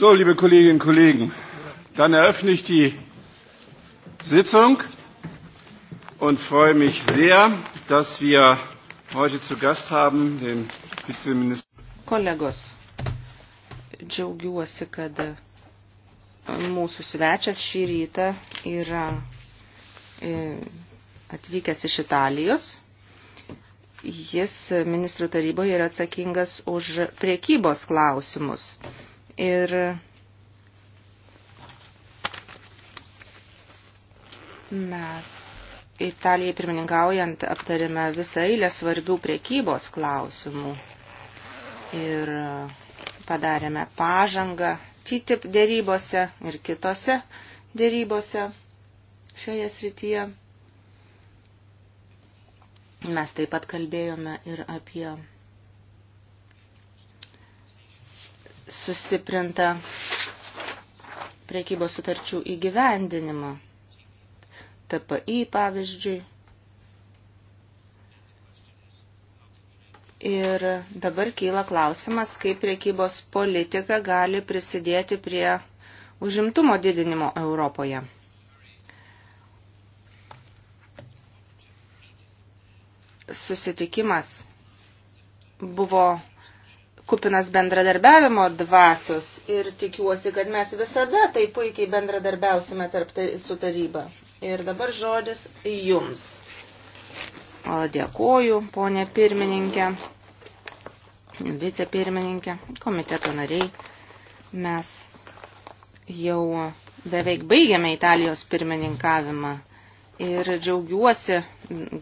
So, liebe Kolleginnen und Kollegen, dann eröffne ich die Sitzung und freue mich sehr, dass wir heute zu Gast haben den Vizeminister. Kolegos, džiaugiuosi, kad mūsų svečias šį rytą yra e, atvykęs iš Italijos. Jis ministrų taryboje yra atsakingas už priekybos klausimus. Ir mes Italijai pirmininkaujant aptarėme visą eilę svarbių priekybos klausimų ir padarėme pažangą TTIP dėrybose ir kitose dėrybose šioje srityje. Mes taip pat kalbėjome ir apie sustiprintą priekybos sutarčių įgyvendinimą. TPI pavyzdžiui. Ir dabar kyla klausimas, kaip priekybos politika gali prisidėti prie užimtumo didinimo Europoje. Susitikimas buvo kupinas bendradarbiavimo dvasios ir tikiuosi, kad mes visada tai puikiai bendradarbiausime tarp tai, su taryba. Ir dabar žodis jums. O dėkoju, ponė pirmininkė, vicepirmininkė, komiteto nariai. Mes jau beveik baigėme Italijos pirmininkavimą ir džiaugiuosi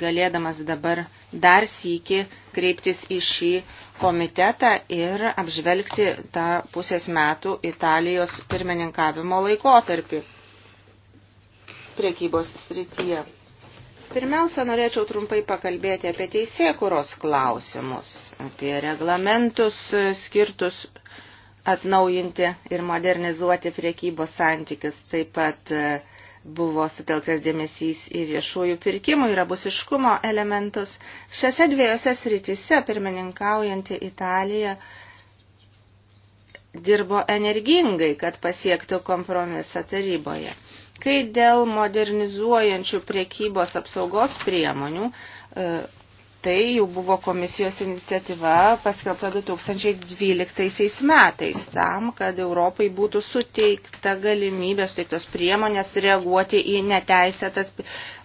galėdamas dabar dar sįki kreiptis į šį komitetą ir apžvelgti tą pusės metų Italijos pirmininkavimo laikotarpį priekybos srityje. Pirmiausia, norėčiau trumpai pakalbėti apie teisėkuros klausimus, apie reglamentus skirtus atnaujinti ir modernizuoti priekybos santykius, taip pat uh, buvo sutelktas dėmesys į viešųjų pirkimų ir abusiškumo elementus. Šiose dviejose srityse pirmininkaujanti Italija dirbo energingai, kad pasiektų kompromisą taryboje. Kai dėl modernizuojančių priekybos apsaugos priemonių e, tai jau buvo komisijos iniciatyva paskelbta 2012 metais tam, kad Europai būtų suteikta galimybė, suteiktos priemonės reaguoti į neteisėtas,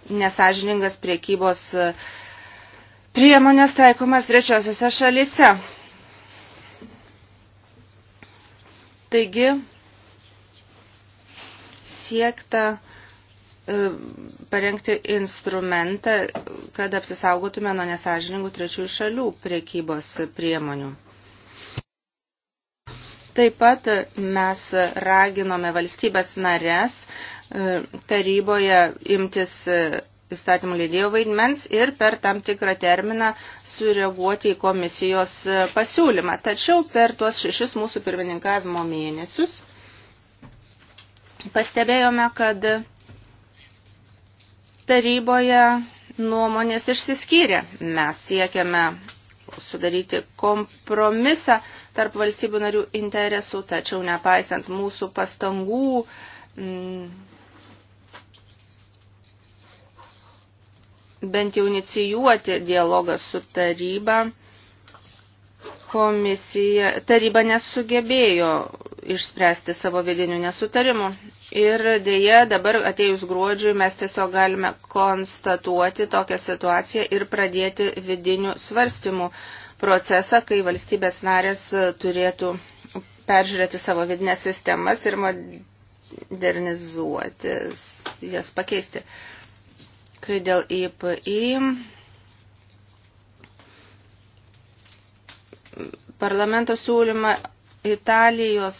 nesažiningas priekybos e, priemonės taikomas trečiosiose šalise. Taigi, siekta E, parengti instrumentą, kad apsisaugotume nuo nesažiningų trečiųjų šalių priekybos priemonių. Taip pat mes raginome valstybės narės e, taryboje imtis įstatymų leidėjo vaidmens ir per tam tikrą terminą sureaguoti į komisijos pasiūlymą. Tačiau per tuos šešis mūsų pirmininkavimo mėnesius pastebėjome, kad taryboje nuomonės išsiskyrė. Mes siekiame sudaryti kompromisą tarp valstybių narių interesų, tačiau nepaisant mūsų pastangų, mm, bent jau inicijuoti dialogą su taryba, komisija, taryba nesugebėjo išspręsti savo vidinių nesutarimų. Ir dėja, dabar atėjus gruodžiui mes tiesiog galime konstatuoti tokią situaciją ir pradėti vidinių svarstymų procesą, kai valstybės narės turėtų peržiūrėti savo vidinės sistemas ir modernizuoti, jas pakeisti. Kai dėl IPI parlamento siūlymą Italijos,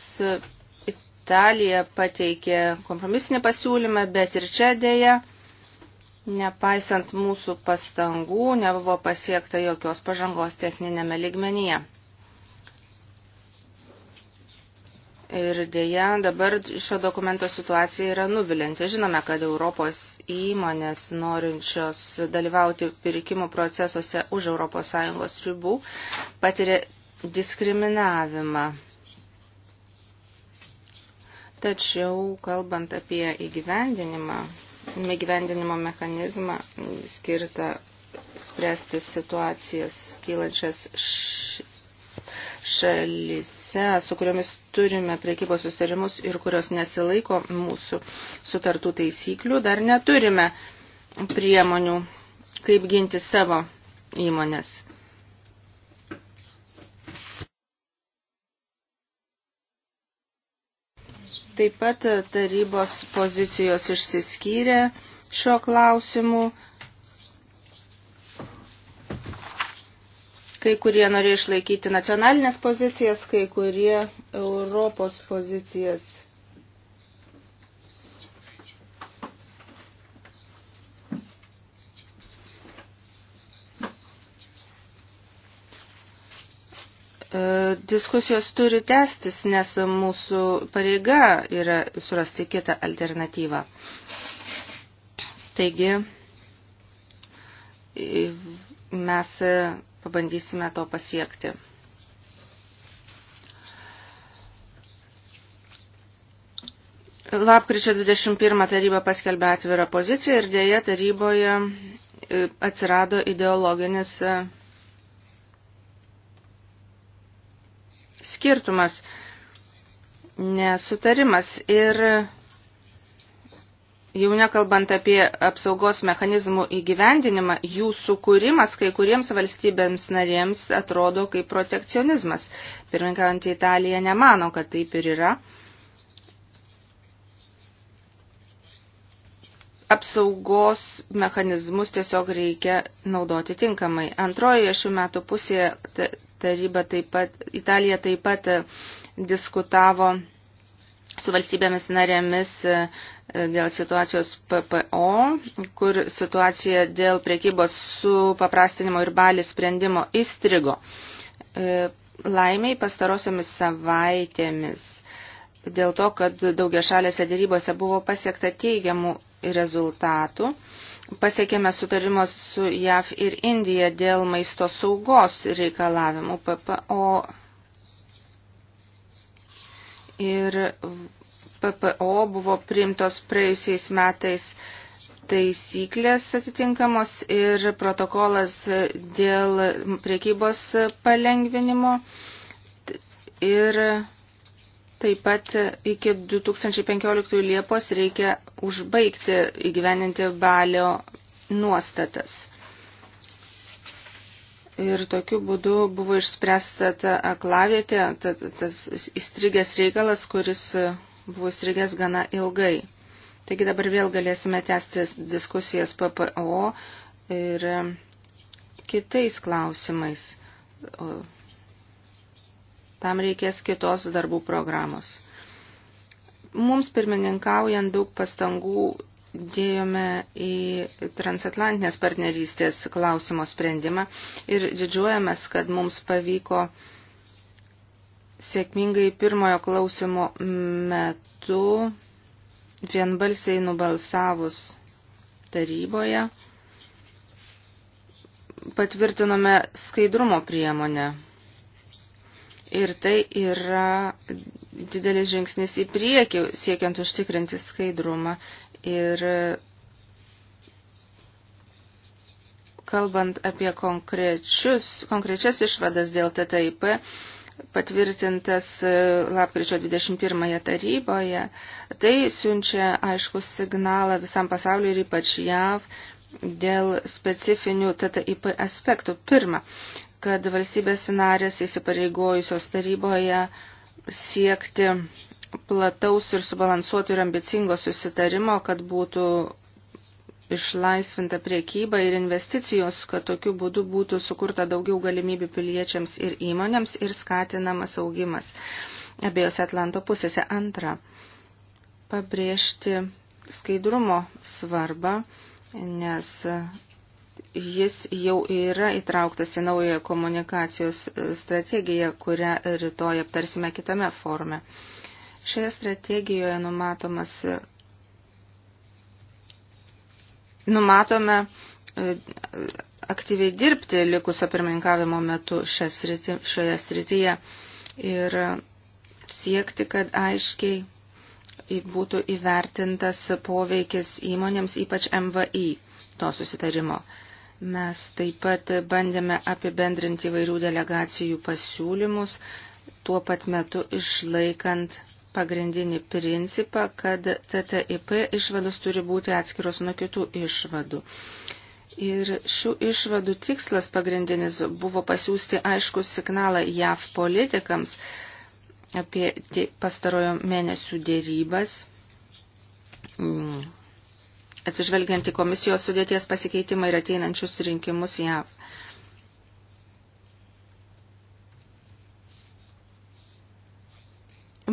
Italija pateikė kompromisinį pasiūlymą, bet ir čia dėja, nepaisant mūsų pastangų, nebuvo pasiekta jokios pažangos techninėme ligmenyje. Ir dėja, dabar šio dokumento situacija yra nuvilinti. Žinome, kad Europos įmonės norinčios dalyvauti pirkimų procesuose už ES ribų patiria diskriminavimą. Tačiau, kalbant apie įgyvendinimą, įgyvendinimo mechanizmą skirtą spręsti situacijas kylančias šalyse, su kuriomis turime priekybos sustarimus ir kurios nesilaiko mūsų sutartų taisyklių, dar neturime priemonių, kaip ginti savo įmonės. Taip pat tarybos pozicijos išsiskyrė šio klausimu. Kai kurie norėjo išlaikyti nacionalinės pozicijas, kai kurie Europos pozicijas. E, diskusijos turi tęstis, nes mūsų pareiga yra surasti kitą alternatyvą. Taigi, mes pabandysime to pasiekti. Lapkričio 21 taryba paskelbė atvirą poziciją ir dėja taryboje e, atsirado ideologinis e, skirtumas, nesutarimas ir jau nekalbant apie apsaugos mechanizmų įgyvendinimą, jų sukūrimas kai kuriems valstybėms narėms atrodo kaip protekcionizmas. Pirminkaujant Italija nemano, kad taip ir yra. apsaugos mechanizmus tiesiog reikia naudoti tinkamai. Antrojoje šių metų pusėje taryba taip pat, Italija taip pat e, diskutavo su valstybėmis narėmis e, e, dėl situacijos PPO, kur situacija dėl priekybos su paprastinimo ir balį sprendimo įstrigo. Laimiai pastarosiomis savaitėmis dėl to, kad daugia šalėse dėrybose buvo pasiekta teigiamų rezultatų. Pasiekėme sutarimo su JAV ir Indija dėl maisto saugos reikalavimų PPO ir PPO buvo priimtos praėjusiais metais taisyklės atitinkamos ir protokolas dėl priekybos palengvinimo ir Taip pat iki 2015 Liepos reikia užbaigti įgyveninti balio nuostatas. Ir tokiu būdu buvo išspręsta ta aklavietė, ta, ta, tas įstrigęs reikalas, kuris buvo įstrigęs gana ilgai. Taigi dabar vėl galėsime tęsti diskusijas PPO ir kitais klausimais. O Tam reikės kitos darbų programos. Mums pirmininkaujant daug pastangų dėjome į transatlantinės partnerystės klausimo sprendimą ir didžiuojamės, kad mums pavyko sėkmingai pirmojo klausimo metu vienbalsiai nubalsavus taryboje patvirtinome skaidrumo priemonę Ir tai yra didelis žingsnis į priekį, siekiant užtikrinti skaidrumą. Ir kalbant apie konkrečias išvadas dėl TTIP, patvirtintas e, lapkričio 21 taryboje, tai siunčia aišku signalą visam pasauliu ir ypač JAV dėl specifinių TTIP aspektų. Pirma, kad valstybės narės įsipareigojusios taryboje siekti plataus ir subalansuoto ir ambicingo susitarimo, kad būtų išlaisvinta priekyba ir investicijos, kad tokiu būdu būtų sukurta daugiau galimybių piliečiams ir įmonėms ir skatinamas augimas abiejose Atlanto pusėse. Antra, pabrėžti skaidrumo svarbą, nes jis jau yra įtrauktas į naują komunikacijos e, strategiją, kurią rytoj aptarsime kitame forume. Šioje strategijoje numatomas, e, numatome e, aktyviai dirbti likusio pirmininkavimo metu sriti, šioje srityje ir siekti, kad aiškiai būtų įvertintas poveikis įmonėms, ypač MVI to susitarimo. Mes taip pat bandėme apibendrinti įvairių delegacijų pasiūlymus, tuo pat metu išlaikant pagrindinį principą, kad TTIP išvados turi būti atskiros nuo kitų išvadų. Ir šių išvadų tikslas pagrindinis buvo pasiūsti aišku signalą JAV politikams apie pastarojo mėnesių dėrybas, mm atsižvelgiant į komisijos sudėties pasikeitimą ir ateinančius rinkimus JAV.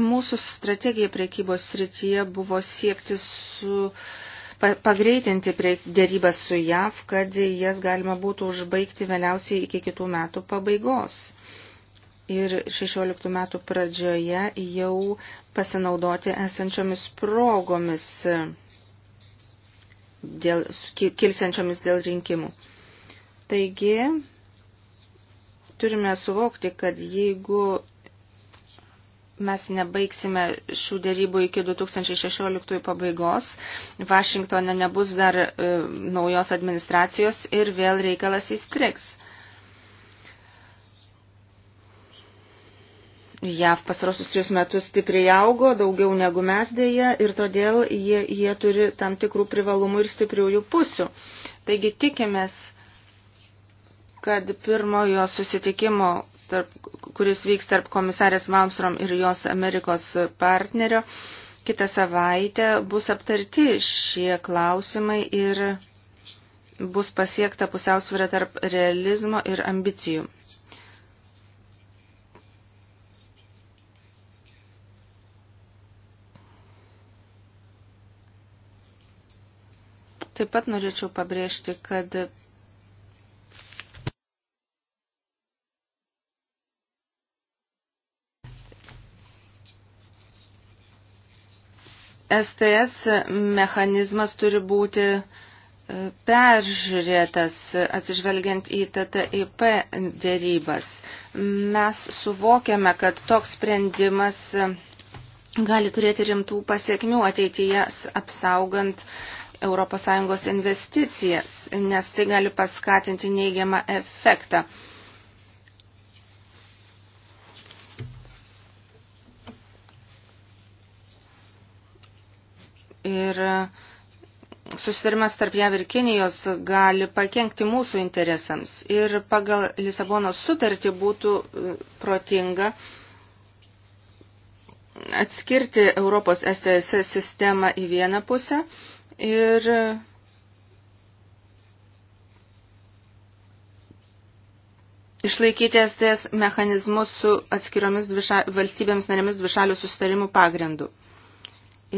Mūsų strategija priekybos srityje buvo siekti su pagreitinti dėrybas su JAV, kad jas galima būtų užbaigti vėliausiai iki kitų metų pabaigos. Ir 16 metų pradžioje jau pasinaudoti esančiomis progomis dėl, kilsiančiomis dėl rinkimų. Taigi, turime suvokti, kad jeigu mes nebaigsime šių dėrybų iki 2016 pabaigos, Vašingtone nebus dar e, naujos administracijos ir vėl reikalas įstriks. E, JAV pasarosius tris metus stipriai augo, daugiau negu mes dėja, ir todėl jie, jie turi tam tikrų privalumų ir stipriųjų pusių. Taigi tikimės, kad pirmojo susitikimo, tarp, kuris vyks tarp komisarės Malmstrom ir jos Amerikos partnerio, kitą savaitę bus aptarti šie klausimai ir bus pasiekta pusiausvyrė tarp realizmo ir ambicijų. Taip pat norėčiau pabrėžti, kad STS mechanizmas turi būti e, peržiūrėtas atsižvelgiant į TTIP dėrybas. Mes suvokiame, kad toks sprendimas e, gali turėti rimtų pasiekmių ateityje apsaugant ES investicijas, nes tai gali paskatinti neigiamą efektą. Ir susitarimas tarp JAV ir Kinijos gali pakenkti mūsų interesams. Ir pagal Lisabonos sutartį būtų e, protinga atskirti Europos STS sistemą į vieną pusę Ir išlaikyti STS mechanizmus su atskiromis dviša, valstybėms narėmis dvišalių sustarimų pagrindų.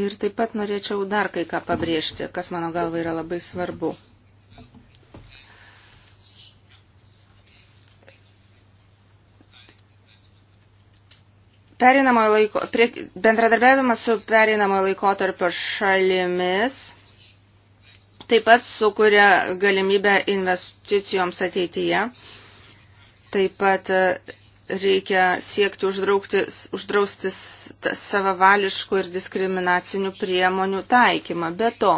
Ir taip pat norėčiau dar kai ką pabrėžti, kas mano galva yra labai svarbu. Perinamojo laiko, prie, bendradarbiavimas su perinamojo laikotarpio šalimis taip pat sukuria galimybę investicijoms ateityje. Taip pat e, reikia siekti uždrausti savavališkų ir diskriminacinių priemonių taikymą. Be to,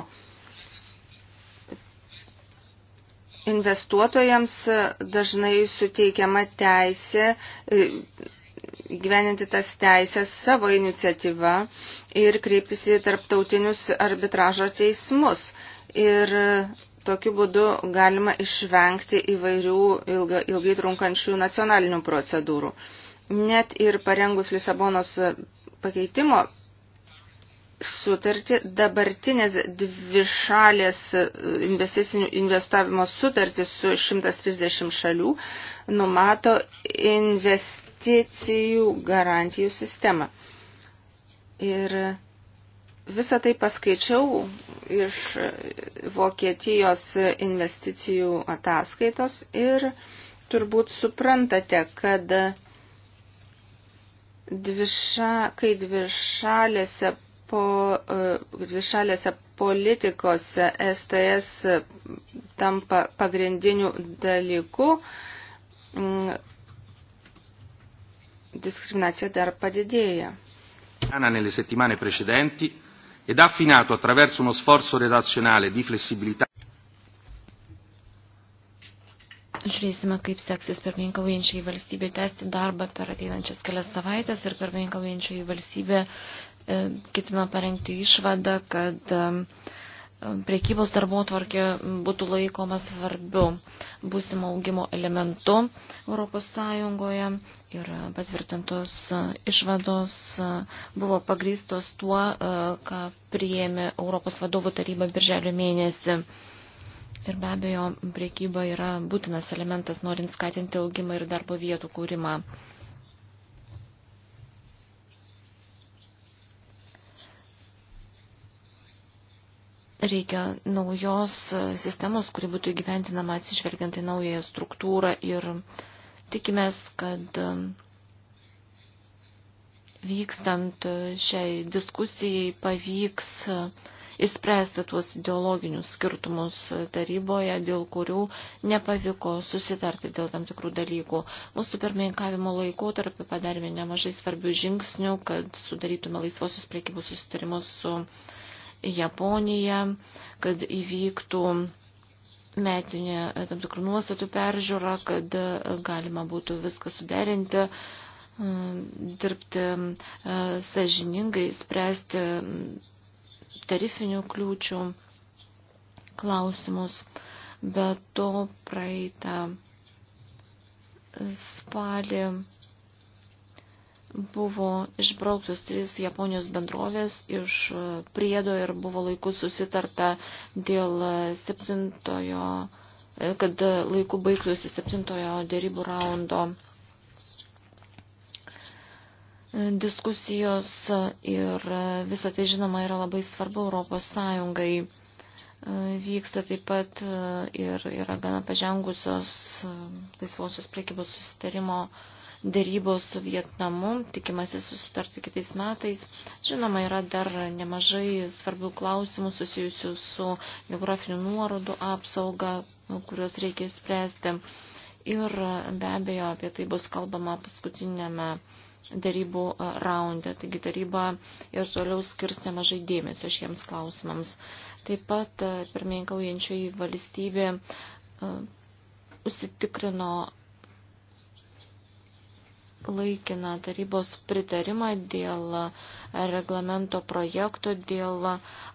investuotojams e, dažnai suteikiama teisė e, gyveninti tas teisės savo iniciatyvą ir kreiptis į tarptautinius arbitražo teismus ir tokiu būdu galima išvengti įvairių ilga, ilgai trunkančių nacionalinių procedūrų. Net ir parengus Lisabonos pakeitimo sutartį, dabartinės dvišalės investicinių investavimo sutartys su 130 šalių numato investicijų garantijų sistemą. Ir Visą tai paskaičiau iš Vokietijos investicijų ataskaitos ir turbūt suprantate, kad dviša, kai dvišalėse, po, dvišalėse politikose STS tampa pagrindiniu dalyku, mm, diskriminacija dar padidėja. Nelle settimane precedenti ed ha affinato attraverso uno sforzo redazionale di flessibilità. Žiūrėsime, kaip seksis pirmininkaujančiai valstybė tęsti darbą per ateinančias kelias savaitės ir pirmininkaujančiai valstybė e, ketina parengti išvadą, kad e, priekybos darbo tvarkė būtų laikoma svarbiu būsimo augimo elementu Europos Sąjungoje ir patvirtintos išvados buvo pagrįstos tuo, e, ką priėmė Europos vadovų taryba birželio mėnesį. Ir be abejo, priekyba yra būtinas elementas, norint skatinti augimą ir darbo vietų kūrimą. Reikia naujos e, sistemos, kuri būtų įgyventinama atsižvelgiant į naują struktūrą ir tikimės, kad e, vykstant e, šiai diskusijai pavyks įspręsti tuos ideologinius skirtumus taryboje, dėl kurių nepavyko susitarti dėl tam tikrų dalykų. Mūsų pirmininkavimo laikotarpį padarėme nemažai svarbių žingsnių, kad sudarytume laisvosios priekybos susitarimus su Japoniją, kad įvyktų metinė e, tam tikrų nuostatų peržiūra, kad e, galima būtų viską suderinti, e, dirbti sažiningai, spręsti tarifinių kliūčių klausimus. Be to praeitą spalį buvo išbrauktos trys Japonijos bendrovės iš e, priedo ir buvo laiku susitarta dėl e, septintojo, e, kad laiku baigtųsi septintojo dėrybų raundo diskusijos ir visą tai žinoma yra labai svarbu Europos Sąjungai. Vyksta taip pat ir yra gana pažengusios laisvosios priekybos susitarimo uh, dėrybos su Vietnamu, tikimasi susitarti kitais metais. Žinoma, yra dar nemažai svarbių klausimų susijusių su geografinių nuorodų apsauga, kuriuos reikia spręsti. Ir be abejo, apie tai bus kalbama paskutinėme darybų raunde. Taigi taryba ir toliau skirs nemažai dėmesio šiems klausimams. Taip pat pirmininkaujančioji valstybė e, užsitikrino laikiną tarybos pritarimą dėl reglamento projektų dėl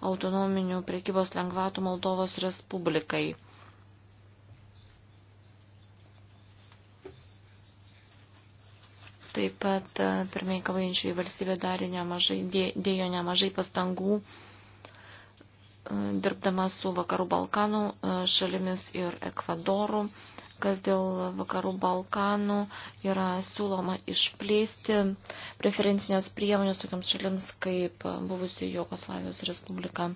autonominių prekybos lengvatų Moldovos Respublikai. Taip pat e, pirmiai kavaijančiai valstybė darė nemažai, dėjo nemažai pastangų e, dirbdama su Vakarų Balkanų e, šalimis ir Ekvadoru kas dėl vakarų Balkanų yra siūloma išplėsti preferencinės priemonės tokiams šalims kaip buvusi Jugoslavijos Respublika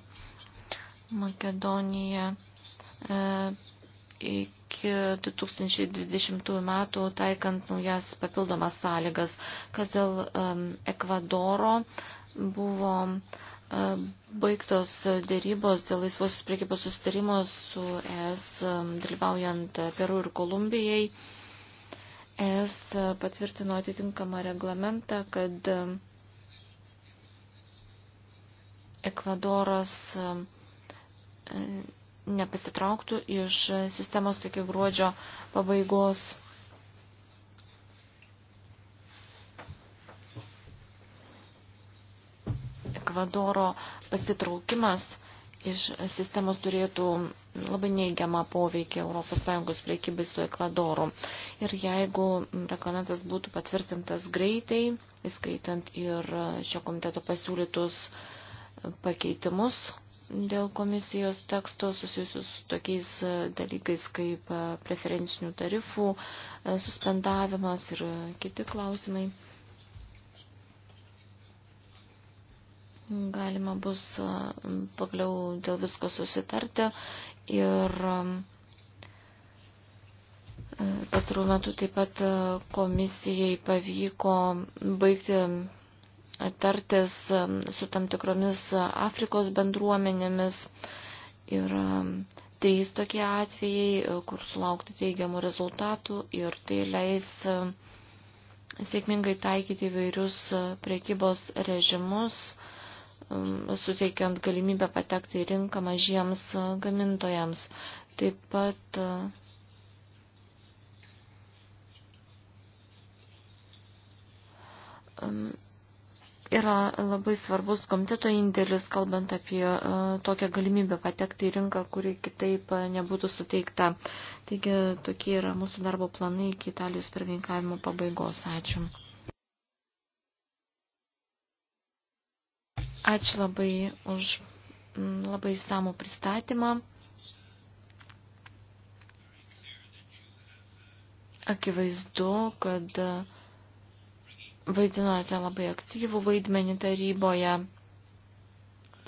Makedonija. E, iki 2020 metų taikant naujas papildomas sąlygas, kas dėl um, Ekvadoro buvo uh, baigtos dėrybos dėl laisvos priekybos sustarimo su ES dalyvaujant Peru ir Kolumbijai. ES patvirtino atitinkamą reglamentą, kad Ekvadoras nepasitrauktų iš sistemos iki gruodžio pabaigos. Ekvadoro pasitraukimas iš sistemos turėtų labai neigiamą poveikį ES priekybai su Ekvadoru. Ir jeigu reglamentas būtų patvirtintas greitai, įskaitant ir šio komiteto pasiūlytus pakeitimus dėl komisijos teksto susijusius su tokiais dalykais kaip preferencinių tarifų suspendavimas ir kiti klausimai. galima bus pagaliau dėl visko susitarti ir pastarų metų taip pat komisijai pavyko baigti tartis su tam tikromis Afrikos bendruomenėmis ir trys tokie atvejai, kur sulaukti teigiamų rezultatų ir tai leis sėkmingai taikyti įvairius priekybos režimus Um, suteikiant galimybę patekti į rinką mažiems uh, gamintojams. Taip pat uh, um, yra labai svarbus komiteto indėlis, kalbant apie uh, tokią galimybę patekti į rinką, kuri kitaip nebūtų suteikta. Taigi tokie yra mūsų darbo planai iki Italijos pirmininkavimo pabaigos. Ačiū. Ačiū labai už mm, labai samų pristatymą. Akivaizdu, kad vaidinote labai aktyvų vaidmenį taryboje,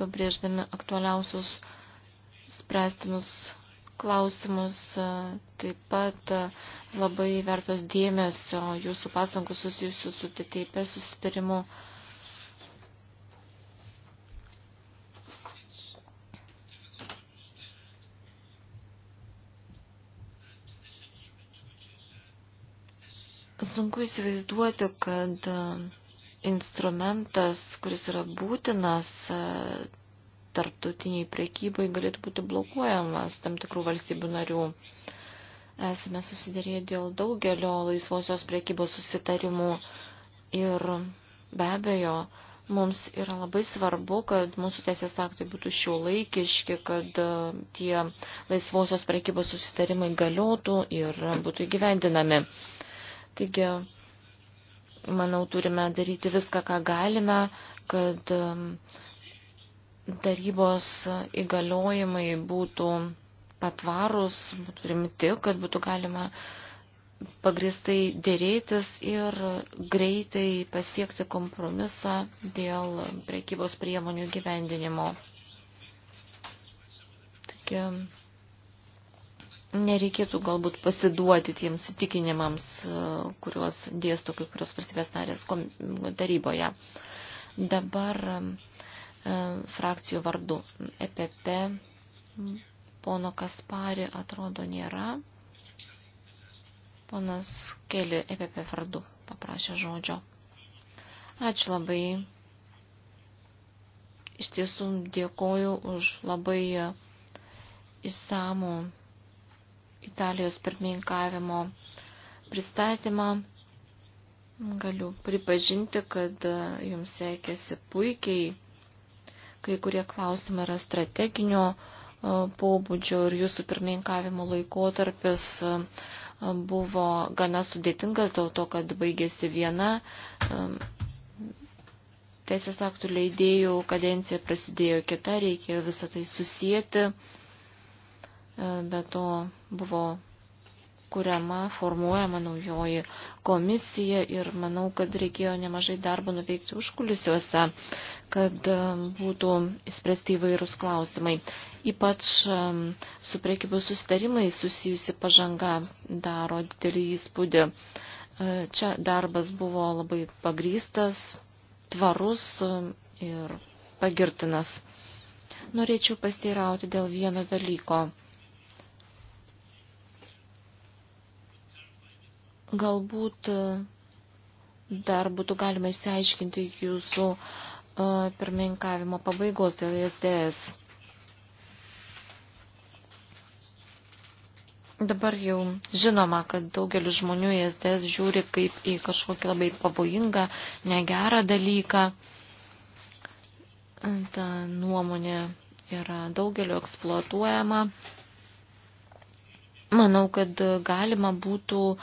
pabrėždami aktualiausius spręstinus klausimus, taip pat labai vertos dėmesio jūsų pasangų susijusių su TTIP susitarimu. sunku įsivaizduoti, kad e, instrumentas, kuris yra būtinas e, tarptautiniai priekybai, galėtų būti blokuojamas tam tikrų valstybių narių. Esame susidėrėję dėl daugelio laisvosios priekybos susitarimų ir be abejo, mums yra labai svarbu, kad mūsų teisės aktai būtų šio laikiški, kad e, tie laisvosios priekybos susitarimai galiotų ir būtų įgyvendinami. Taigi, manau, turime daryti viską, ką galime, kad um, darybos įgaliojimai būtų patvarus, būtų rimti, kad būtų galima pagristai dėrėtis ir greitai pasiekti kompromisą dėl prekybos priemonių gyvendinimo. Taigi, nereikėtų galbūt pasiduoti tiems įtikinimams, e, kuriuos dėsto kai kurios valstybės narės taryboje. Dabar e, frakcijų vardu EPP pono Kaspari atrodo nėra. Ponas Keli EPP vardu paprašė žodžio. Ačiū labai. Iš tiesų dėkoju už labai įsamų e, Italijos pirmininkavimo pristatymą. Galiu pripažinti, kad e, jums sekėsi puikiai, kai kurie klausimai yra strateginio e, pobūdžio ir jūsų pirmininkavimo laikotarpis e, buvo gana sudėtingas dėl to, kad baigėsi viena teisės aktų leidėjų kadencija, prasidėjo kita, reikėjo visą tai susijęti. E, be to buvo kuriama, formuojama naujoji komisija ir manau, kad reikėjo nemažai darbo nuveikti užkulisiuose, kad e, būtų įspręsti įvairūs klausimai. Ypač e, su priekybų sustarimai susijusi pažanga daro didelį įspūdį. Čia darbas buvo labai pagrystas, tvarus ir pagirtinas. Norėčiau pasteirauti dėl vieno dalyko Galbūt e, dar būtų galima išsiaiškinti jūsų e, pirmininkavimo pabaigos dėl SDS. Dabar jau žinoma, kad daugelis žmonių į SDS žiūri kaip į kažkokį labai pavojingą, negerą dalyką. Ta nuomonė yra daugeliu eksploatuojama. Manau, kad galima būtų uh,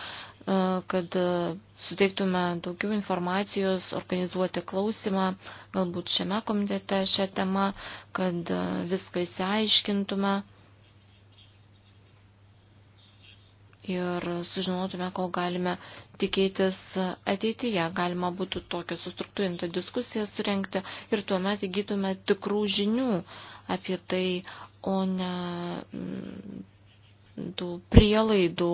E, kad e, suteiktume daugiau informacijos, organizuoti klausimą, galbūt šiame komitete šią temą, kad e, viską įsiaiškintume ir sužinotume, ko galime tikėtis ateityje. Galima būtų tokią sustruktūrintą diskusiją surenkti ir tuomet įgytume tikrų žinių apie tai, o ne tų prielaidų,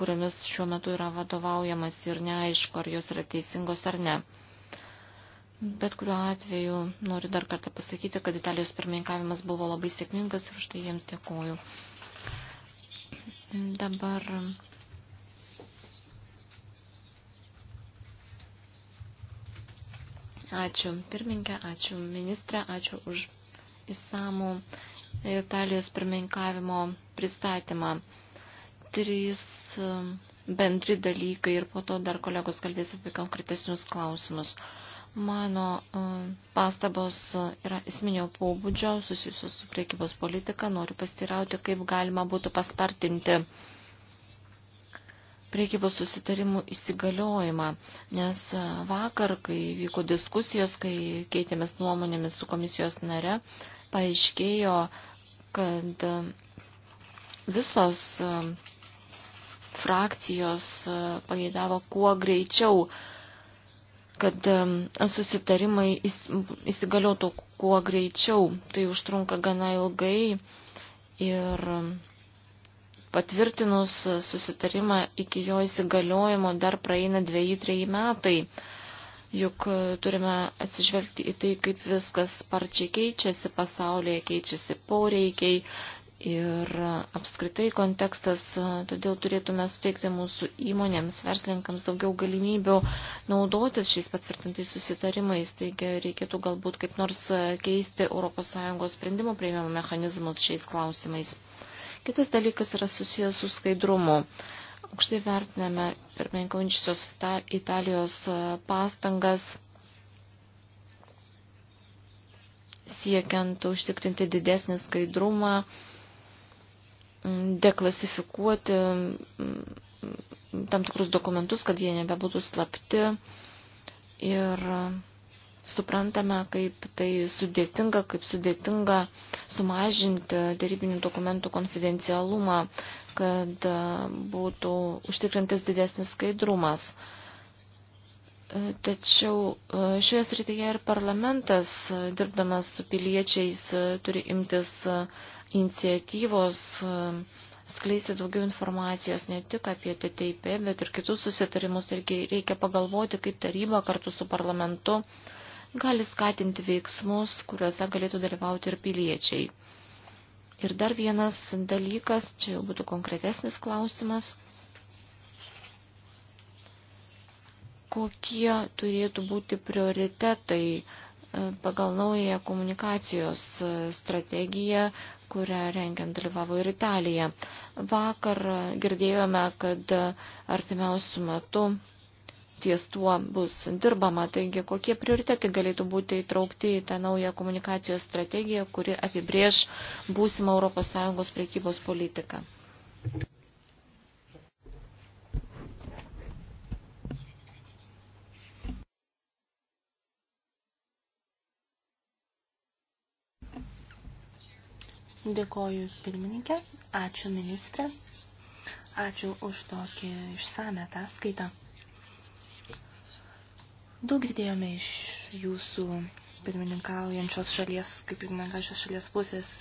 kuriamis šiuo metu yra vadovaujamas ir neaišku, ar jos yra teisingos ar ne. Bet kuriuo atveju noriu dar kartą pasakyti, kad Italijos pirmininkavimas buvo labai sėkmingas ir už tai jiems dėkoju. Dabar Ačiū pirmininkė, ačiū ministrė, ačiū už įsamų Italijos pirmininkavimo pristatymą. Trys e, bendri dalykai ir po to dar kolegos kalbės apie konkretesnius klausimus. Mano e, pastabos e, yra esminio pobūdžio susijusios su priekybos politika. Noriu pastirauti, kaip galima būtų paspartinti priekybos susitarimų įsigaliojimą, nes vakar, kai vyko diskusijos, kai keitėmės nuomonėmis su komisijos nare, paaiškėjo, kad visos e, frakcijos e, pageidavo kuo greičiau, kad e, susitarimai įsigaliotų kuo greičiau. Tai užtrunka gana ilgai ir patvirtinus susitarimą iki jo įsigaliojimo dar praeina dviejai, trejai metai. Juk e, turime atsižvelgti į tai, kaip viskas sparčiai keičiasi, pasaulyje keičiasi poreikiai ir e, apskritai kontekstas, e, todėl turėtume suteikti mūsų įmonėms, verslininkams daugiau galimybių naudotis šiais patvirtintais susitarimais, taigi reikėtų galbūt kaip nors keisti ES sprendimų prieimimo mechanizmus šiais klausimais. Kitas dalykas yra susijęs su skaidrumu. Aukštai vertiname pirmininkaujančiosios Italijos e, pastangas siekiant užtikrinti didesnį skaidrumą, deklasifikuoti tam tikrus dokumentus, kad jie nebebūtų slapti ir suprantame, kaip tai sudėtinga, kaip sudėtinga sumažinti darybinių dokumentų konfidencialumą, kad e, būtų užtikrintas didesnis skaidrumas. E, tačiau e, šioje srityje ir parlamentas, dirbdamas su piliečiais, turi imtis iniciatyvos skleisti daugiau informacijos ne tik apie TTIP, bet ir kitus susitarimus. Irgi reikia pagalvoti, kaip taryba kartu su parlamentu uh, gali skatinti veiksmus, kuriuose galėtų dalyvauti ir piliečiai. Ir dar vienas dalykas, čia jau būtų konkretesnis klausimas, kokie turėtų būti prioritetai e, pagal naują komunikacijos e, strategiją, kurią rengiant dalyvavo ir Italija. Vakar girdėjome, kad e, artimiausių metų ties tuo bus dirbama. Taigi, kokie prioritetai galėtų būti įtraukti į tą naują komunikacijos strategiją, kuri apibrėž būsimą ES priekybos politiką. Dėkoju pirmininkė, ačiū ministrė, ačiū už tokį išsame ataskaitą. Daug girdėjome iš jūsų pirmininkaujančios šalies, kaip pirmininkaujančios šalies pusės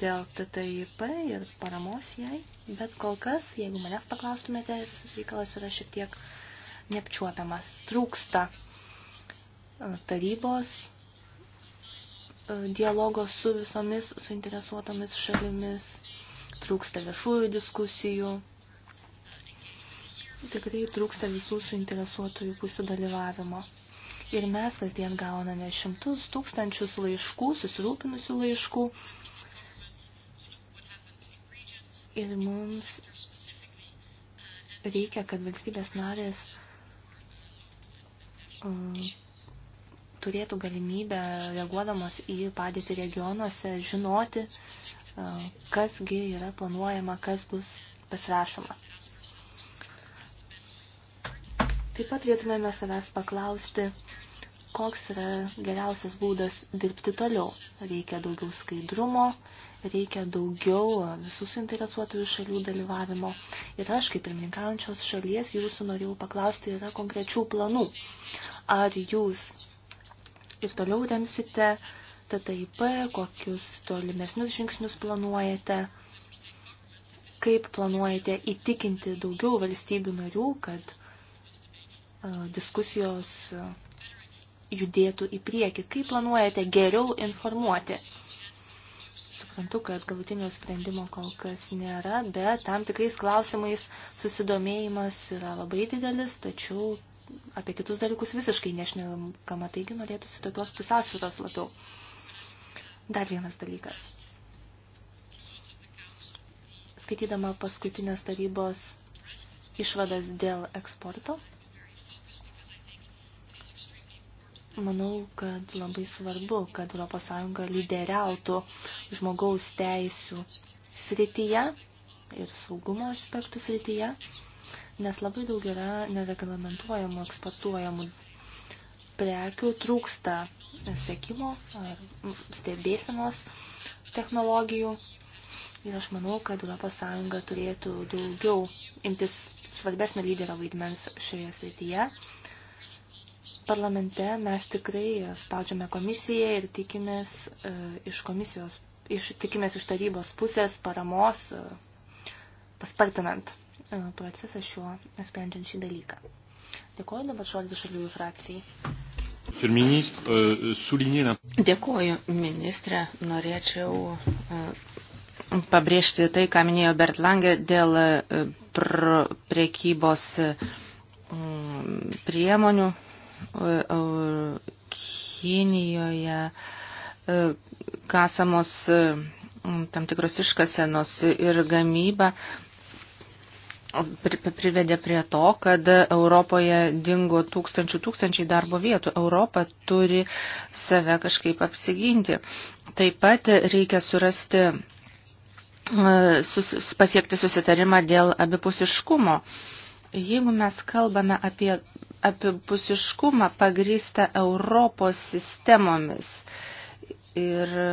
dėl TTIP ir paramos jai, bet kol kas, jeigu manęs paklaustumėte, visas reikalas yra šiek tiek neapčiuopiamas. Trūksta e, tarybos e, dialogo su visomis suinteresuotomis šalimis, trūksta viešųjų diskusijų, tikrai trūksta visų suinteresuotųjų pusių dalyvavimo. Ir mes kasdien gauname šimtus tūkstančius laiškų, susirūpinusių laiškų. Ir mums reikia, kad valstybės narės um, turėtų galimybę, reaguodamos į padėtį regionuose, žinoti, um, kasgi yra planuojama, kas bus pasirašoma. Taip pat vietumėme savęs paklausti, koks yra geriausias būdas dirbti toliau. Reikia daugiau skaidrumo, reikia daugiau visų suinteresuotųjų šalių dalyvavimo. Ir aš, kaip pirmininkaujančios šalies, jūsų norėjau paklausti, yra konkrečių planų. Ar jūs ir toliau remsite TTIP, kokius tolimesnius žingsnius planuojate? Kaip planuojate įtikinti daugiau valstybių narių, kad diskusijos judėtų į priekį. Kaip planuojate geriau informuoti? Suprantu, kad galutinio sprendimo kol kas nėra, bet tam tikrais klausimais susidomėjimas yra labai didelis, tačiau apie kitus dalykus visiškai nešnekama, taigi norėtųsi tokios pusiausvyros labiau. Dar vienas dalykas. Skaitydama paskutinės tarybos išvadas dėl eksporto, Manau, kad labai svarbu, kad ES lyderiautų žmogaus teisių srityje ir saugumo aspektų srityje, nes labai daug yra nereglamentuojamų, eksportuojamų prekių, trūksta sekimo ar stebėsenos technologijų. Ir aš manau, kad ES turėtų daugiau imtis svarbesnio lyderio vaidmens šioje srityje parlamente mes tikrai spaudžiame komisiją ir tikimės e, iš komisijos, iš, tikimės iš tarybos pusės paramos e, paspartinant e, procesą šiuo, sprendžiant šį dalyką. Dėkuoju dabar žodį šalių frakcijai. Euh, Dėkuoju, ministrė. Norėčiau pabrėžti tai, ką minėjo Bert Lange dėl prekybos priemonių Kinijoje e, kasamos e, tam tikros iškasenos ir gamyba privedė prie to, kad Europoje dingo tūkstančių tūkstančiai darbo vietų. Europa turi save kažkaip apsiginti. Taip pat reikia surasti, e, sus, pasiekti susitarimą dėl abipusiškumo. Jeigu mes kalbame apie apipusiškumą pagrįstą Europos sistemomis ir e,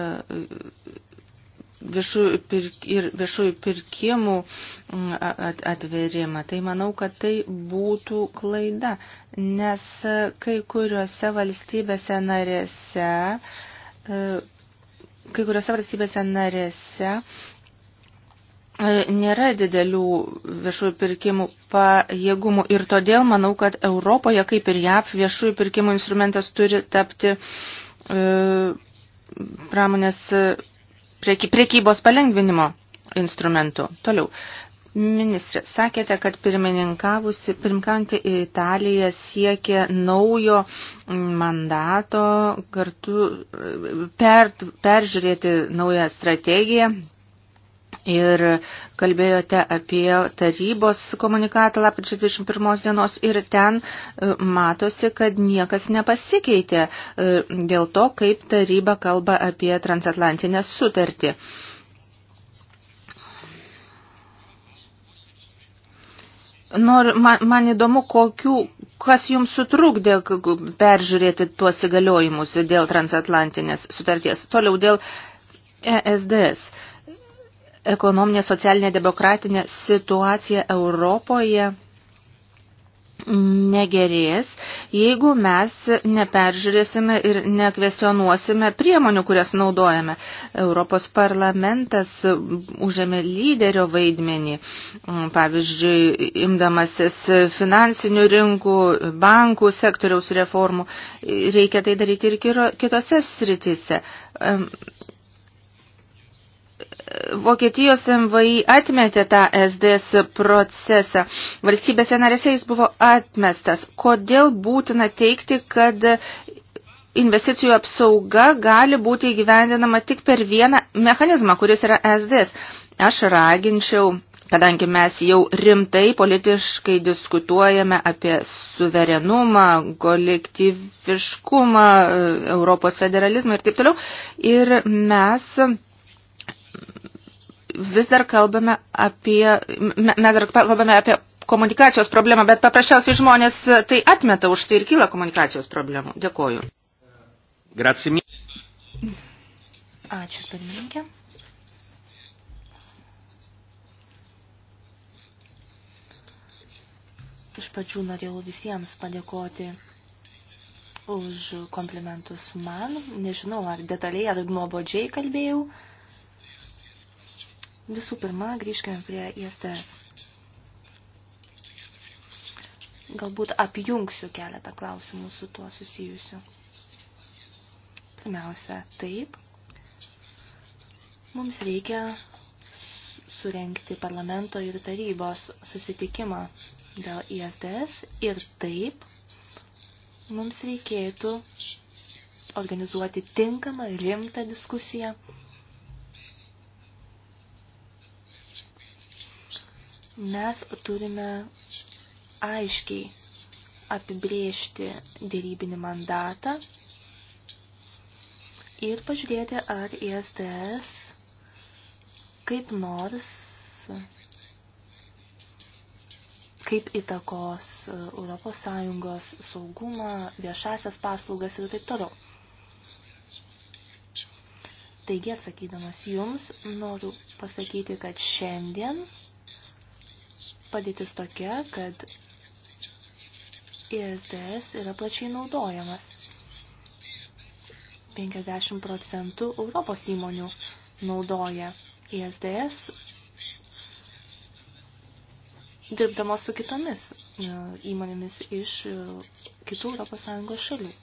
viešųjų, pirk, ir viešųjų pirkimų atverimą. Tai manau, kad tai būtų klaida, nes kai kuriuose valstybėse narėse, e, kai kuriuose valstybėse narėse E, nėra didelių viešųjų pirkimų pajėgumų ir todėl manau, kad Europoje, kaip ir JAV, viešųjų pirkimų instrumentas turi tapti e, pramonės e, priekybos palengvinimo instrumentu. Toliau. Ministrė, sakėte, kad pirmininkavusi, pirmkaujantį Italiją siekia naujo mandato kartu e, per, peržiūrėti naują strategiją Ir kalbėjote apie tarybos komunikatą lapkričio 21 dienos ir ten e, matosi, kad niekas nepasikeitė e, dėl to, kaip taryba kalba apie transatlantinę sutartį. Nor, man, man įdomu, kokiu, kas jums sutrukdė peržiūrėti tuos įgaliojimus dėl transatlantinės sutarties. Toliau dėl ESDS. Uh, ekonominė, socialinė, demokratinė situacija Europoje negerės, jeigu mes neperžiūrėsime ir nekvesionuosime priemonių, kurias naudojame. Europos parlamentas užėmė lyderio vaidmenį, pavyzdžiui, imdamasis finansinių rinkų, bankų sektoriaus reformų. Reikia tai daryti ir kitose sritise. Vokietijos MVI atmetė tą SDS procesą. Valstybėse narėse jis buvo atmestas. Kodėl būtina teikti, kad investicijų apsauga gali būti įgyvendinama tik per vieną mechanizmą, kuris yra SDS? Aš raginčiau, kadangi mes jau rimtai politiškai diskutuojame apie suverenumą, kolektyviškumą, Europos federalizmą ir taip toliau, ir mes vis dar kalbame apie, mes dar kalbame apie komunikacijos problemą, bet paprasčiausiai žmonės tai atmeta už tai ir kyla komunikacijos problemų. Dėkoju. Grazie. Ačiū, pirmininkė. Iš pačių norėjau visiems padėkoti už komplimentus man. Nežinau, ar detaliai, ar nuobodžiai kalbėjau. Visų pirma, grįžkime prie ISDS. Galbūt apjungsiu keletą klausimų su tuo susijusiu. Pirmiausia, taip, mums reikia surenkti parlamento ir tarybos susitikimą dėl ISDS ir taip mums reikėtų organizuoti tinkamą rimtą diskusiją Mes turime aiškiai apibriežti dėrybinį mandatą ir pažiūrėti, ar ISDS kaip nors kaip įtakos Europos Sąjungos saugumą, viešasias paslaugas ir taip toliau. Taigi, atsakydamas jums, noriu pasakyti, kad šiandien padėtis tokia, kad ISDS yra plačiai naudojamas. 50 procentų Europos įmonių naudoja ISDS dirbdamos su kitomis e, įmonėmis iš e, kitų ES šalių.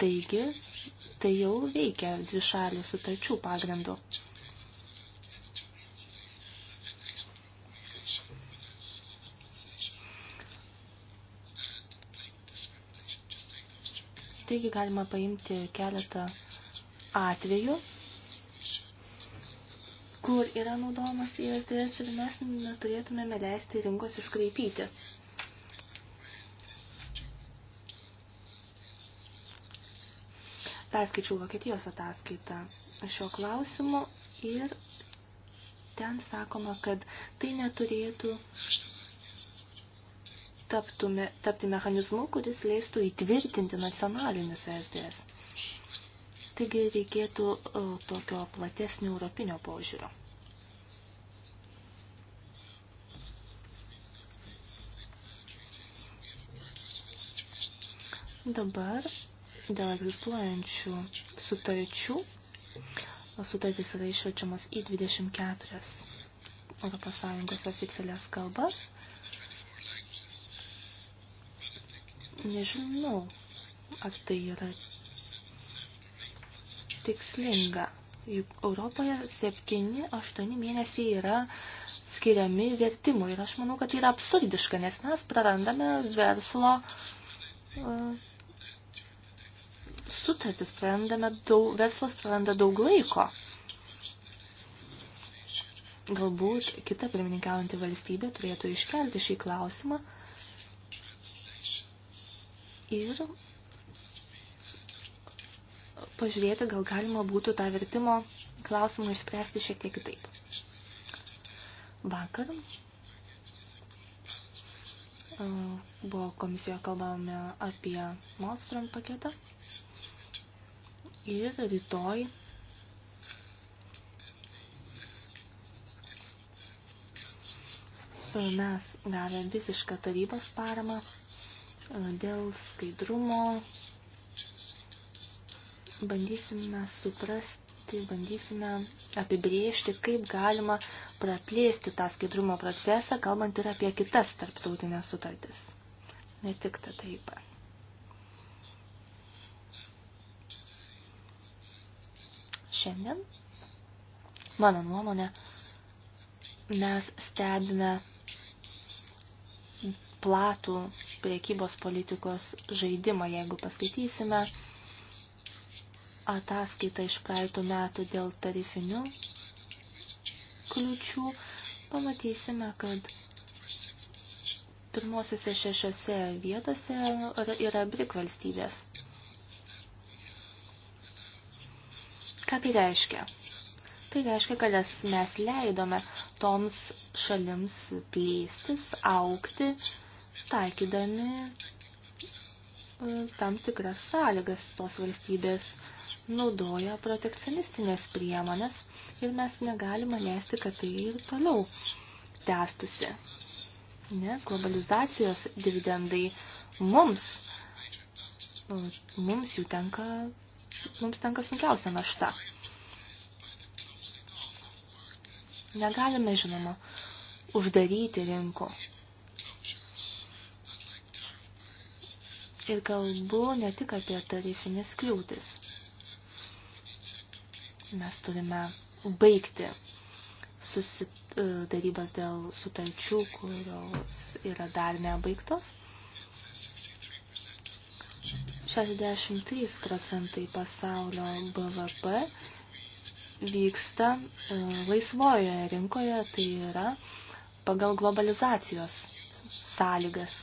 Taigi, tai jau veikia dvišalių sutarčių pagrindu. Taigi galima paimti keletą atvejų, kur yra naudojamas ISDS ir mes neturėtumėme leisti rinkos iškraipyti. Perskaičiau Vokietijos ataskaitą šio klausimu ir ten sakoma, kad tai neturėtų taptume, tapti mechanizmu, kuris leistų įtvirtinti nacionalinius SDS. Taigi reikėtų o, tokio platesnio europinio požiūrio. Dabar dėl egzistuojančių sutarčių sutartys yra išverčiamas į 24 ES oficialias kalbas Nežinau, ar tai yra tikslinga. Juk Europoje 7-8 mėnesiai yra skiriami vertimui. Ir aš manau, kad tai yra absurdiška, nes mes prarandame verslo uh, sutartis, prarandame daug, verslas praranda daug laiko. Galbūt kita pirmininkaujantį valstybė turėtų iškelti šį klausimą. Uh, ir pažiūrėti, gal galima būtų tą vertimo klausimą išspręsti šiek tiek kitaip. Vakar buvo komisijoje kalbame apie Malmström paketą ir rytoj mes gavę visišką tarybos paramą dėl skaidrumo bandysime suprasti, bandysime apibriežti, kaip galima praplėsti tą skaidrumo procesą, kalbant ir apie kitas tarptautinės sutartis, ne tik tą taipą. Šiandien, mano nuomonė, mes stebime platų priekybos politikos žaidimą, jeigu paskaitysime ataskaitą iš praeitų metų dėl tarifinių kliučių, pamatysime, kad pirmosiuose šešiose vietose yra BRIC valstybės. Ką tai reiškia? Tai reiškia, kad mes leidome toms šalims plėstis, aukti, taikydami e, tam tikras sąlygas tos valstybės naudoja protekcionistinės priemonės ir mes negalime leisti, kad tai ir toliau tęstusi. Nes globalizacijos dividendai mums, e, mums jų tenka, mums tenka sunkiausia našta. Negalime, žinoma, uždaryti rinkų Ir kalbu ne tik apie tarifinės kliūtis. Mes turime baigti e, darybas dėl sutarčių, kurios yra dar nebaigtos. 63 procentai pasaulio BVP vyksta e, laisvojoje rinkoje, tai yra pagal globalizacijos sąlygas.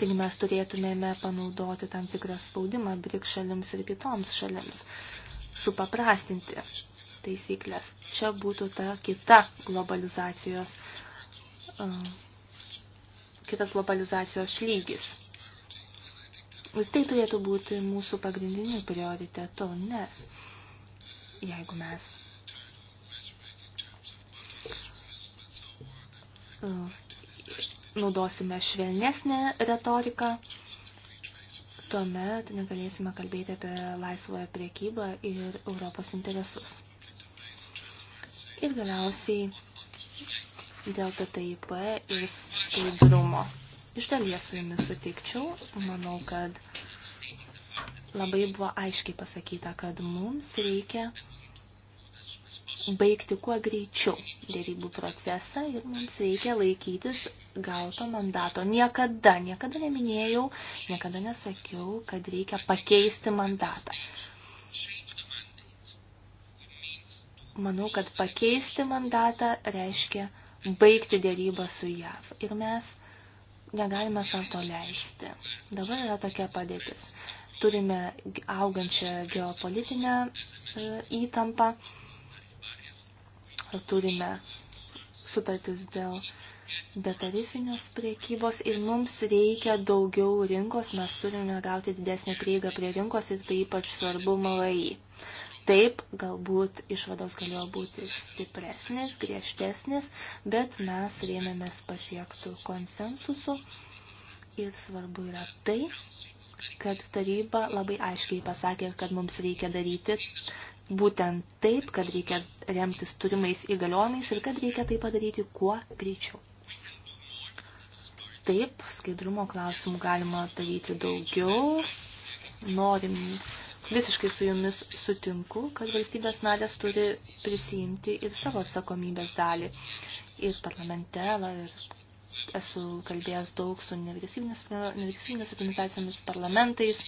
Taigi mes turėtumėme panaudoti tam tikrą spaudimą BRIC šalims ir kitoms šalims, supaprastinti taisyklės. Čia būtų ta kita globalizacijos, uh, kitas globalizacijos lygis. Ir tai turėtų būti mūsų pagrindiniu prioritetu, nes jeigu mes uh, naudosime švelnesnę retoriką, tuomet negalėsime kalbėti apie laisvąją priekybą ir Europos interesus. Ir galiausiai dėl TTIP ir skaidrumo. Iš dalies su jumis sutikčiau, manau, kad labai buvo aiškiai pasakyta, kad mums reikia baigti kuo greičiau dėrybų procesą ir mums reikia laikytis gauto mandato. Niekada, niekada neminėjau, niekada nesakiau, kad reikia pakeisti mandatą. Manau, kad pakeisti mandatą reiškia baigti dėrybą su JAV. Ir mes negalime savo to leisti. Dabar yra tokia padėtis. Turime augančią geopolitinę e, įtampą. E, turime sutartis dėl betarifinės priekybos ir mums reikia daugiau rinkos, mes turime gauti didesnį prieigą prie rinkos ir tai ypač svarbu MLAI. Taip, galbūt išvados galėjo būti stipresnės, griežtesnės, bet mes rėmėmės pasiektų konsensusu ir svarbu yra tai, kad taryba labai aiškiai pasakė, kad mums reikia daryti būtent taip, kad reikia remtis turimais įgaliojimais ir kad reikia tai padaryti kuo greičiau. Taip, skaidrumo klausimų galima daryti daugiau. Norim, visiškai su jumis sutinku, kad valstybės narės turi prisijimti ir savo atsakomybės dalį. Ir parlamentelą, ir esu kalbėjęs daug su nevyriausybinės, nevyriausybinės organizacijomis, parlamentais.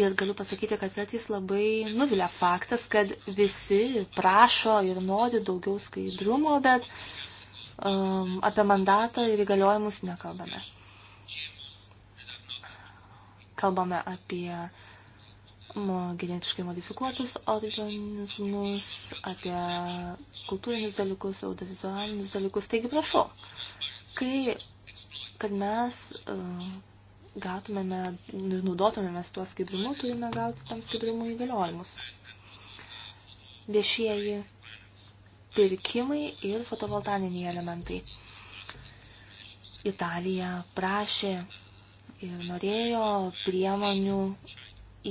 Ir galiu pasakyti, kad kartais labai nuvilia faktas, kad visi prašo ir nori daugiau skaidrumo, bet um, apie mandatą ir įgaliojimus nekalbame. Kalbame apie genetiškai modifikuotus organizmus, apie kultūrinius dalykus, audiovizualinius dalykus. Taigi prašau, kai, kad mes uh, gautumėme, naudotumėmės tuo skaidrumu, turime gauti tam skaidrumu įgaliojimus. Viešieji pirkimai ir fotovoltaniniai elementai. Italija prašė ir norėjo priemonių,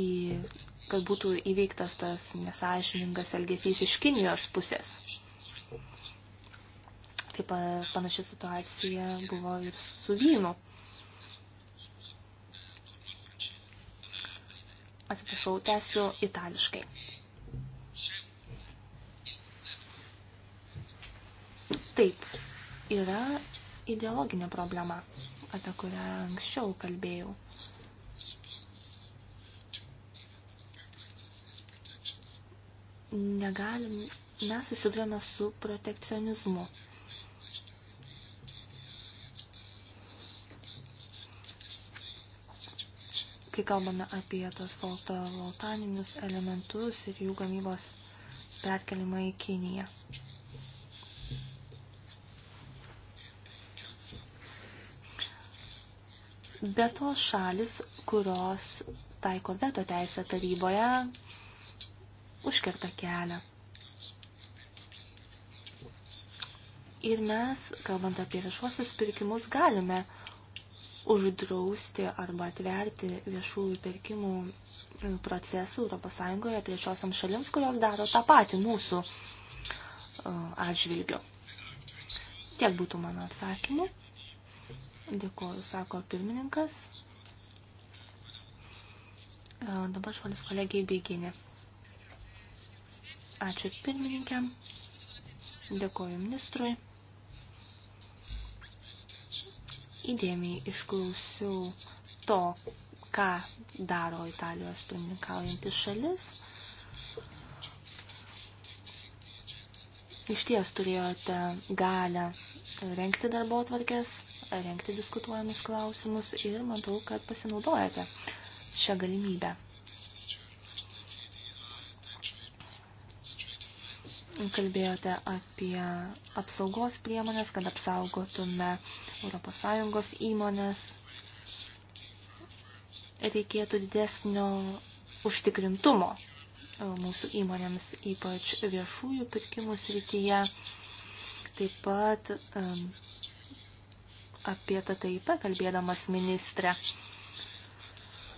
į, kad būtų įveiktas tas nesąžiningas elgesys iš Kinijos pusės. Taip panaši situacija buvo ir su vynu. Atsiprašau, tęsiu itališkai. Taip, yra ideologinė problema, apie kurią anksčiau kalbėjau. Negalim, mes susidurėme su protekcionizmu. kai kalbame apie tos fotovoltaninius elementus ir jų gamybos perkelimą į Kiniją. Be to šalis, kurios taiko veto teisę taryboje, užkerta kelią. Ir mes, kalbant apie viešuosius pirkimus, galime uh, uždrausti arba atverti viešųjų pirkimų e, procesų ES trečiosiam šalims, kurios daro tą patį mūsų e, atžvilgiu. Tiek būtų mano atsakymų. Dėkuoju, sako pirmininkas. E, dabar žodis kolegijai beiginė. Ačiū pirmininkėm. Dėkuoju ministrui. įdėmiai išklausiau to, ką daro Italijos pirmininkaujantis šalis. Iš ties turėjote galę renkti darbo atvarkės, renkti diskutuojamus klausimus ir matau, kad pasinaudojate šią galimybę. kalbėjote apie apsaugos priemonės, kad apsaugotume ES įmonės. Reikėtų didesnio užtikrintumo mūsų įmonėms, ypač viešųjų pirkimų srityje. Taip pat apie TTIP kalbėdamas ministrė.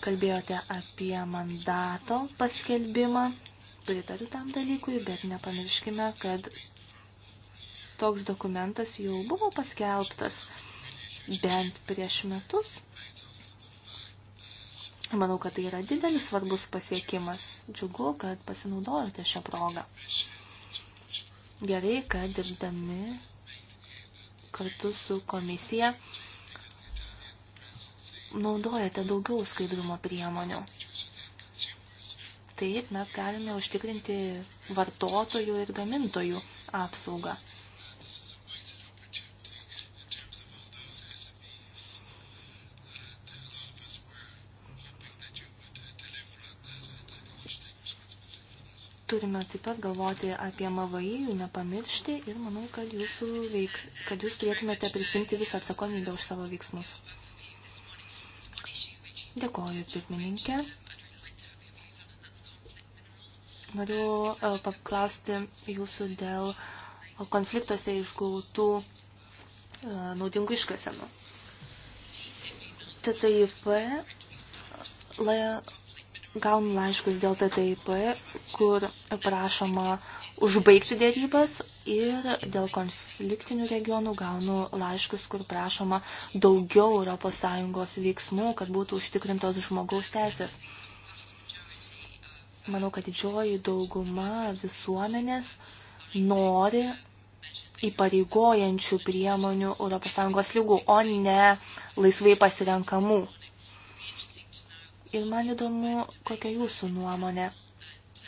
Kalbėjote apie mandato paskelbimą pritariu tam dalykui, bet nepamirškime, kad toks dokumentas jau buvo paskelbtas bent prieš metus. Manau, kad tai yra didelis svarbus pasiekimas. Džiugu, kad pasinaudojote šią progą. Gerai, kad dirbdami kartu su komisija naudojate daugiau skaidrumo priemonių taip mes galime užtikrinti vartotojų ir gamintojų apsaugą. Turime taip pat galvoti apie MVI, jų nepamiršti ir manau, kad, jūsų veiks, kad jūs turėtumėte prisimti visą atsakomybę už savo veiksmus. Dėkoju, pirmininkė. Noriu e, paklausti jūsų dėl konfliktuose išgautų e, naudingų iškasenų. TTIP la, gaunu laiškus dėl TTIP, kur prašoma užbaigti dėrybas ir dėl konfliktinių regionų gaunu laiškus, kur prašoma daugiau ES veiksmų, kad būtų užtikrintos žmogaus teisės manau, kad didžioji dauguma visuomenės nori įpareigojančių priemonių ES lygų, o ne laisvai pasirenkamų. Ir man įdomu, kokia jūsų nuomonė.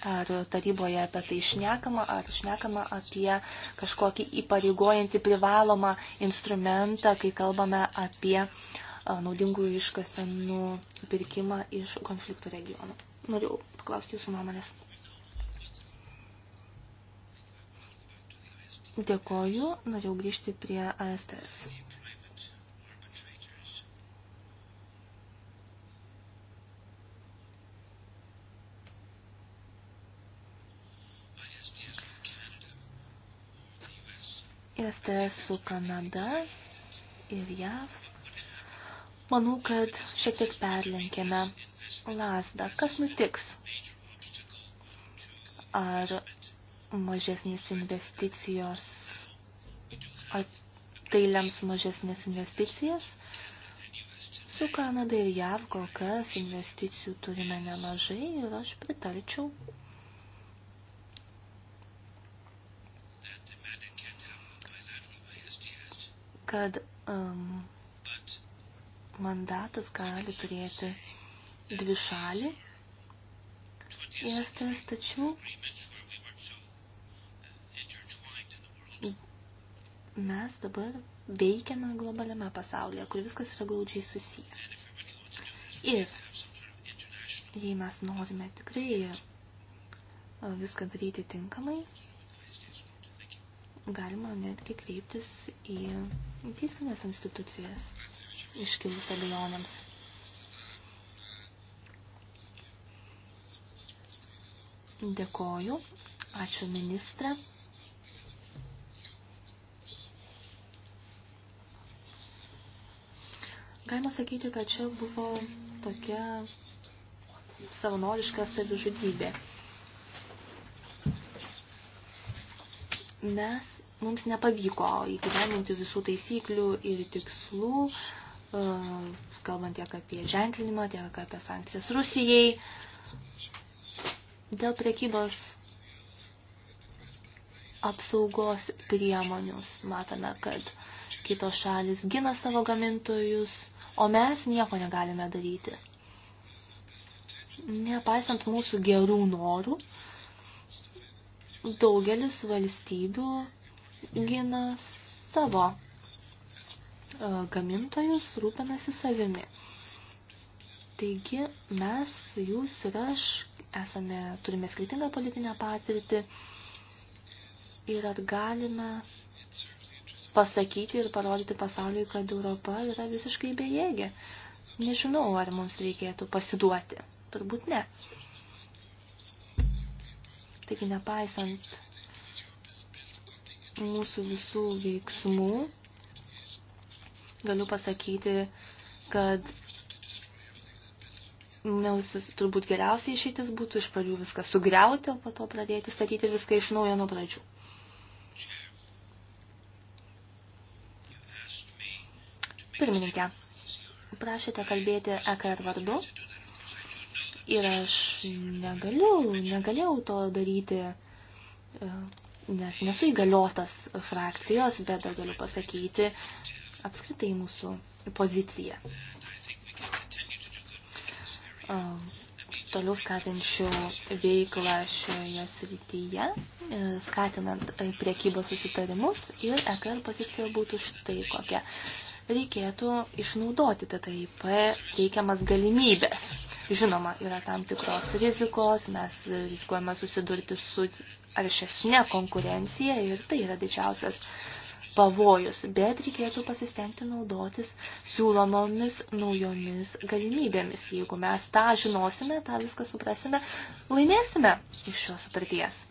Ar taryboje apie tai šnekama, ar šnekama apie kažkokį įpareigojantį privalomą instrumentą, kai kalbame apie naudingų iškasenų pirkimą iš konfliktų regionų. Noriu paklausti jūsų nuomonės. Dėkoju, norėjau grįžti prie ASTS. ASTS su Kanada ir JAV. Manau, kad šiek tiek perlenkėme lasdą. Kas nutiks? Ar mažesnės investicijos, ar tai lems mažesnės investicijas? Su Kanada ir JAV kol kas investicijų turime nemažai ir aš pritarčiau. kad um, mandatas gali turėti dvišalį miestas, tačiau mes dabar veikiame globaliame pasaulyje, kur viskas yra glaudžiai susiję. Ir jei mes norime tikrai viską daryti tinkamai, galima netgi kreiptis į teisminės institucijas iškilus abejonėms. Dėkoju. Ačiū ministrė. Galima sakyti, kad čia buvo tokia savanoriška savižudybė. Mes, mums nepavyko įgyveninti visų taisyklių ir tikslų, e, kalbant tiek apie ženklinimą, tiek apie sankcijas Rusijai. Dėl prekybos apsaugos priemonius matome, kad kitos šalis gina savo gamintojus, o mes nieko negalime daryti. Nepaisant mūsų gerų norų, daugelis valstybių gina savo e, gamintojus, rūpinasi savimi. Taigi mes, jūs ir aš esame, turime skirtingą politinę patirtį ir ar galime pasakyti ir parodyti pasauliui, kad Europa yra visiškai bejėgė. Nežinau, ar mums reikėtų pasiduoti. Turbūt ne. Taigi, nepaisant mūsų visų veiksmų, galiu pasakyti, kad Nes turbūt geriausiai išeitis būtų iš pradžių viską sugriauti, o po to pradėti statyti viską iš naujo nuo pradžių. Pirmininkė, prašėte kalbėti EKR vardu ir aš negaliu, negalėjau to daryti, e, nes nesu įgaliotas frakcijos, bet galiu pasakyti apskritai mūsų poziciją toliau skatinčiau veiklą šioje srityje, e, skatinant e, priekybos susitarimus ir EKR pozicija būtų štai kokia. Reikėtų išnaudoti TTIP teikiamas galimybės. Žinoma, yra tam tikros rizikos, mes rizikuojame susidurti su aršesne konkurencija ir tai yra didžiausias uh, pavojus, bet reikėtų pasistengti naudotis siūlomomis naujomis galimybėmis. Jeigu mes tą žinosime, tą viską suprasime, laimėsime iš šios sutarties.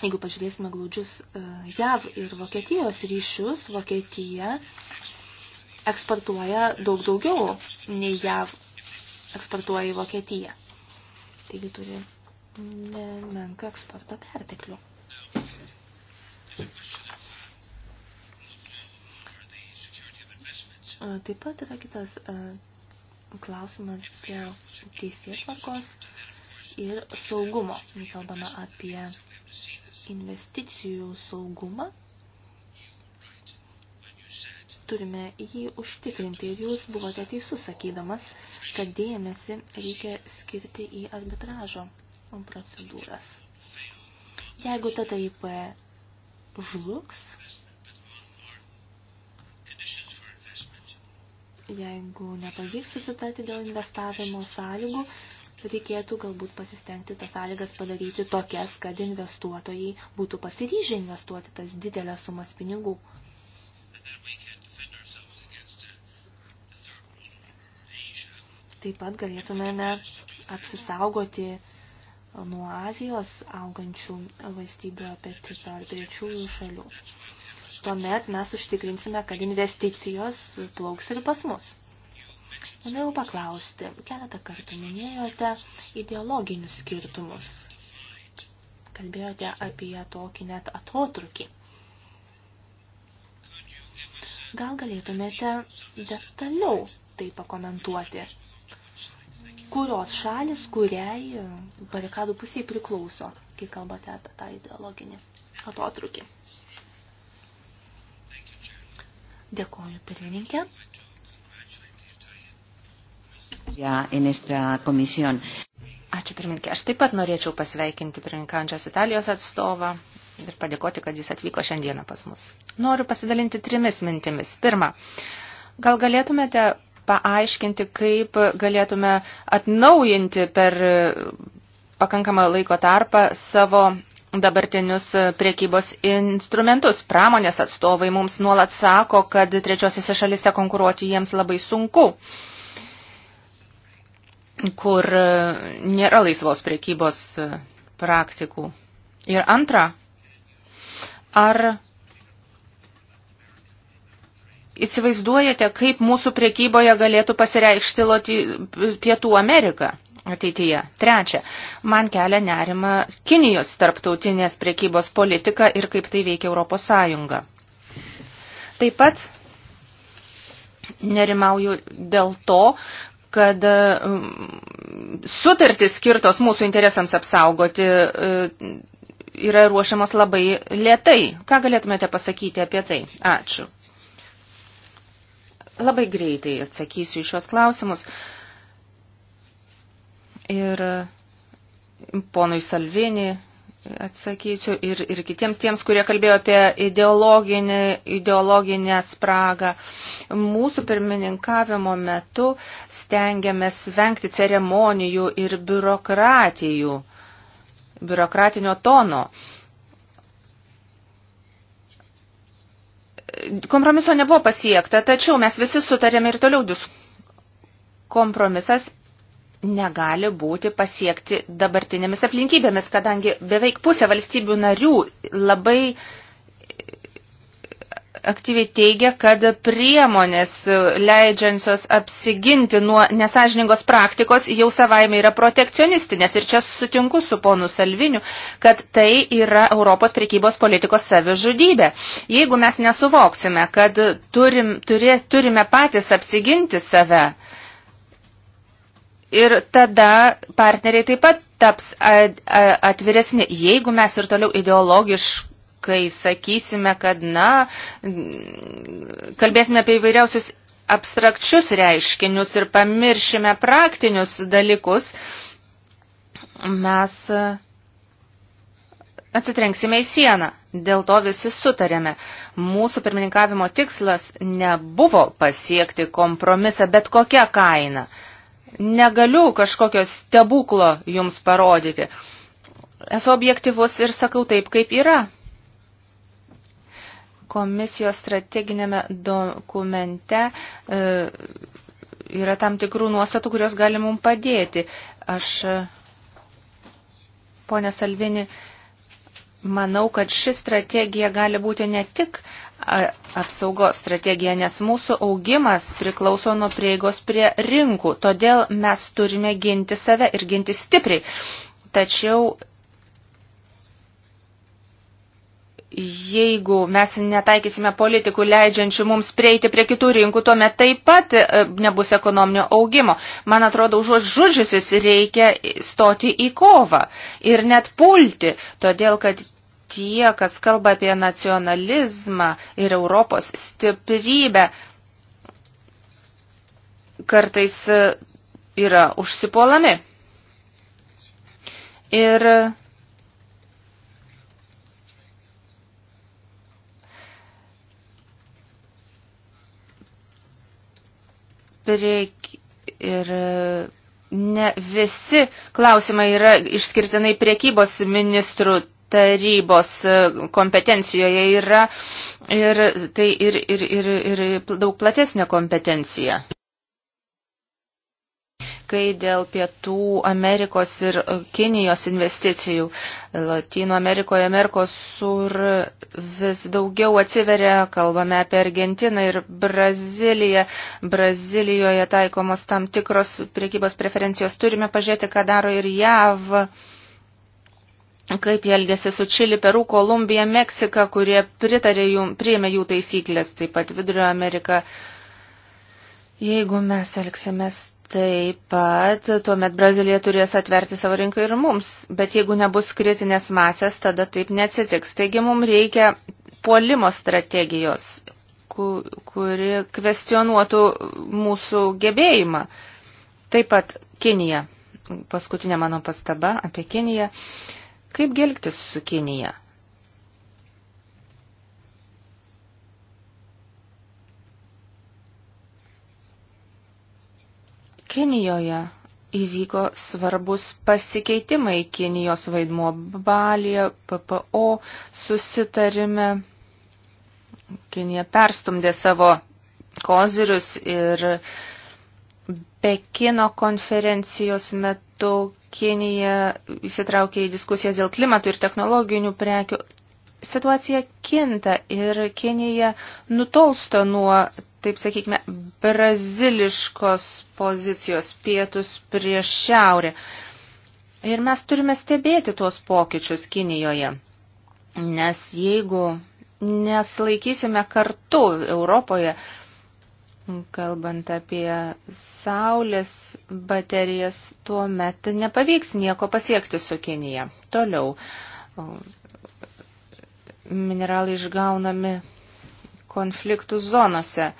Jeigu pažiūrėsime glaudžius e, JAV ir Vokietijos ryšius, Vokietija eksportuoja daug daugiau nei JAV eksportuoja į Vokietiją. Taigi turi nemenka eksporto perteklių. Taip pat yra kitas klausimas prie teisėtvarkos ir saugumo. Kalbame apie investicijų saugumą. Turime jį užtikrinti ir jūs buvote teisus sakydamas, kad dėmesį reikia skirti į arbitražo procedūras. Jeigu TTIP žlugs, jeigu nepavyks susitarti dėl investavimo sąlygų, reikėtų galbūt pasistengti tas sąlygas padaryti tokias, kad investuotojai būtų pasiryžę investuoti tas didelės sumas pinigų. Taip pat galėtumėme apsisaugoti nuo Azijos augančių valstybių apetito ir trečiųjų šalių tuomet mes užtikrinsime, kad investicijos plauks ir pas mus. Norėjau paklausti, keletą kartų minėjote ideologinius skirtumus. Kalbėjote apie tokį net atotrukį. Gal galėtumėte detaliau tai pakomentuoti? Kurios šalis, kuriai barikadų pusiai priklauso, kai kalbate apie tą ideologinį atotrukį? Dėkoju, pirmininkė. Ačiū, pirmininkė. Aš taip pat norėčiau pasveikinti pirmininkančios Italijos atstovą ir padėkoti, kad jis atvyko šiandieną pas mus. Noriu pasidalinti trimis mintimis. Pirma, gal galėtumėte paaiškinti, kaip galėtume atnaujinti per pakankamą laiko tarpą savo dabartinius e, priekybos instrumentus. Pramonės atstovai mums nuolat sako, kad trečiosiuose šalise konkuruoti jiems labai sunku, kur e, nėra laisvos priekybos e, praktikų. Ir antra, ar įsivaizduojate, kaip mūsų priekyboje galėtų pasireikšti Loti... Pietų Amerika? ateityje. Trečia, man kelia nerima Kinijos tarptautinės priekybos politika ir kaip tai veikia Europos Sąjunga. Taip pat nerimauju dėl to, kad mm, sutartis skirtos mūsų interesams apsaugoti e, yra ruošiamas labai lietai. Ką galėtumėte pasakyti apie tai? Ačiū. Labai greitai atsakysiu į šios klausimus. Uh, ir ponui Salvini atsakysiu ir, ir kitiems tiems, kurie kalbėjo apie ideologinę, ideologinę spragą. Mūsų pirmininkavimo metu stengiamės vengti ceremonijų ir biurokratijų, biurokratinio tono. Kompromiso nebuvo pasiekta, tačiau mes visi sutarėme ir toliau diskusijų kompromisas negali būti pasiekti dabartinėmis aplinkybėmis, kadangi beveik pusė valstybių narių labai aktyviai teigia, kad priemonės leidžiančios apsiginti nuo nesažiningos praktikos jau savaime yra protekcionistinės. Ir čia sutinku su ponu Salviniu, kad tai yra Europos prekybos politikos savižudybė. Jeigu mes nesuvoksime, kad turim, turės, turime patys apsiginti save, Ir tada partneriai taip pat taps atviresni, jeigu mes ir toliau ideologiškai sakysime, kad, na, kalbėsime apie įvairiausius abstrakčius reiškinius ir pamiršime praktinius dalykus, mes atsitrenksime į sieną. Dėl to visi sutarėme. Mūsų pirmininkavimo tikslas nebuvo pasiekti kompromisą bet kokią kainą negaliu kažkokio stebuklo jums parodyti. Esu objektivus ir sakau taip, kaip yra. Komisijos strateginėme dokumente e, yra tam tikrų nuostatų, kurios gali mums padėti. Aš, e, ponė Salvini, manau, kad ši strategija gali būti ne tik apsaugos strategija, nes mūsų augimas priklauso nuo prieigos prie rinkų, todėl mes turime ginti save ir ginti stipriai. Tačiau jeigu mes netaikysime politikų leidžiančių mums prieiti prie kitų rinkų, tuomet taip pat e, nebus ekonominio augimo. Man atrodo, užuot žudžiusis reikia stoti į kovą ir net pulti, todėl kad tie, kas kalba apie nacionalizmą ir Europos stiprybę, kartais yra užsipuolami. Ir priek... ir ne visi klausimai yra išskirtinai priekybos ministrų tarybos kompetencijoje yra ir, tai ir, ir, ir, ir daug platesnė kompetencija. Kai dėl Pietų Amerikos ir Kinijos investicijų Latino Amerikoje Merkosur vis daugiau atsiveria, kalbame apie Argentiną ir Braziliją. Brazilijoje taikomos tam tikros priekybos preferencijos. Turime pažiūrėti, ką daro ir JAV kaip jie elgėsi su Čili, Peru, Kolumbija, Meksika, kurie pritarė jų, priėmė jų taisyklės, taip pat Vidurio Amerika. Jeigu mes elgsimės taip pat, tuomet Brazilija turės atverti savo rinką ir mums, bet jeigu nebus kritinės masės, tada taip neatsitiks. Taigi mums reikia puolimo strategijos, kuri kvestionuotų mūsų gebėjimą. Taip pat Kinija. Paskutinė mano pastaba apie Kiniją. Uh, Kaip gelgtis su Kinija? Kinijoje įvyko svarbus pasikeitimai Kinijos vaidmuo Balėje, PPO susitarime. Kinija perstumdė savo kozirius ir Pekino konferencijos metu Kinija įsitraukė į diskusijas dėl klimatų ir technologinių prekių. Situacija kinta ir Kinija nutolsta nuo, taip sakykime, braziliškos pozicijos pietus prieš šiaurę. Ir mes turime stebėti tuos pokyčius Kinijoje. Nes jeigu neslaikysime kartu Europoje, kalbant apie saulės baterijas, tuo metu nepavyks nieko pasiekti su Kinija. Toliau, mineralai išgaunami konfliktų zonose.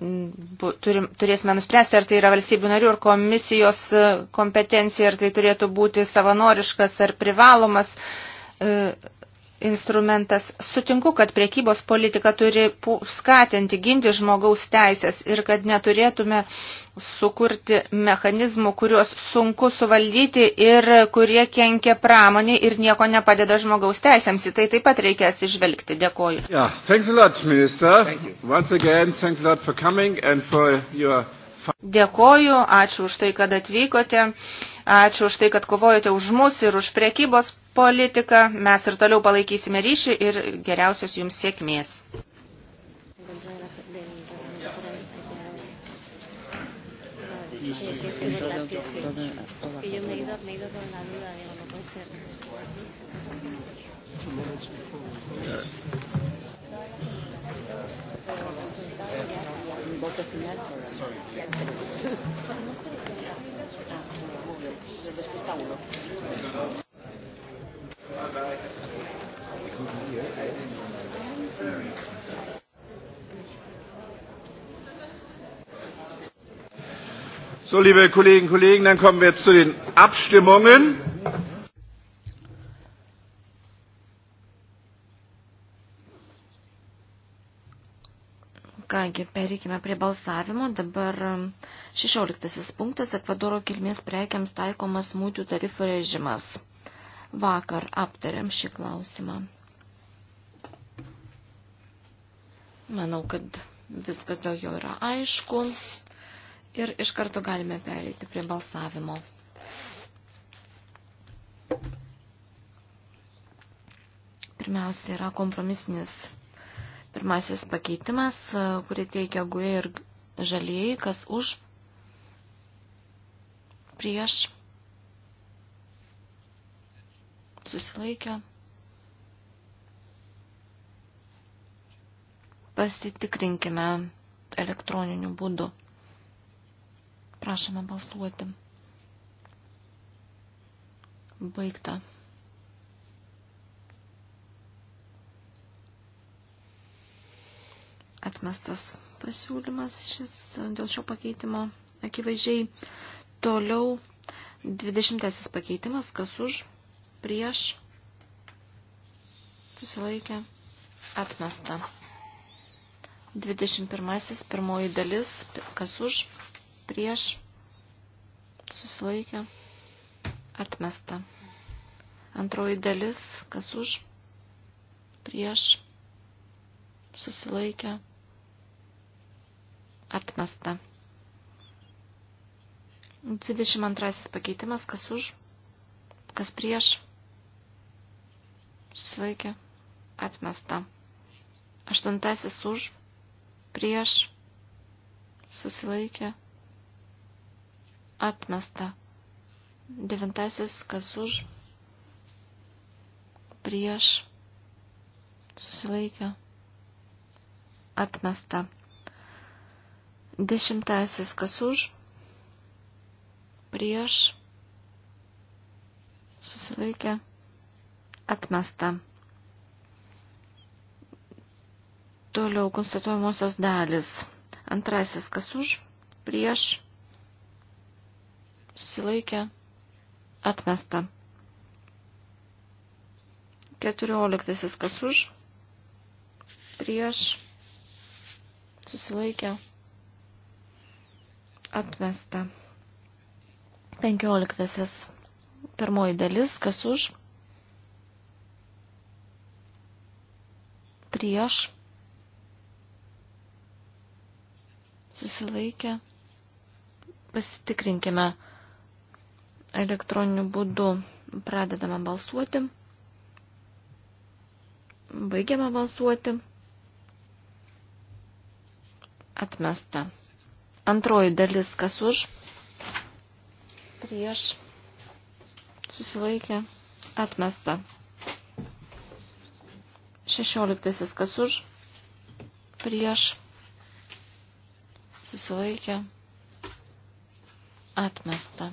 Turim, turėsime nuspręsti, ar tai yra valstybių narių ar komisijos e, kompetencija, ar tai turėtų būti savanoriškas ar privalomas e, instrumentas. Sutinku, kad priekybos politika turi skatinti, ginti žmogaus teisės ir kad neturėtume sukurti mechanizmų, kuriuos sunku suvaldyti ir kurie kenkia pramonį ir nieko nepadeda žmogaus teisėms. Į tai taip pat reikia atsižvelgti. Dėkoju. Yeah, thanks a lot, minister. Thank you. Once again, thanks a lot for coming and for your... Dėkoju, ačiū už tai, kad atvykote. Ačiū už tai, kad kovojate už mus ir už priekybos politiką. Mes ir toliau palaikysime ryšį ir geriausios jums sėkmės. Es que yo me he ido, me he ido con la duda, digo, no puede ser. Voto final del dentista uno. So, liebe Kolleginnen und Kollegen, dann kommen wir zu den Abstimmungen. Kągi, pereikime prie balsavimo. Dabar 16 um, punktas Ekvadoro kilmės prekiams taikomas mūtų tarifų režimas. Vakar aptariam šį klausimą. Manau, kad viskas dėl jo yra aišku ir iš karto galime pereiti prie balsavimo. Pirmiausia yra kompromisinis Pirmasis pakeitimas, e, kurį teikia guė ir žalieji, kas už, prieš, susilaikę. Pasitikrinkime elektroniniu būdu. Prašome balsuoti. Baigta. atmestas pasiūlymas šis dėl šio pakeitimo akivaizdžiai. Toliau 20 pakeitimas, kas už, prieš, susilaikė, atmesta. 21 pirmoji dalis, kas už, prieš, susilaikė, atmesta. Antroji dalis, kas už, prieš, susilaikė, atmesta Atmesta. 22 pakeitimas, kas už, kas prieš, susilaikė, atmesta. 8 už, prieš, susilaikė, atmesta. 9 kas už, prieš, susilaikė, atmesta. Dešimtasis kas už, prieš, susilaikė, atmesta. Toliau konstatuojamosios dalis. Antrasis kas už, prieš, susilaikė, atmesta. Keturioliktasis kas už, prieš, susilaikė, atmesta Atmesta. 15. Pirmoji dalis, kas už, prieš, susilaikę, pasitikrinkime elektroniniu būdu, pradedame balsuoti, baigiame balsuoti, atmesta. Antroji dalis, kas už, prieš, susilaikė, atmesta. Šešioliktasis, kas už, prieš, susilaikė, atmesta.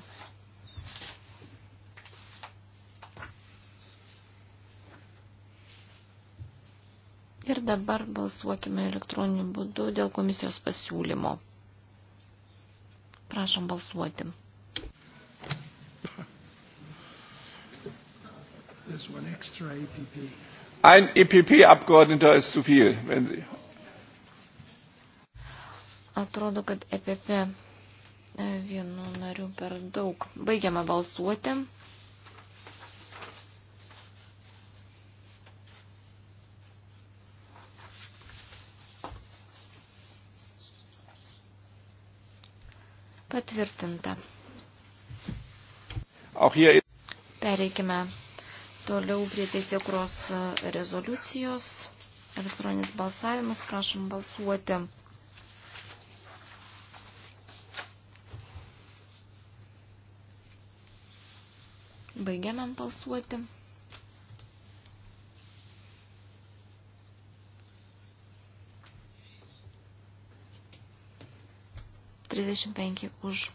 Ir dabar balsuokime elektroniniu būdu dėl komisijos pasiūlymo. Prašom balsuoti. Ein EPP-Abgeordneter ist zu viel, wenn Sie. Atrodo, kad EPP e, vienu nariu per daug. Baigiame balsuoti. Patvirtinta. Pereikime toliau prie teisėkros e, rezoliucijos. Elektroninis balsavimas, prašom balsuoti. Baigiame balsuoti. 35 už.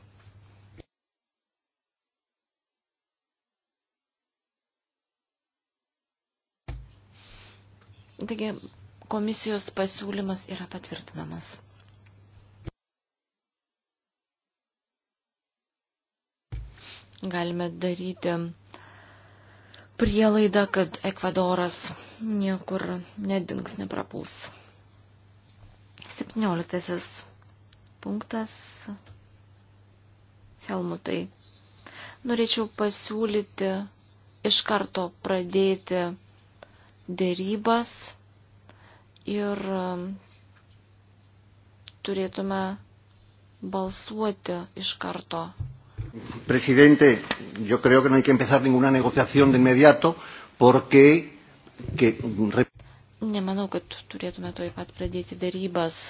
Taigi komisijos pasiūlymas yra patvirtinamas. Galime daryti prielaidą, kad Ekvadoras niekur nedings, neprapuls. 17 punktas. Helmutai, norėčiau pasiūlyti iš karto pradėti dėrybas ir um, turėtume balsuoti iš karto. Presidente, yo creo que no hay que empezar ninguna negociación de inmediato porque... Que... Nemanau, kad turėtume toj pat pradėti darybas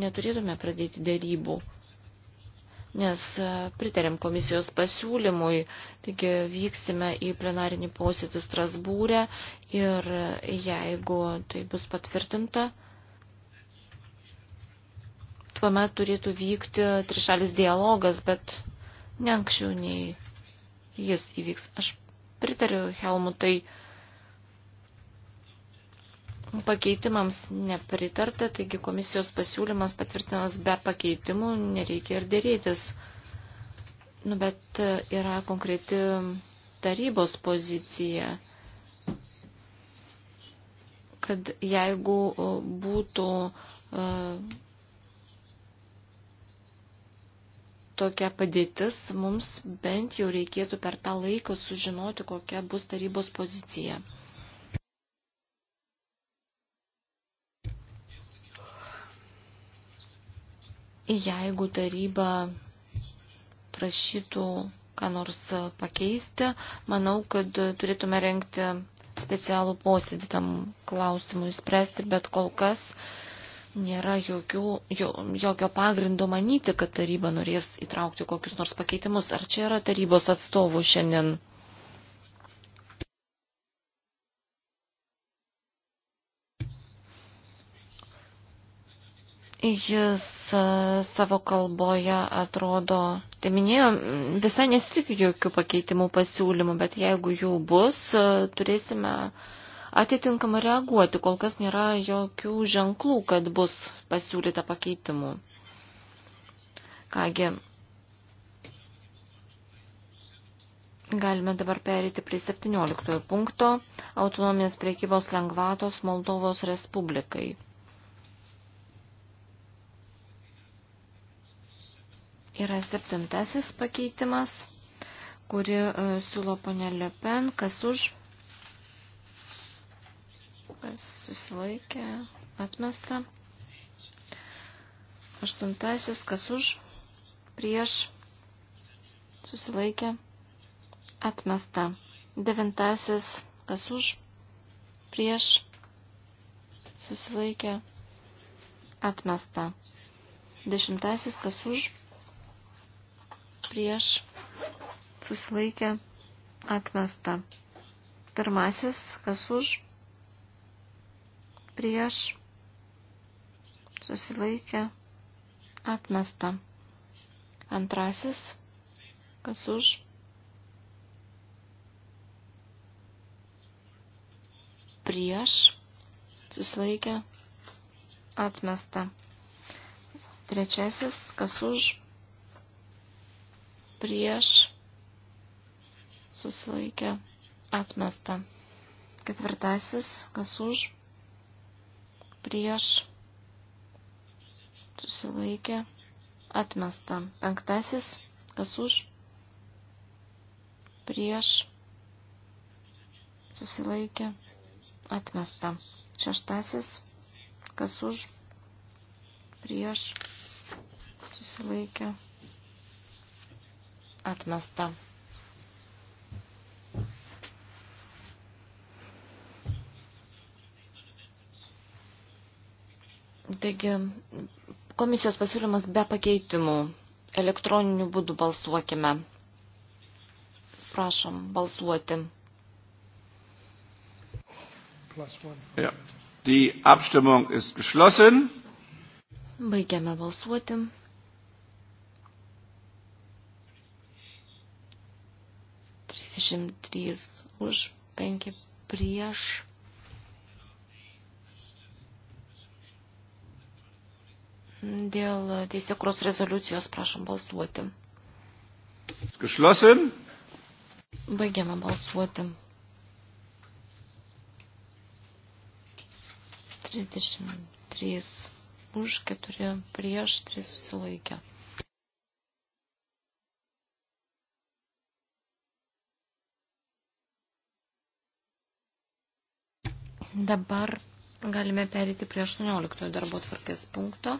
neturėtume pradėti dėrybų, nes e, pritarėm komisijos pasiūlymui, taigi vyksime į plenarinį posėdį Strasbūrę ir jeigu tai bus patvirtinta, tuomet turėtų vykti trišalis dialogas, bet ne anksčiau nei jis įvyks. Aš pritariu Helmutai. tai Pakeitimams nepritarta, taigi komisijos pasiūlymas patvirtinamas be pakeitimų, nereikia ir dėrėtis. Nu, bet e, yra konkreti tarybos pozicija, kad jeigu e, būtų e, tokia padėtis, mums bent jau reikėtų per tą laiką sužinoti, kokia bus tarybos pozicija. jeigu taryba prašytų ką nors pakeisti, manau, kad turėtume renkti specialų posėdį tam klausimui spręsti, bet kol kas nėra jokių, jo, jokio pagrindo manyti, kad taryba norės įtraukti kokius nors pakeitimus. Ar čia yra tarybos atstovų šiandien? Jis e, savo kalboje atrodo, tai minėjo, visai nesitikiu jokių pakeitimų pasiūlymų, bet jeigu jų bus, e, turėsime atitinkamai reaguoti. Kol kas nėra jokių ženklų, kad bus pasiūlyta pakeitimų. Kągi, Galime dabar perėti prie 17 punkto autonomijos priekybos lengvatos Moldovos Respublikai. yra septintasis pakeitimas, kuri e, siūlo ponė Lepen, kas už, kas susilaikė, atmesta. Aštuntasis, kas už, prieš, susilaikė, atmesta. Devintasis, kas už, prieš, susilaikė, atmesta. Dešimtasis, kas už, prieš prieš susilaikę atmesta. Pirmasis, kas už, prieš susilaikę atmesta. Antrasis, kas už, prieš susilaikę atmesta. Trečiasis, kas už, prieš susilaikė atmesta. Ketvirtasis, kas už, prieš susilaikė atmesta. Penktasis, kas už, prieš susilaikė atmesta. Šeštasis, kas už, prieš susilaikė atmesta Atmesta. Taigi, komisijos pasiūlymas be pakeitimų. Elektroniniu būdu balsuokime. Prašom balsuoti. Ja. Die Abstimmung ist geschlossen. Baigiame balsuoti. 103 už, 5 prieš. Dėl teisėkros rezoliucijos prašom balsuoti. Geschlossen. Baigiame balsuoti. 33 už, 4 prieš, 3 susilaikė. Dabar galime perėti prie 18 darbo tvarkės punkto.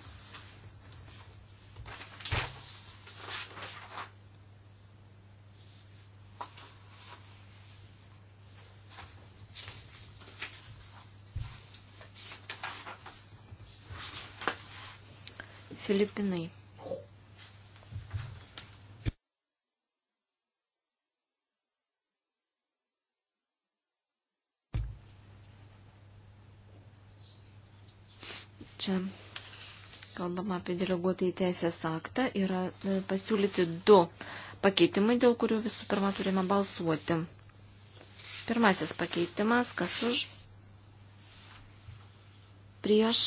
Filipinai. kalbama apie deleguotą į teisės aktą, yra e, pasiūlyti du pakeitimai, dėl kurių visų pirma turime balsuoti. Pirmasis pakeitimas, kas už, prieš,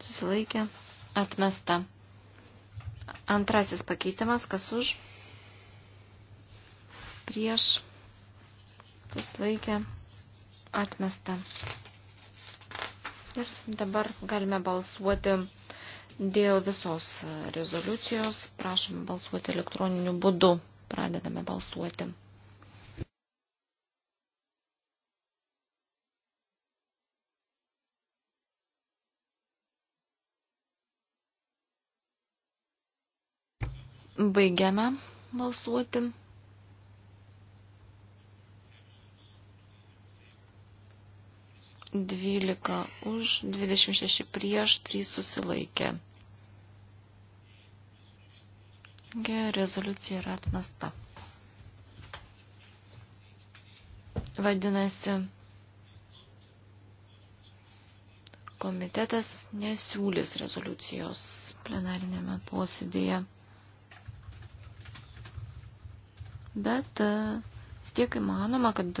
susilaikė, atmesta. Antrasis pakeitimas, kas už, prieš, susilaikė, atmesta. Ir dabar galime balsuoti dėl visos rezoliucijos. Prašom balsuoti elektroniniu būdu. Pradedame balsuoti. Baigiame balsuoti. 12 už, 26 prieš, 3 susilaikė. Rezoliucija yra atmesta. Vadinasi, komitetas nesiūlys rezoliucijos plenarinėme posėdėje. Bet e, vis tiek įmanoma, kad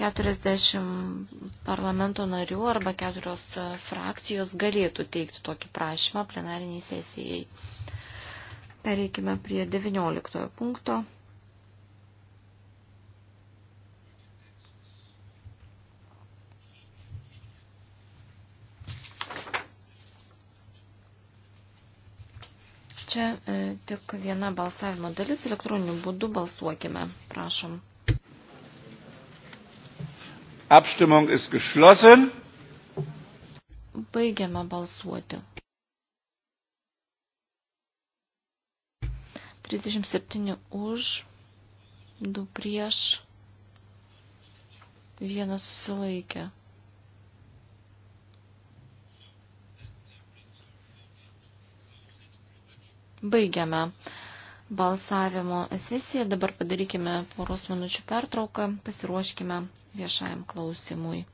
40 parlamento narių arba 4 e, frakcijos galėtų teikti tokį prašymą plenariniai sesijai. Pereikime prie 19 punkto. Čia e, tik viena balsavimo dalis elektroniniu būdu balsuokime. Prašom. Abstimmung ist geschlossen. Baigiame balsuoti. 37 už, 2 prieš, 1 susilaikė. Baigiame balsavimo sesiją. Dabar padarykime poros minučių pertrauką, pasiruoškime viešajam klausimui.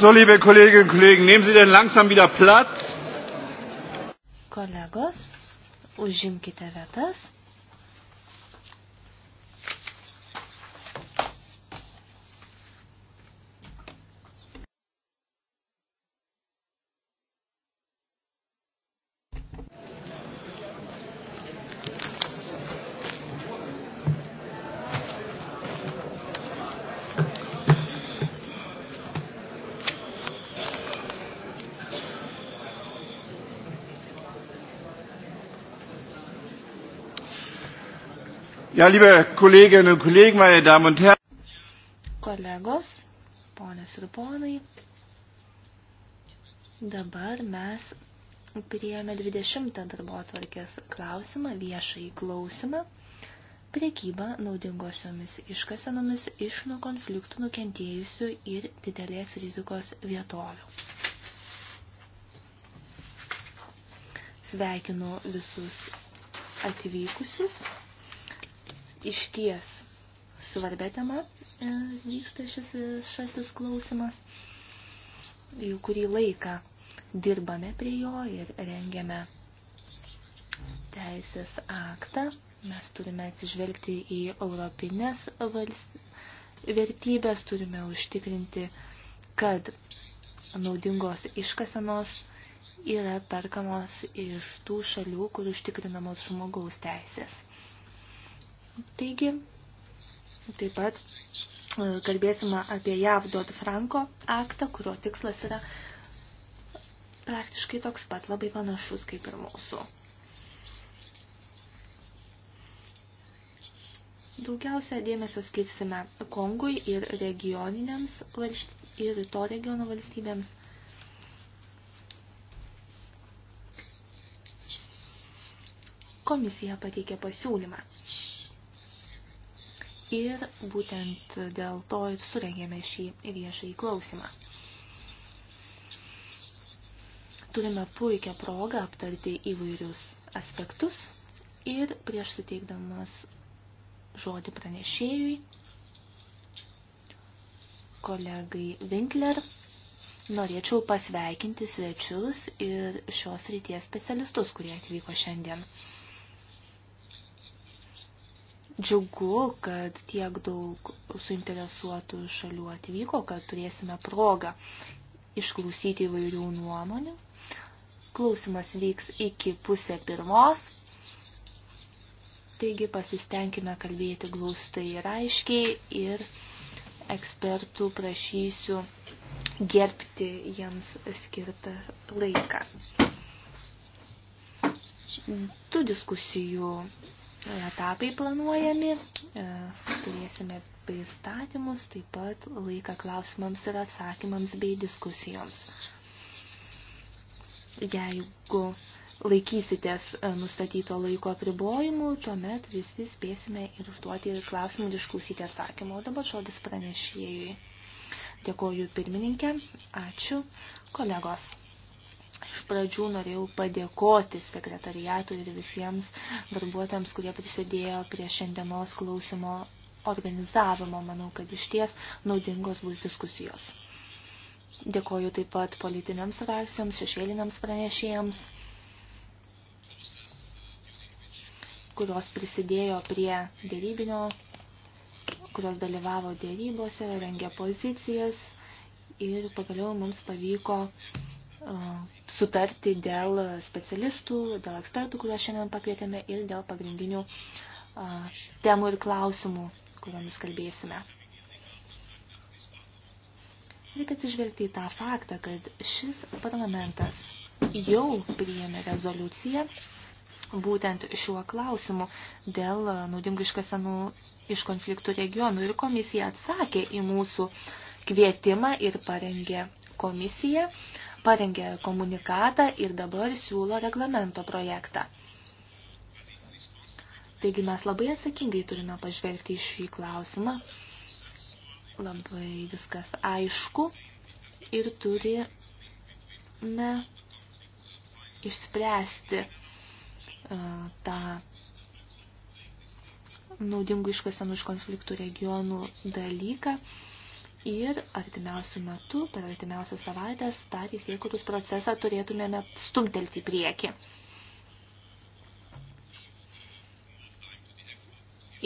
So, liebe Kolleginnen und Kollegen, nehmen Sie denn langsam wieder Platz. Kolegos, užimkite vietas. Ja, liebe Kolleginnen und Kollegen, meine Damen und Herren. Kolegos, ponės ir ponai, dabar mes priėmė 20 darbo atvarkės klausimą, viešai klausimą, priekyba naudingosiomis iškasenomis iš nuo konfliktų nukentėjusių ir didelės rizikos vietovių. Sveikinu visus atvykusius išties svarbia tema e, vyksta šis šasis klausimas. Jau kurį laiką dirbame prie jo ir rengiame teisės aktą. Mes turime atsižvelgti į europinės vertybės, turime užtikrinti, kad naudingos iškasenos yra perkamos iš tų šalių, kur užtikrinamos žmogaus teisės. Taigi, taip pat e, kalbėsime apie JAV Dodd Franko aktą, kurio tikslas yra praktiškai toks pat labai panašus kaip ir mūsų. Daugiausia dėmesio skirsime Kongui ir regioniniams ir to regiono valstybėms. Komisija pateikė pasiūlymą ir būtent dėl to ir surengėme šį viešąjį klausimą. Turime puikią progą aptarti įvairius aspektus ir prieš suteikdamas žodį pranešėjui, kolegai Winkler, norėčiau pasveikinti svečius ir šios ryties specialistus, kurie atvyko šiandien. Džiugu, kad tiek daug suinteresuotų šalių atvyko, kad turėsime progą išklausyti įvairių nuomonių. Klausimas vyks iki pusė pirmos. Taigi pasistengime kalbėti glaustai ir aiškiai ir ekspertų prašysiu gerbti jiems skirtą laiką. Du diskusijų etapai planuojami, e, turėsime pristatymus, taip pat laiką klausimams ir atsakymams bei diskusijoms. Jeigu laikysitės e, nustatyto laiko apribojimų, tuomet visi spėsime ir užduoti klausimų diskusijų atsakymą. O dabar žodis pranešėjui. Dėkoju pirmininkė, ačiū kolegos. Iš pradžių norėjau padėkoti sekretariatui ir visiems darbuotojams, kurie prisidėjo prie šiandienos klausimo organizavimo. Manau, kad iš ties naudingos bus diskusijos. Dėkoju taip pat politiniams frakcijoms, šešėliniams pranešėjams, kurios prisidėjo prie dėrybinio, kurios dalyvavo dėrybose, rengė pozicijas ir pagaliau mums pavyko sutarti dėl specialistų, dėl ekspertų, kuriuos šiandien pakvietėme ir dėl pagrindinių temų ir klausimų, kuriomis kalbėsime. Reikia atsižvelgti į tą faktą, kad šis parlamentas jau priėmė rezoliuciją būtent šiuo klausimu dėl naudingų iškasenų iš konfliktų regionų. Ir komisija atsakė į mūsų kvietimą ir parengė komisiją uh, parengė komunikatą ir dabar siūlo reglamento projektą. Taigi mes labai atsakingai turime pažvelgti į šį klausimą. Labai viskas aišku ir turime išspręsti uh, tą naudingų iškasenų iš konfliktų regionų dalyką. Uh, ir artimiausių metų, per artimiausias savaitės, tą teisėkūrus procesą turėtumėme stumtelti į priekį.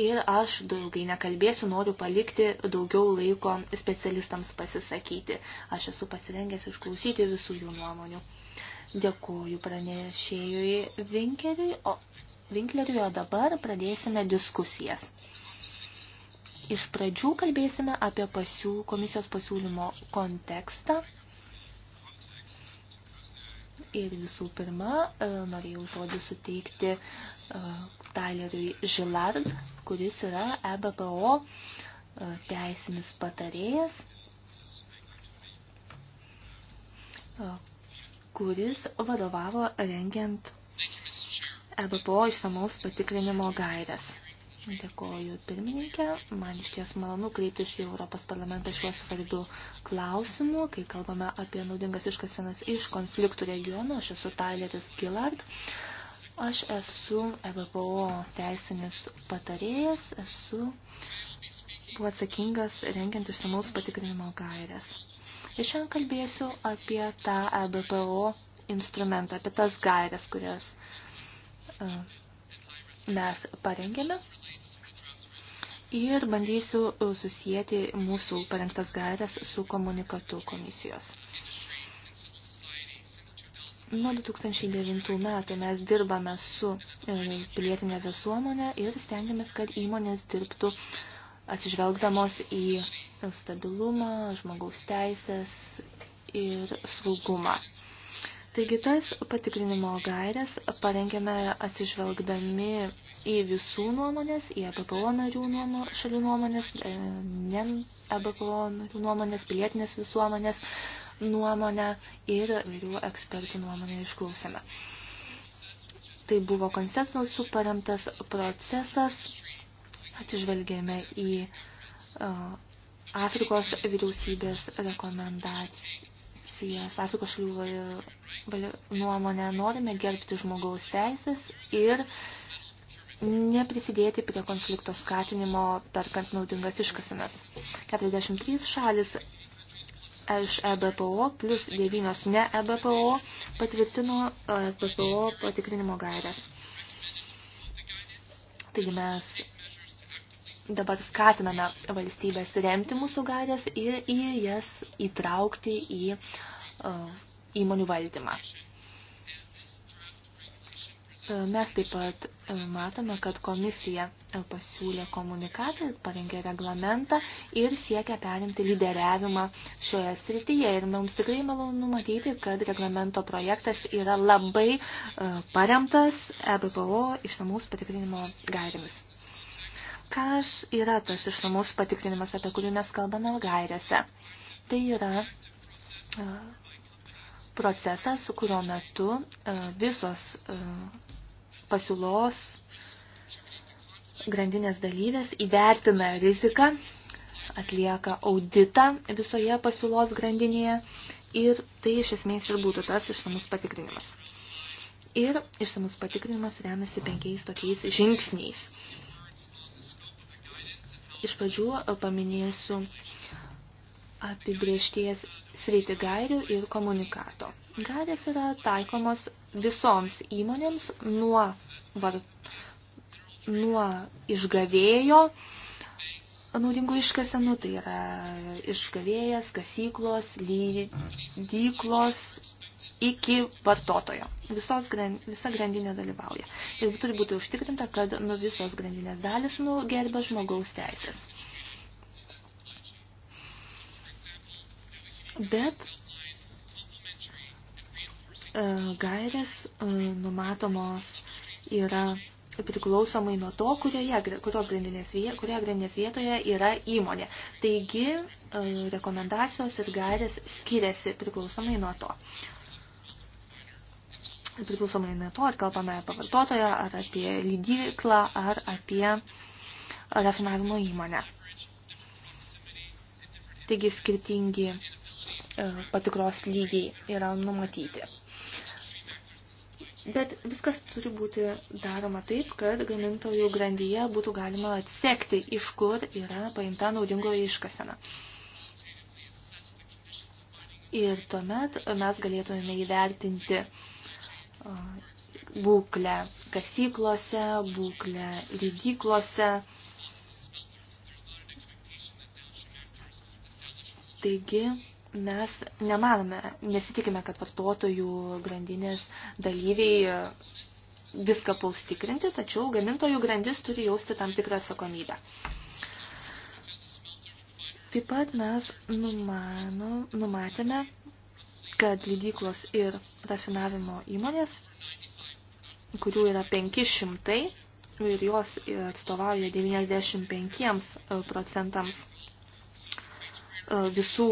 Ir aš daugai nekalbėsiu, noriu palikti daugiau laiko specialistams pasisakyti. Aš esu pasirengęs išklausyti visų jų nuomonių. Dėkuoju pranešėjui Vinkeriui, o Vinkleriui, o dabar pradėsime diskusijas. Iš pradžių kalbėsime apie pasiū, komisijos pasiūlymo kontekstą. Ir visų pirma, e, norėjau žodį suteikti e, Tyleriui Žilard, kuris yra EBPO e, teisinis patarėjas, kuris vadovavo rengiant EBPO išsamaus patikrinimo gairias. Dėkoju pirmininkė. Man iš ties malonu kreiptis į Europos parlamentą šiuo svarbiu klausimu, kai kalbame apie naudingas iškasenas iš konfliktų regionų. Aš esu Taileris Gillard. Aš esu EBPO teisinis patarėjas, esu buvo atsakingas rengiant išsamaus patikrinimo gairės. Ir šiandien kalbėsiu apie tą EBPO instrumentą, apie tas gairės, kurias e, mes parengėme ir bandysiu e, susijęti mūsų parengtas gairias su komunikatu komisijos. Nuo 2009 metų mes dirbame su e, pilietinė visuomonė ir stengiamės, kad įmonės dirbtų atsižvelgdamos į stabilumą, žmogaus teisės ir saugumą. Taigi tas patikrinimo gairės parengėme atsižvelgdami į visų nuomonės, į ABPO e narių nuomo, šalių nuomonės, e, ne ABPO e narių nuomonės, pilietinės visuomenės nuomonę ir vairių ekspertų nuomonę išklausėme. Tai buvo konsensusų paremtas procesas, atsižvelgėme į uh, Afrikos vyriausybės rekomendaciją sijas Afrikos šalių nuomonę norime gerbti žmogaus teisės ir neprisidėti prie konflikto skatinimo perkant naudingas iškasenas. 43 šalis iš EBPO plus 9 ne EBPO patvirtino EBPO patikrinimo gairias. Taigi mes dabar skatiname valstybės remti mūsų gairės ir į jas įtraukti į uh, įmonių valdymą. E, mes taip pat e, matome, kad komisija pasiūlė komunikatą, parengė reglamentą ir siekia perimti lyderiavimą šioje srityje. Ir mums tikrai malonu matyti, kad reglamento projektas yra labai paremtas EBPO išsamaus patikrinimo gairėmis. Kas yra tas išsamus patikrinimas, apie kurį mes kalbame gairėse? Tai yra procesas, kurio metu visos pasiūlos grandinės dalyvės įvertina riziką, atlieka auditą visoje pasiūlos grandinėje ir tai iš esmės ir būtų tas išsamus patikrinimas. Ir išsamus patikrinimas remiasi penkiais tokiais žingsniais. Iš pradžių e, paminėsiu apibriešties sritį gairių ir komunikato. Gairės yra taikomos visoms įmonėms nuo, var, nuo išgavėjo naudingų iškasenų, tai yra išgavėjas, kasyklos, lydyklos iki vartotojo. Visos, visa grandinė dalyvauja. Ir turi būti užtikrinta, kad nu visos grandinės dalis nu gerbė žmogaus teisės. Bet e, gairės e, numatomos yra priklausomai nuo to, kurioje, kurios grandinės, kurioje grandinės vietoje yra įmonė. Taigi e, rekomendacijos ir gairės skiriasi priklausomai nuo to priklausomai nuo to, ar kalbame apie vartotoją, ar apie lydyklą, ar apie rafinavimo įmonę. Taigi skirtingi e, patikros lygiai yra numatyti. Bet viskas turi būti daroma taip, kad gamintojų grandyje būtų galima atsekti, iš kur yra paimta naudingoji iškasena. Ir tuomet mes galėtume įvertinti uh, būklę kasyklose, būklę lydyklose. Taigi mes nemanome, nesitikime, kad vartotojų grandinės dalyviai viską puls tikrinti, tačiau gamintojų grandis turi jausti tam tikrą atsakomybę. Taip pat mes numano, numatėme, kad lydyklos ir rafinavimo įmonės, kurių yra 500 ir jos atstovauja 95 e, procentams e, visų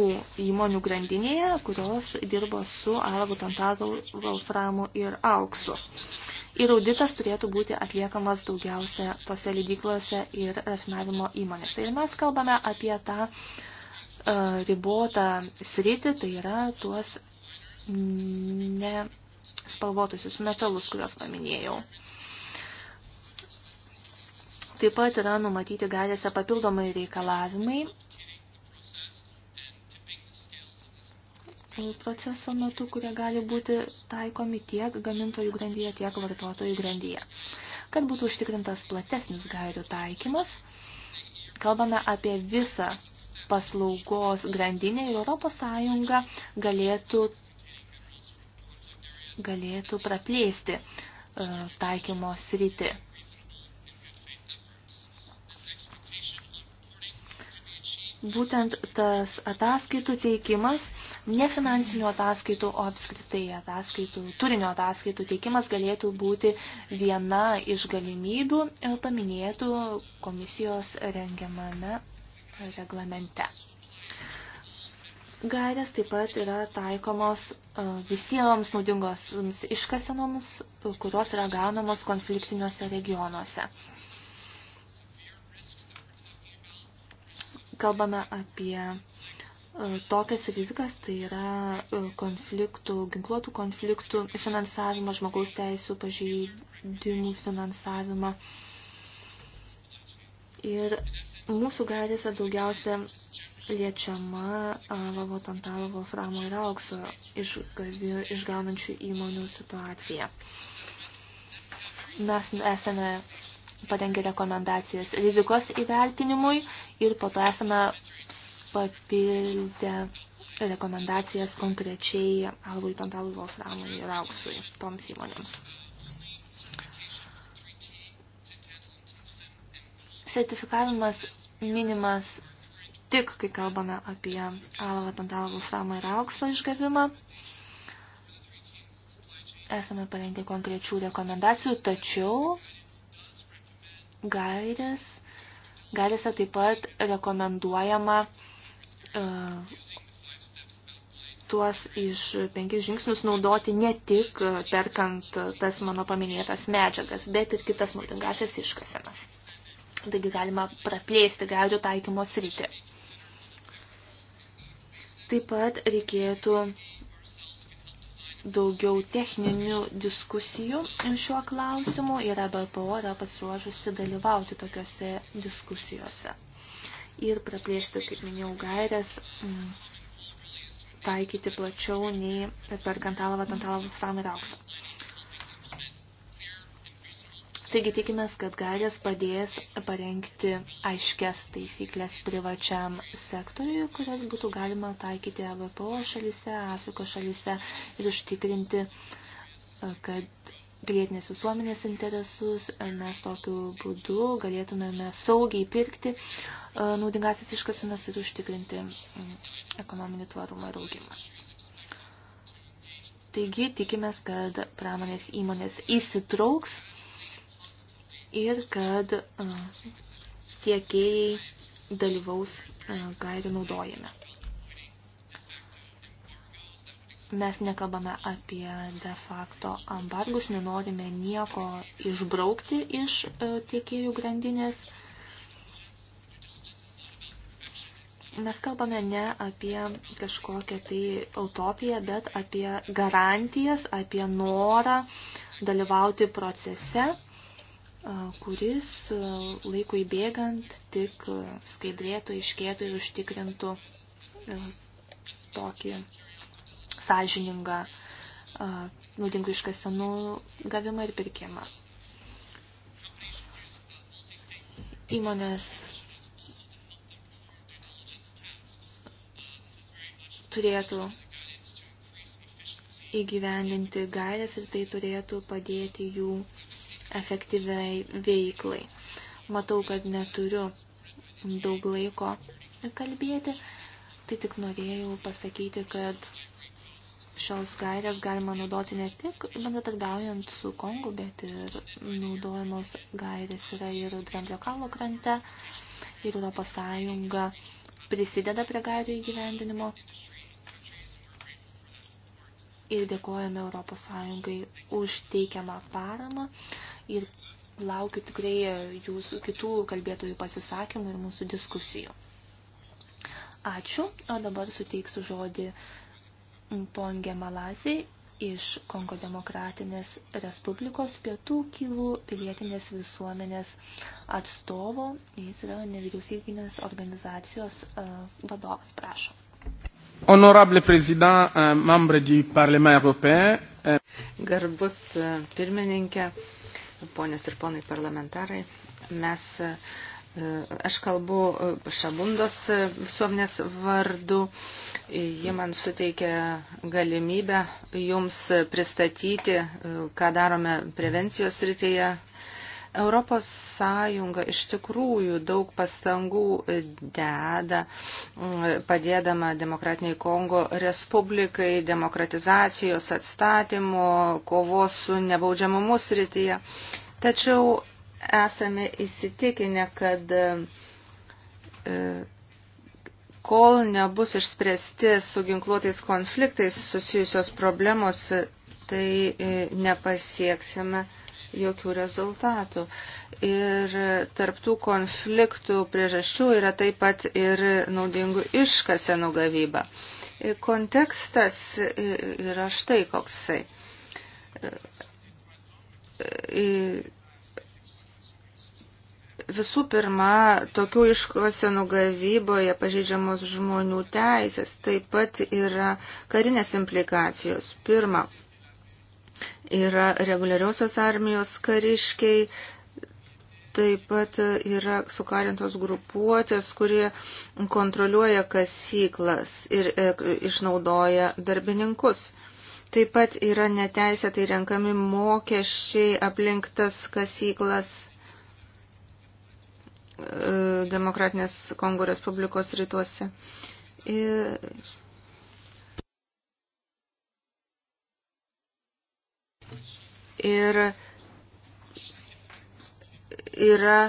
įmonių grandinėje, kurios dirbo su arabų tantaru, volframu ir auksu. Ir auditas turėtų būti atliekamas daugiausia tose lydyklose ir rafinavimo įmonėse. Ir mes kalbame apie tą uh, ribotą sritį, tai yra tuos ne spalvotusius metalus, kuriuos paminėjau. Taip pat yra numatyti galėse papildomai reikalavimai proceso metu, kurie gali būti taikomi tiek gamintojų grandyje, tiek vartotojų grandyje. Kad būtų užtikrintas platesnis gairių taikymas, kalbame apie visą paslaugos grandinę ir Europos Sąjunga galėtų galėtų praplėsti e, taikymo sritį. Būtent tas ataskaitų teikimas, ne finansinių ataskaitų, o apskritai ataskaitų, turinio ataskaitų teikimas galėtų būti viena iš galimybių e, paminėtų komisijos rengiamame reglamente. Gairės taip pat yra taikomos e, visiems naudingoms iškasenoms, kurios yra gaunamos konfliktiniuose regionuose. Kalbame apie e, tokias rizikas, tai yra e, konfliktų, ginkluotų konfliktų finansavimą, žmogaus teisų pažeidimų finansavimą. Ir mūsų gairėse daugiausia liečiama Lavo Tantalovo, Framo ir Aukso išgaunančių įmonių situacija. Mes esame parengę rekomendacijas rizikos įvertinimui ir po to esame papildę rekomendacijas konkrečiai Alvui Tantalui Wolframui ir Auksui, toms įmonėms. Sertifikavimas minimas tik, kai kalbame apie alavą, tantalavą, framą ir aukso išgavimą. Esame parengę konkrečių rekomendacijų, tačiau gairės, gairėse taip pat rekomenduojama uh, tuos iš penkis žingsnius naudoti ne tik perkant tas mano paminėtas medžiagas, bet ir kitas naudingasias iškasenas. Taigi galima praplėsti gairių taikymo sritį. Taip pat reikėtų daugiau techninių diskusijų šiuo klausimu ir EBPO yra pasiruošusi dalyvauti tokiuose diskusijose ir praplėsti, kaip minėjau, gairės mm, taikyti plačiau nei perkant alavą, tantalavą, fam ir auksą. Taigi tikimės, kad galės padės parengti aiškias taisyklės privačiam sektoriui, kurias būtų galima taikyti AVPO šalise, Afrikos šalise ir užtikrinti, e, kad pilietinės visuomenės interesus, e, mes tokiu būdu galėtumėme saugiai pirkti e, naudingasias iškasinas ir užtikrinti ekonominį tvarumą ir augimą. Taigi tikimės, kad pramonės įmonės įsitrauks ir kad tiekėjai dalyvaus gairių naudojime. Mes nekalbame apie de facto embargus, nenorime nieko išbraukti iš e, tiekėjų grandinės. mes kalbame ne apie kažkokią tai utopiją, bet apie garantijas, apie norą dalyvauti procese kuris laikui bėgant tik skaidrėtų, iškėtų ir užtikrintų tokį sąžiningą naudingų iškasenų gavimą ir pirkimą. Įmonės turėtų įgyvendinti gairės ir tai turėtų padėti jų uh, efektyviai veiklai. Matau, kad neturiu daug laiko kalbėti, tai tik norėjau pasakyti, kad šios gairės galima naudoti ne tik bendradarbiaujant su Kongu, bet ir naudojamos gairės yra ir Dramblio kalo krante, ir Europos Sąjunga prisideda prie gairių įgyvendinimo. Ir dėkojame Europos Sąjungai už teikiamą paramą ir laukiu tikrai jūsų kitų kalbėtojų pasisakymų ir mūsų diskusijų. Ačiū, o dabar suteiksiu žodį Pongė Malazė iš Kongo Demokratinės Respublikos pietų kilų pilietinės visuomenės atstovo, jis yra nevyriausybinės organizacijos e, vadovas, prašom. Honorable Président, e, membre du Parlement européen. E, Garbus pirmininkė, ponios ir ponai parlamentarai, mes, e, aš kalbu e, Šabundos e, visuomenės vardu, ji man suteikė galimybę jums pristatyti, ką darome prevencijos rytyje Europos Sąjunga iš tikrųjų daug pastangų deda, mm, padėdama demokratiniai Kongo Respublikai, demokratizacijos atstatymo, kovos su nebaudžiamumu srityje. Tačiau esame įsitikinę, kad e, kol nebus išspręsti su ginkluotais konfliktais susijusios problemos, tai e, nepasieksime jokių rezultatų. Ir tarptų konfliktų priežasčių yra taip pat ir naudingų iškasenų gavyba. Kontekstas yra štai koksai. Visų pirma, tokių iškosenų gavyboje pažeidžiamos žmonių teisės taip pat yra karinės implikacijos. Pirma, yra reguliariosios armijos kariškiai, taip pat yra sukarintos grupuotės, kurie kontroliuoja kasyklas ir e, išnaudoja darbininkus. Taip pat yra neteisėtai renkami mokesčiai aplinktas kasyklas e, Demokratinės Kongo Respublikos rytuose. Ir Ir yra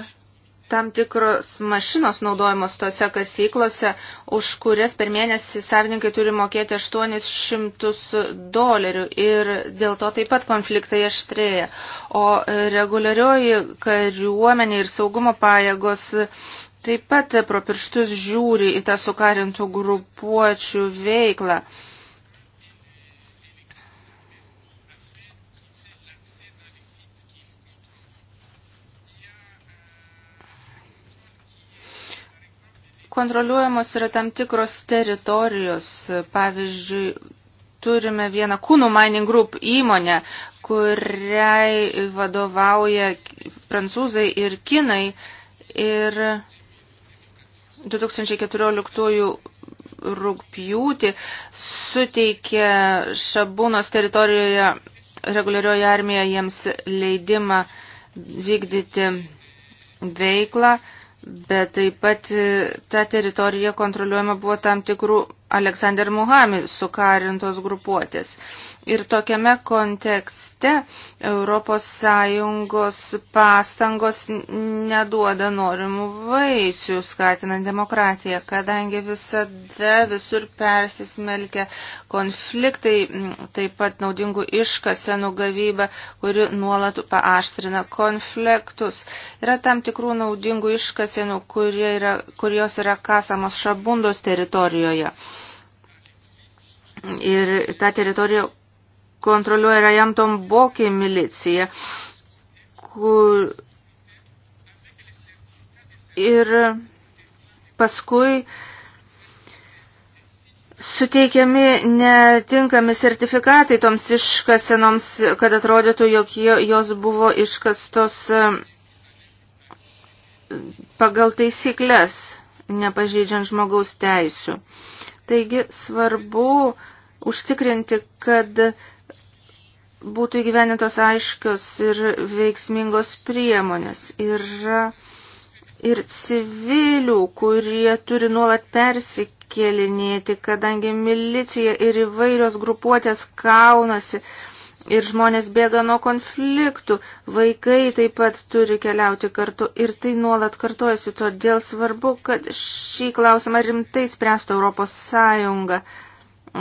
tam tikros mašinos naudojamos tose kasyklose, už kurias per mėnesį savininkai turi mokėti 800 dolerių ir dėl to taip pat konfliktai aštrėja. O reguliarioji kariuomenė ir saugumo pajėgos taip pat pro pirštus žiūri į tą sukarintų grupuočių veiklą. kontroliuojamos yra tam tikros teritorijos. Pavyzdžiui, turime vieną Kūnų Mining Group įmonę, kuriai vadovauja prancūzai ir kinai. Ir 2014 rūpjūtį suteikė Šabūnos teritorijoje reguliarioji armija jiems leidimą vykdyti veiklą. Bet taip pat e, ta teritorija kontroliuojama buvo tam tikrų Aleksandr Muhami sukarintos grupuotės. Ir tokiame kontekste ES pastangos neduoda norimų vaisių, skatinant demokratiją, kadangi visada visur persismelkia konfliktai, taip pat naudingų iškasenų gavybą, kuri nuolat paaštrina konfliktus. Yra tam tikrų naudingų iškasenų, yra, kurios yra kasamos šabundos teritorijoje. Ir ta teritorija, kontroliuoja Rajam Tombokį miliciją. Kur... Ir paskui suteikiami netinkami sertifikatai toms iškasenoms, kad atrodytų, jog jos buvo iškastos e, pagal taisyklės, nepažeidžiant žmogaus teisių. Taigi svarbu užtikrinti, kad būtų įgyvenintos aiškios ir veiksmingos priemonės. Yra ir civilių, kurie turi nuolat persikėlinėti, kadangi milicija ir įvairios grupuotės kaunasi ir žmonės bėga nuo konfliktų, vaikai taip pat turi keliauti kartu ir tai nuolat kartojasi, todėl svarbu, kad šį klausimą rimtai spręstų Europos Sąjunga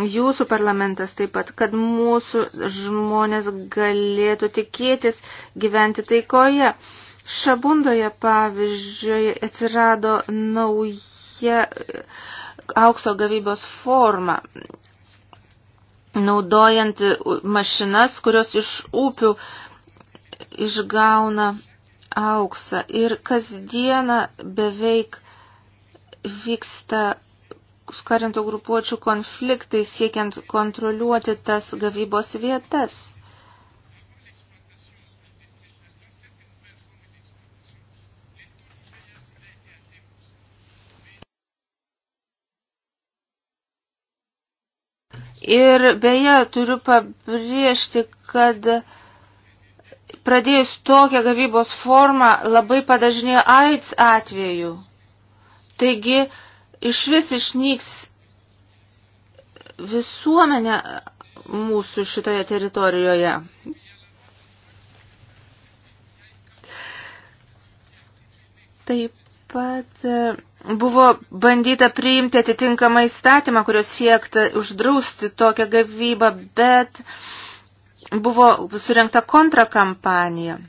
jūsų parlamentas taip pat, kad mūsų žmonės galėtų tikėtis gyventi taikoje. Šabundoje, pavyzdžiui, atsirado nauja aukso gavybos forma, naudojant mašinas, kurios iš upių išgauna auksą. Ir kasdieną beveik vyksta karintų grupuočių konfliktai siekiant kontroliuoti tas gavybos vietas. Ir beje, turiu pabrėžti, kad pradėjus tokią gavybos formą labai padažnėjo AIDS atveju. Taigi, iš vis išnyks visuomenė mūsų šitoje teritorijoje. Taip pat e, buvo bandyta priimti atitinkamą įstatymą, kurios siekta uždrausti tokią gavybą, bet buvo surinkta kontrakampanija.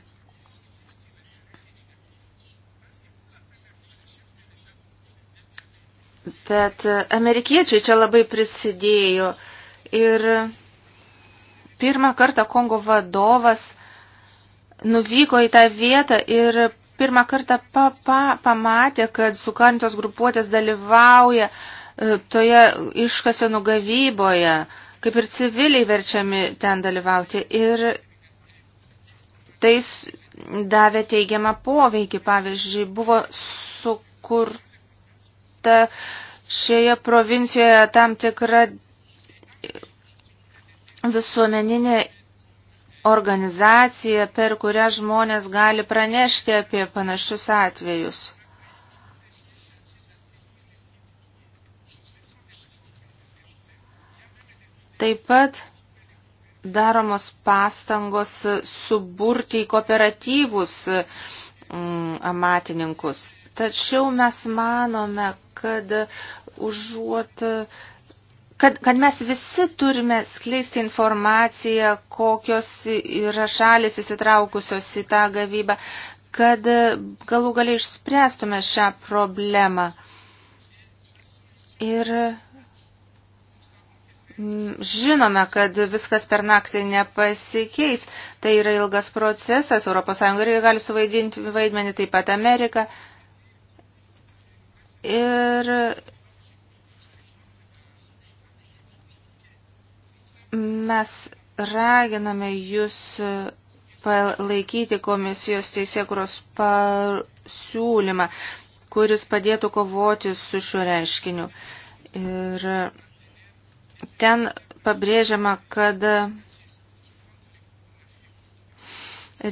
Bet e, amerikiečiai čia labai prisidėjo ir pirmą kartą Kongo vadovas nuvyko į tą vietą ir pirmą kartą pa, pa, pamatė, kad sukarintos grupuotės dalyvauja e, toje iškasenų gavyboje, kaip ir civiliai verčiami ten dalyvauti. Ir tai davė teigiamą poveikį. Pavyzdžiui, buvo sukurta parengta šioje provincijoje tam tikra visuomeninė organizacija, per kurią žmonės gali pranešti apie panašius atvejus. Taip pat daromos pastangos suburti į kooperatyvus mm, amatininkus. Tačiau mes manome, kad užuot kad, kad mes visi turime skleisti informaciją, kokios yra šalis įsitraukusios į tą gavybą, kad galų galiai išspręstume šią problemą. Ir Žinome, kad viskas per naktį nepasikeis. Tai yra ilgas procesas. ES gali suvaidinti vaidmenį taip pat Amerika. Ir mes raginame jūs palaikyti komisijos teisėkuros pasiūlymą, kuris padėtų kovoti su šiuo reiškiniu. Ir ten pabrėžiama, kad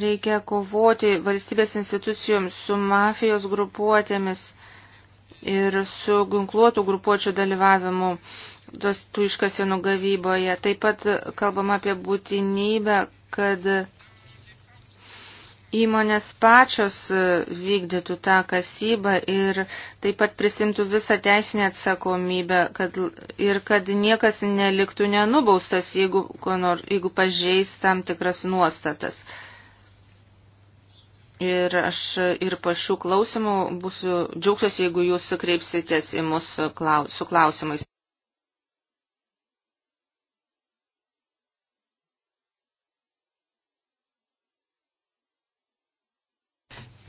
reikia kovoti valstybės institucijoms su mafijos grupuotėmis ir su ginkluotų grupuočių dalyvavimu tos, tų iškasenų gavyboje. Taip pat kalbama apie būtinybę, kad įmonės pačios vykdytų tą kasybą ir taip pat prisimtų visą teisinę atsakomybę kad, ir kad niekas neliktų nenubaustas, jeigu, nor, jeigu pažeis tam tikras nuostatas. Ir aš ir po šių klausimų būsiu džiaugsiuosi, jeigu jūs kreipsitės į mus klaus, su klausimais.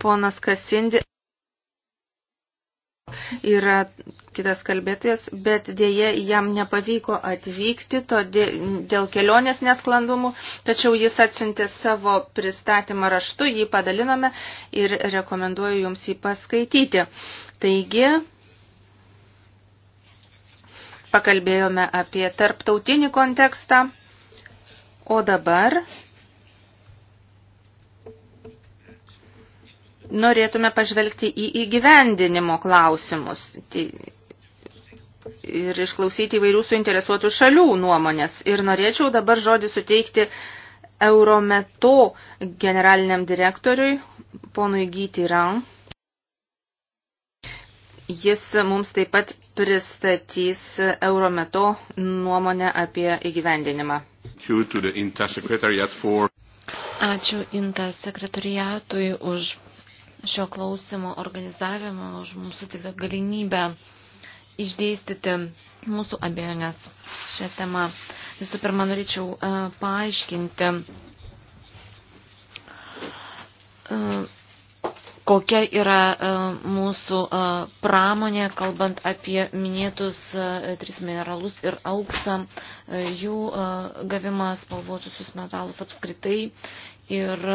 Ponas Kasindi yra kitas kalbėtojas, bet dėje jam nepavyko atvykti todėl, dėl kelionės nesklandumų, tačiau jis atsiuntė savo pristatymą raštu, jį padalinome ir rekomenduoju jums jį paskaityti. Taigi, pakalbėjome apie tarptautinį kontekstą, o dabar norėtume pažvelgti į įgyvendinimo klausimus tai ir išklausyti įvairių suinteresuotų šalių nuomonės. Ir norėčiau dabar žodį suteikti Eurometo generaliniam direktoriui, ponui Gyti Ran. Jis mums taip pat pristatys Eurometo nuomonę apie įgyvendinimą. Ačiū Inta sekretariatui už šio klausimo organizavimą, už mūsų tikrą galimybę išdėstyti mūsų abejonės šią temą. Visų pirma, norėčiau e, paaiškinti, e, kokia yra e, mūsų pramonė, kalbant apie minėtus tris mineralus ir auksą, jų gavimą spalvotusius metalus apskritai ir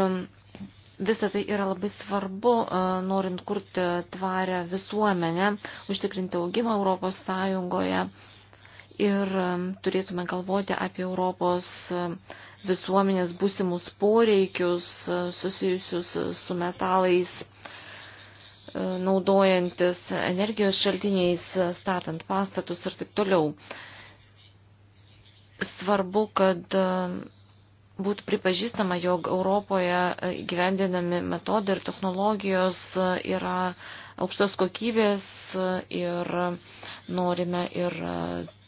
Visą tai yra labai svarbu, e, norint kurti tvarę visuomenę, užtikrinti augimą Europos Sąjungoje ir e, turėtume galvoti apie Europos e, visuomenės būsimus poreikius susijusius su metalais, naudojantis energijos šaltiniais, statant pastatus ir taip toliau. Svarbu, kad būtų pripažįstama, jog Europoje e, gyvendinami metodai ir technologijos e, yra aukštos kokybės e, ir norime ir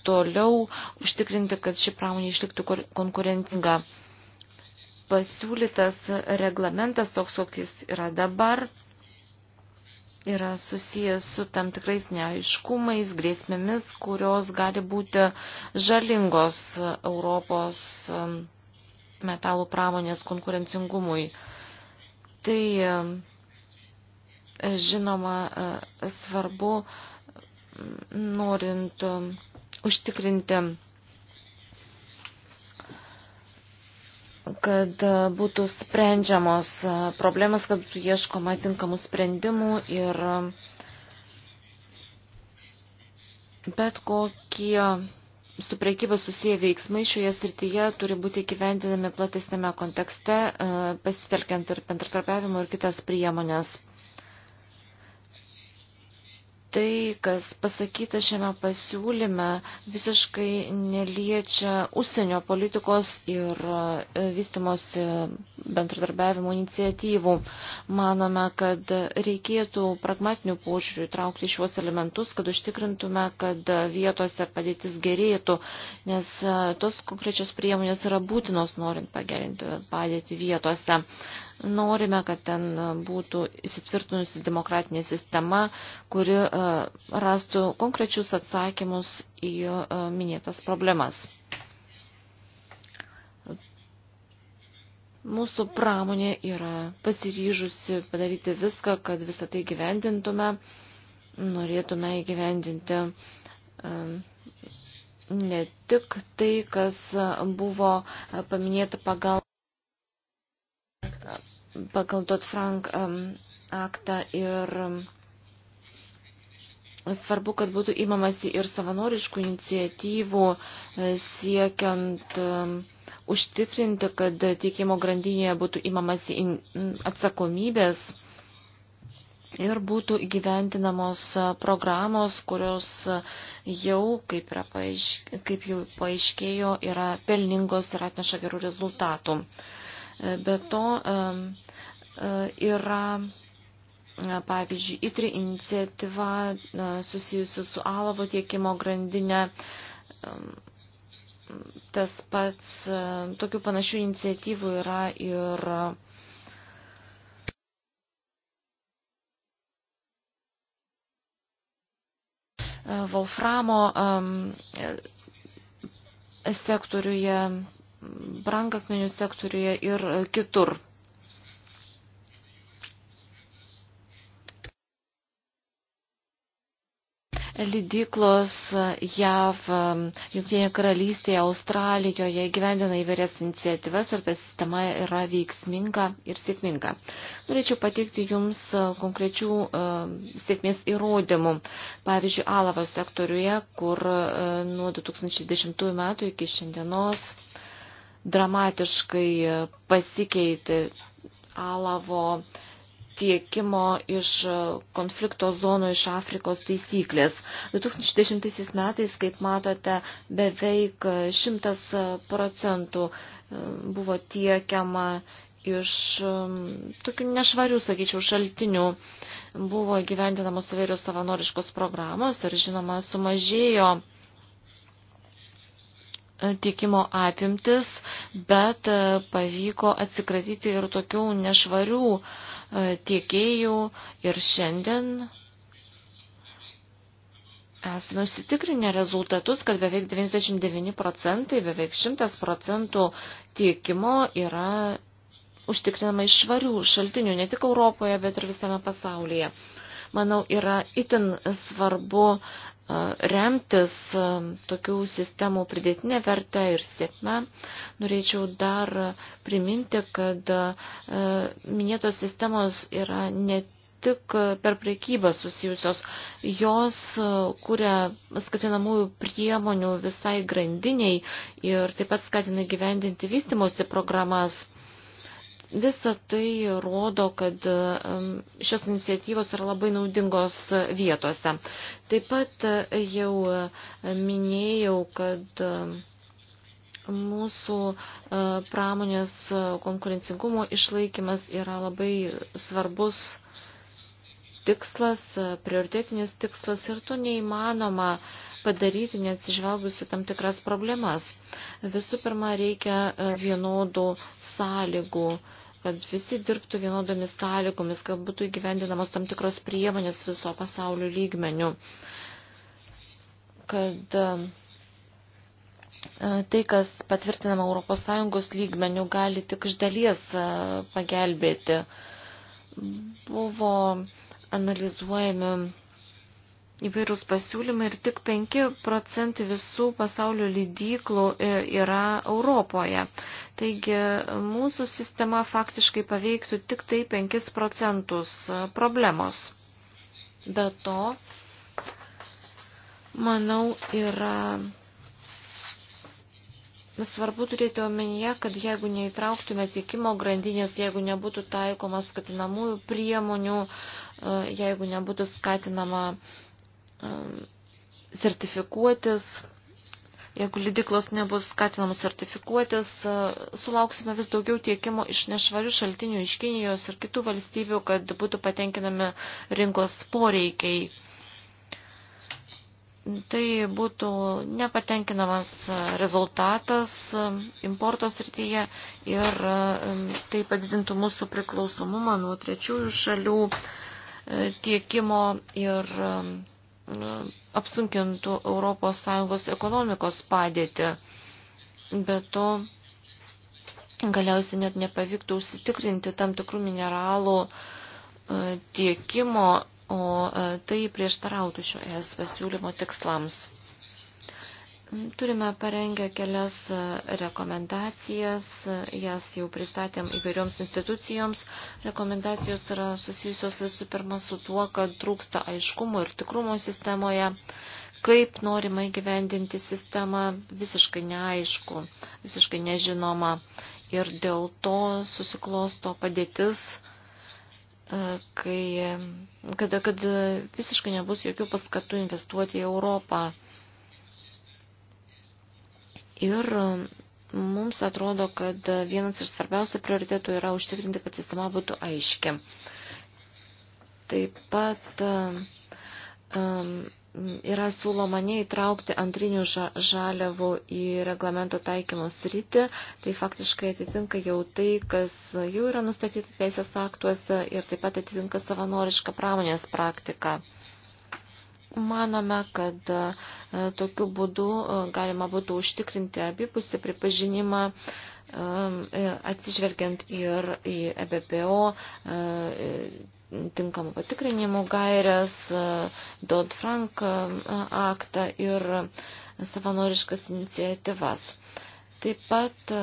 toliau užtikrinti, kad ši pramonė išliktų konkurencinga. Pasiūlytas reglamentas toks, kokis yra dabar, yra susijęs su tam tikrais neaiškumais, grėsmėmis, kurios gali būti žalingos Europos metalų pramonės konkurencingumui. Tai e, žinoma e, svarbu norint e, užtikrinti kad būtų sprendžiamos problemas, kad būtų ieškoma tinkamų sprendimų ir bet kokie su priekyba susiję veiksmai šioje srityje turi būti gyvendinami platesnėme kontekste, e, pasitelkiant ir bendratarpiavimo ir kitas priemonės tai, kas pasakyta šiame pasiūlyme, visiškai neliečia užsienio politikos ir e, vystimosi bendradarbiavimo iniciatyvų. Manome, kad reikėtų pragmatinių požiūrių įtraukti šiuos elementus, kad užtikrintume, kad vietose padėtis gerėtų, nes e, tos konkrečios priemonės yra būtinos norint pagerinti padėtį vietose. Norime, kad ten būtų įsitvirtinusi demokratinė sistema, kuri e, rastų konkrečius atsakymus į e, minėtas problemas. Mūsų pramonė yra pasiryžusi padaryti viską, kad visą tai gyvendintume. Norėtume įgyvendinti e, ne tik tai, kas buvo paminėta pagal pagal Dodd-Frank aktą ir svarbu, kad būtų įmamasi ir savanoriškų iniciatyvų e, siekiant užtikrinti, kad tiekimo grandinėje būtų įmamasi atsakomybės ir būtų įgyventinamos e, programos, kurios e, jau, kaip, yra paaišk... kaip jau paaiškėjo, yra pelningos ir atneša gerų rezultatų. E, be to e, e, yra pavyzdžiui, ITRI iniciatyva susijusi su alavo tiekimo grandinė, tas pats, tokių panašių iniciatyvų yra ir Volframo sektoriuje brangakmenių sektoriuje ir kitur. Lydyklos JAV, Junktinėje karalystėje, Australijoje gyvendina įvairias iniciatyvas ir ta sistema yra veiksminga ir sėkminga. Norėčiau pateikti Jums konkrečių e, sėkmės įrodymų. Pavyzdžiui, Alavo sektoriuje, kur e, nuo 2010 metų iki šiandienos dramatiškai pasikeitė alavo tiekimo iš konflikto zonų iš Afrikos taisyklės. 2010 metais, kaip matote, beveik 100 procentų e, buvo tiekiama iš tokių nešvarių, sakyčiau, šaltinių. Buvo gyventinamos įvairios savanoriškos programos ir, žinoma, sumažėjo tiekimo apimtis, bet e, pavyko atsikratyti ir tokių nešvarių e, tiekėjų ir šiandien Esame užsitikrinę rezultatus, kad beveik 99 procentai, beveik 100 procentų tiekimo yra užtikrinama iš švarių šaltinių, ne tik Europoje, bet ir visame pasaulyje. Manau, yra itin svarbu remtis tokių sistemų pridėtinę vertę ir sėkmę, norėčiau dar priminti, kad minėtos sistemos yra ne tik per priekybą susijusios, jos kuria skatinamųjų priemonių visai grandiniai ir taip pat skatina gyvendinti vystimosi programas Visa tai rodo, kad šios iniciatyvos yra labai naudingos vietose. Taip pat e, jau e, minėjau, kad e, mūsų pramonės konkurencingumo išlaikymas yra labai svarbus tikslas, prioritetinis tikslas ir to neįmanoma padaryti, neatsižvelgusi tam tikras problemas. Visų pirma, reikia vienodų sąlygų kad visi dirbtų vienodomis sąlygomis, kad būtų įgyvendinamos tam tikros priemonės viso pasaulio lygmenių, kad e, tai, kas patvirtinama ES lygmenių, gali tik iš dalies e, pagelbėti. Buvo analizuojami įvairūs pasiūlymai ir tik 5 procentai visų pasaulio lydyklų e, yra Europoje. Taigi e, mūsų sistema faktiškai paveiktų tik tai 5 procentus e, problemos. Be to, manau, yra Svarbu turėti omenyje, kad jeigu neįtrauktume tiekimo grandinės, jeigu nebūtų taikomas skatinamųjų priemonių, jeigu nebūtų skatinama Um, sertifikuotis, jeigu lydiklos nebus skatinamos sertifikuotis, uh, sulauksime vis daugiau tiekimo iš nešvarių šaltinių iš Kinijos ir kitų valstybių, kad būtų patenkinami rinkos poreikiai. Tai būtų nepatenkinamas uh, rezultatas um, importos rytyje ir um, tai padidintų mūsų priklausomumą nuo trečiųjų šalių uh, tiekimo ir apsunkintų ES ekonomikos padėtį. Be to, galiausiai net nepavyktų užsitikrinti tam tikrų mineralų e, tiekimo, o e, tai prieštarautų šio ES pasiūlymo tikslams. Turime parengę kelias e, rekomendacijas, e, jas jau pristatėm įvairioms institucijoms. Rekomendacijos yra susijusios visų pirma su tuo, kad trūksta aiškumo ir tikrumo sistemoje. Kaip norima įgyvendinti sistemą, visiškai neaišku, visiškai nežinoma. Ir dėl to susiklosto padėtis, e, kai, kada, kad visiškai nebus jokių paskatų investuoti į Europą Ir e, mums atrodo, kad vienas iš svarbiausių prioritetų yra užtikrinti, kad sistema būtų aiški. Taip pat um, yra siūloma neįtraukti antrinių žaliavų į reglamento taikymo sritį. Tai faktiškai atitinka jau tai, kas jau yra nustatyta teisės aktuose ir taip pat atitinka savanorišką pramonės praktiką. Manome, kad e, tokiu būdu e, galima būtų užtikrinti abipusį pripažinimą e, atsižvelgiant ir į EBPO tinkamų patikrinimų gairias, Dodd-Frank aktą ir savanoriškas iniciatyvas. Taip pat,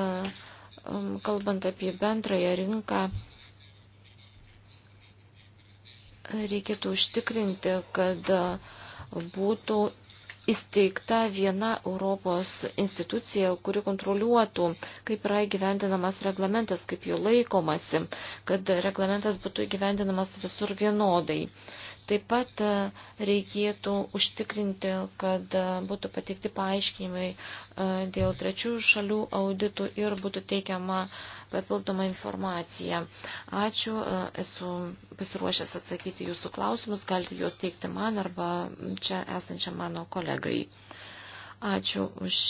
kalbant apie bendrąją rinką, reikėtų užtikrinti, kad uh, būtų įsteigta viena Europos institucija, kuri kontroliuotų, kaip yra įgyvendinamas reglamentas, kaip jų laikomasi, kad reglamentas būtų įgyvendinamas visur vienodai. Taip pat e, reikėtų užtikrinti, kad e, būtų pateikti paaiškinimai e, dėl trečių šalių auditų ir būtų teikiama papildoma informacija. Ačiū, esu pasiruošęs atsakyti jūsų klausimus, galite juos teikti man arba čia esančiam mano kolegai. Ačiū už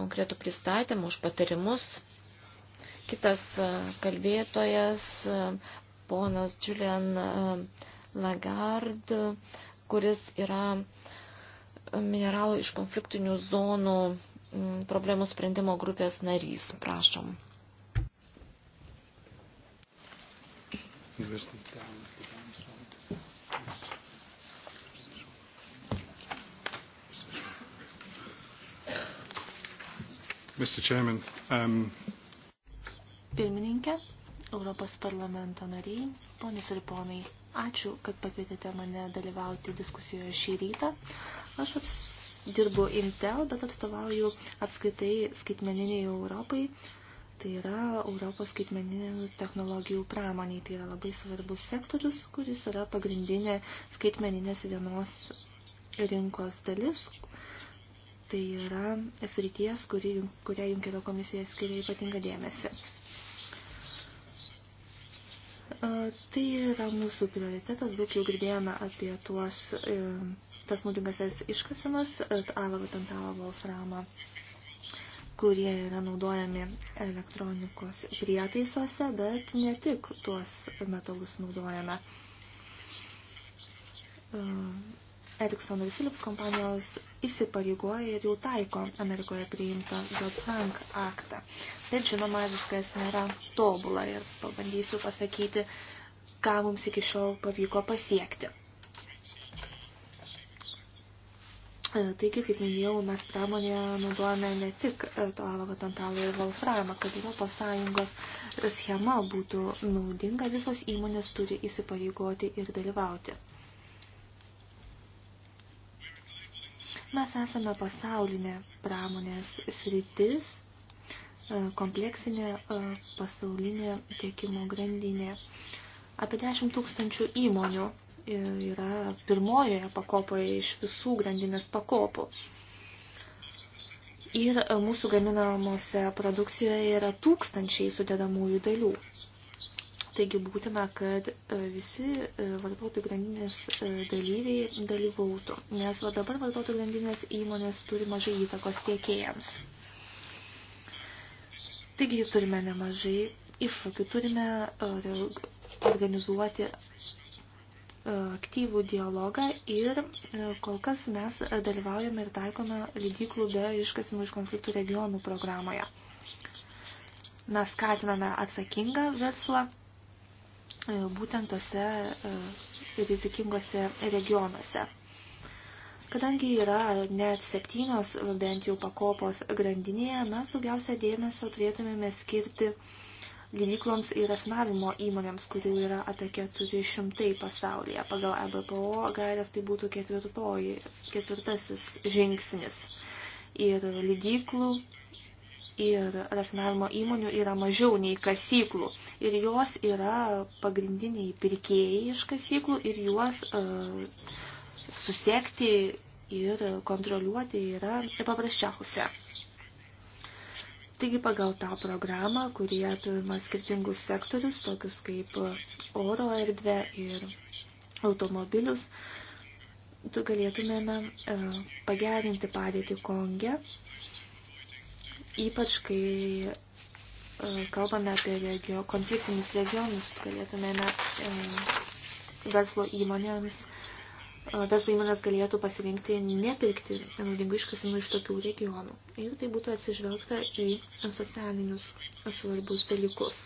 konkretų pristatymą, už patarimus. Kitas kalbėtojas, ponas Julian Lagard, kuris yra e, mineralų iš konfliktinių zonų problemų sprendimo grupės narys. Prašom. Mr. Chairman, um... Pirmininkė, Europos parlamento nariai, ponės ir ponai. Ačiū, kad pakvietėte mane dalyvauti diskusijoje šį rytą. Aš dirbu Intel, bet atstovauju apskaitai skaitmeniniai Europai. Tai yra Europos skaitmeninių technologijų pramoniai. Tai yra labai svarbus sektorius, kuris yra pagrindinė skaitmeninės vienos rinkos dalis. Tai yra srities, kuri, kurią Junkerio komisija skiria ypatingą dėmesį tai yra mūsų prioritetas, daug jau girdėjome apie tuos, e, tas naudingasias iškasenas, e, alavą, tantavą, volframą, kurie yra naudojami elektronikos prietaisuose, bet ne tik tuos metalus naudojame e, Ericsson ir Philips kompanijos įsipareigoja ir jau taiko Amerikoje priimtą Dodd-Frank aktą. Bet žinoma, viskas nėra tobula ir pabandysiu pasakyti, ką mums iki šiol pavyko pasiekti. E, taigi, kaip minėjau, mes pramonėje naudojame ne tik e, tą vatantalą ir volframą, kad Europos Sąjungos schema būtų naudinga, visos įmonės turi įsipareigoti ir dalyvauti. Mes esame pasaulinė pramonės sritis, e, kompleksinė e, pasaulinė tiekimo grandinė. Apie 10 tūkstančių įmonių yra pirmojoje pakopoje iš visų grandinės pakopų. Ir e, mūsų gaminamuose produkcijoje yra tūkstančiai sudedamųjų dalių. Taigi būtina, kad e, visi e, vartotojų grandinės e, dalyviai dalyvautų, nes va dabar vartotojų grandinės įmonės turi mažai įtakos tiekėjams. Taigi turime nemažai iššūkių, turime organizuoti aktyvų dialogą ir kol kas mes dalyvaujame ir taikome lygyklų be iškasimų iš konfliktų regionų programoje. Mes skatiname atsakingą verslą E, būtent tose e, rizikingose regionuose. Kadangi yra net septynios bent jau pakopos grandinėje, mes daugiausia dėmesio turėtumėme skirti gydykloms ir rafinavimo įmonėms, kurių yra apie 400 pasaulyje. Pagal EBPO gairės tai būtų ketvirtoji, ketvirtasis žingsnis. Ir lygyklų ir rafinavimo įmonių yra mažiau nei kasyklų. Ir jos yra pagrindiniai pirkėjai iš kasyklų ir juos uh, e, susiekti ir kontroliuoti yra paprasčiausia. Taigi pagal tą programą, kurie apima skirtingus sektorius, tokius kaip oro erdvė ir automobilius, galėtumėme uh, pagerinti padėtį Konge Ypač, kai e, kalbame apie regio, konfliktinius regionus, galėtumėme e, verslo įmonėms, e, verslo įmonės galėtų pasirinkti nepirkti naudingų iškasinų iš tokių regionų. Ir tai būtų atsižvelgta į socialinius svarbus dalykus.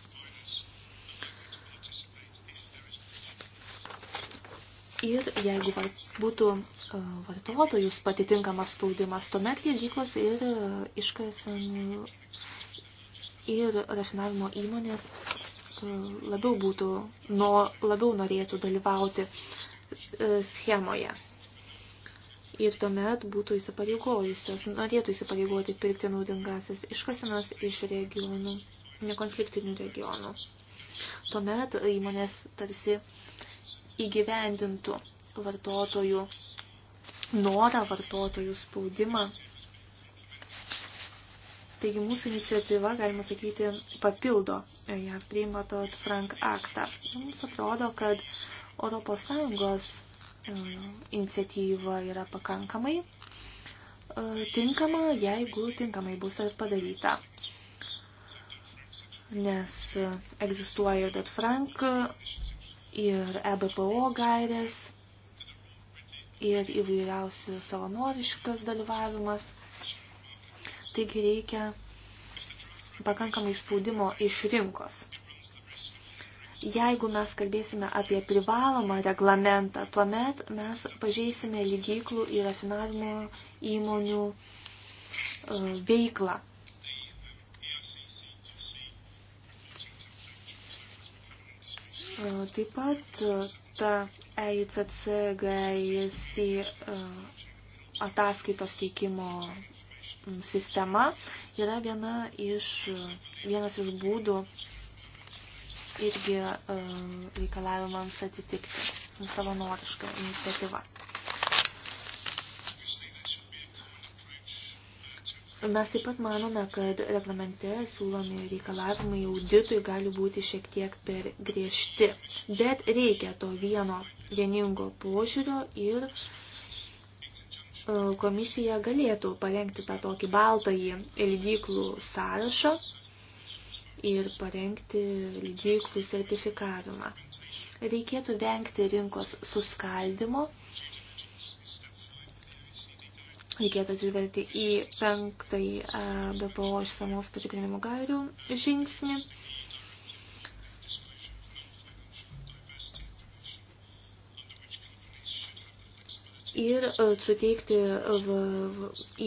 Ir jeigu būtų E, vartotojus patitinkamas spaudimas. Tuomet gėlyklos ir e, iškasenų ir rafinavimo įmonės e, labiau būtų, no, labiau norėtų dalyvauti schemoje. Ir tuomet būtų įsipareigojusios, norėtų įsipareigoti pirkti naudingasias iškasenas iš regionų, nekonfliktinių regionų. Tuomet įmonės tarsi įgyvendintų vartotojų norą, vartotojų spaudimą. Taigi mūsų iniciatyva, galima sakyti, papildo JAV priimato Frank aktą. Mums atrodo, kad ES e, iniciatyva yra pakankamai e, tinkama, jeigu tinkamai bus padaryta. Nes egzistuoja ir Dodd Frank, ir EBPO gairės, ir įvairiausių savanoriškas dalyvavimas. Taigi reikia pakankamai spaudimo iš rinkos. Jeigu mes kalbėsime apie privalomą reglamentą, tuomet mes pažeisime lygyklų ir rafinavimo įmonių e, veiklą. E, taip pat e, ta EICC, GIC uh, ataskaitos teikimo um, sistema yra viena iš, vienas iš būdų irgi uh, reikalavimams atitikti savanorišką iniciatyvą. Mes taip pat manome, kad reglamente siūlomi reikalavimai auditui gali būti šiek tiek per griežti, bet reikia to vieno vieningo požiūrio ir e, komisija galėtų parengti tą tokį baltąjį lygyklų sąrašą ir parengti lygyklų sertifikavimą. Reikėtų vengti rinkos suskaldimo Reikėtų atsižvelgti į penktąjį e, BPO išsamos patikrinimo gairių žingsnį. ir e, suteikti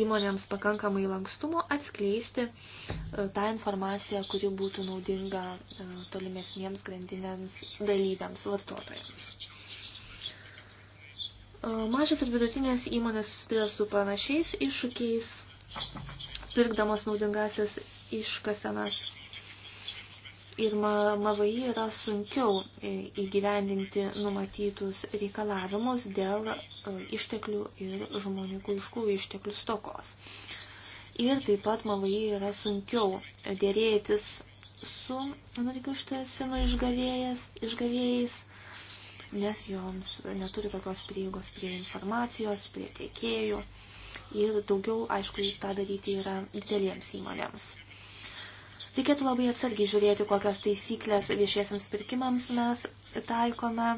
įmonėms pakankamai lankstumo atskleisti e, tą informaciją, kuri būtų naudinga tolimesniems grandinėms dalyviams, vartotojams. Mažas ir vidutinės įmonės susiduria su panašiais iššūkiais, pirkdamas naudingasias iškasenas. Ir MVI yra sunkiau e, įgyvendinti numatytus reikalavimus dėl e, išteklių ir žmonių kuliškų išteklių stokos. Ir taip pat MVI yra sunkiau dėrėtis su, nu, išgavėjas, išgavėjais, nes joms neturi tokios prieigos prie informacijos, prie tiekėjų ir daugiau, aišku, tą daryti yra dideliems įmonėms. Reikėtų labai atsargiai žiūrėti, kokias taisyklės viešiesiams pirkimams mes taikome,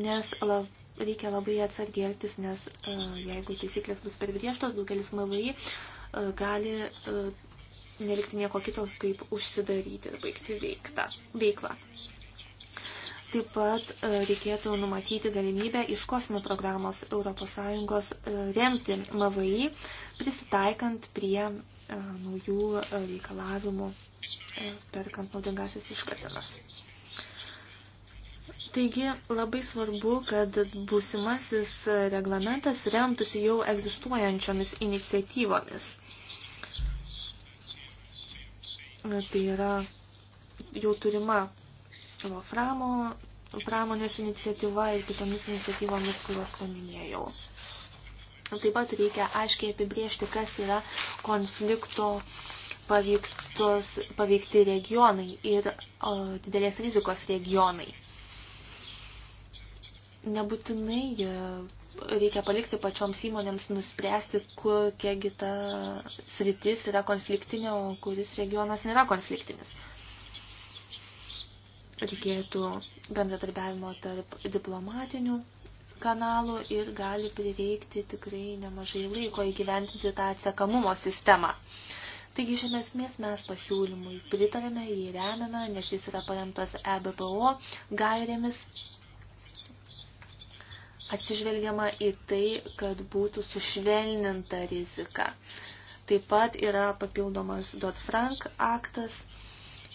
nes lab, reikia labai atsargiai elgtis, nes e, jeigu taisyklės bus per griežtos, daugelis MVI e, gali e, nelikti nieko kito, kaip užsidaryti ir baigti veiktą, veiklą. Taip pat e, reikėtų numatyti galimybę iš kosminio programos ES e, remti MVI, prisitaikant prie e, naujų reikalavimų, perkant naudingasias iškasenas. Taigi labai svarbu, kad būsimasis reglamentas remtųsi jau egzistuojančiomis iniciatyvomis. Tai yra jau turima kostiumo framo, pramonės iniciatyva ir kitomis iniciatyvomis, kuriuos paminėjau. Taip pat reikia aiškiai apibriežti, kas yra konflikto paveiktos, paveikti regionai ir o, didelės rizikos regionai. Nebūtinai e, reikia palikti pačioms įmonėms nuspręsti, kokiagi ta sritis yra konfliktinė, o kuris regionas nėra konfliktinis reikėtų bendradarbiavimo tarp diplomatinių kanalų ir gali prireikti tikrai nemažai laiko įgyventinti tą atsekamumo sistemą. Taigi iš esmės mes pasiūlymui pritarėme, jį remiame, nes jis yra paremtas EBPO gairėmis. Atsižvelgiama į tai, kad būtų sušvelninta rizika. Taip pat yra papildomas Dodd-Frank aktas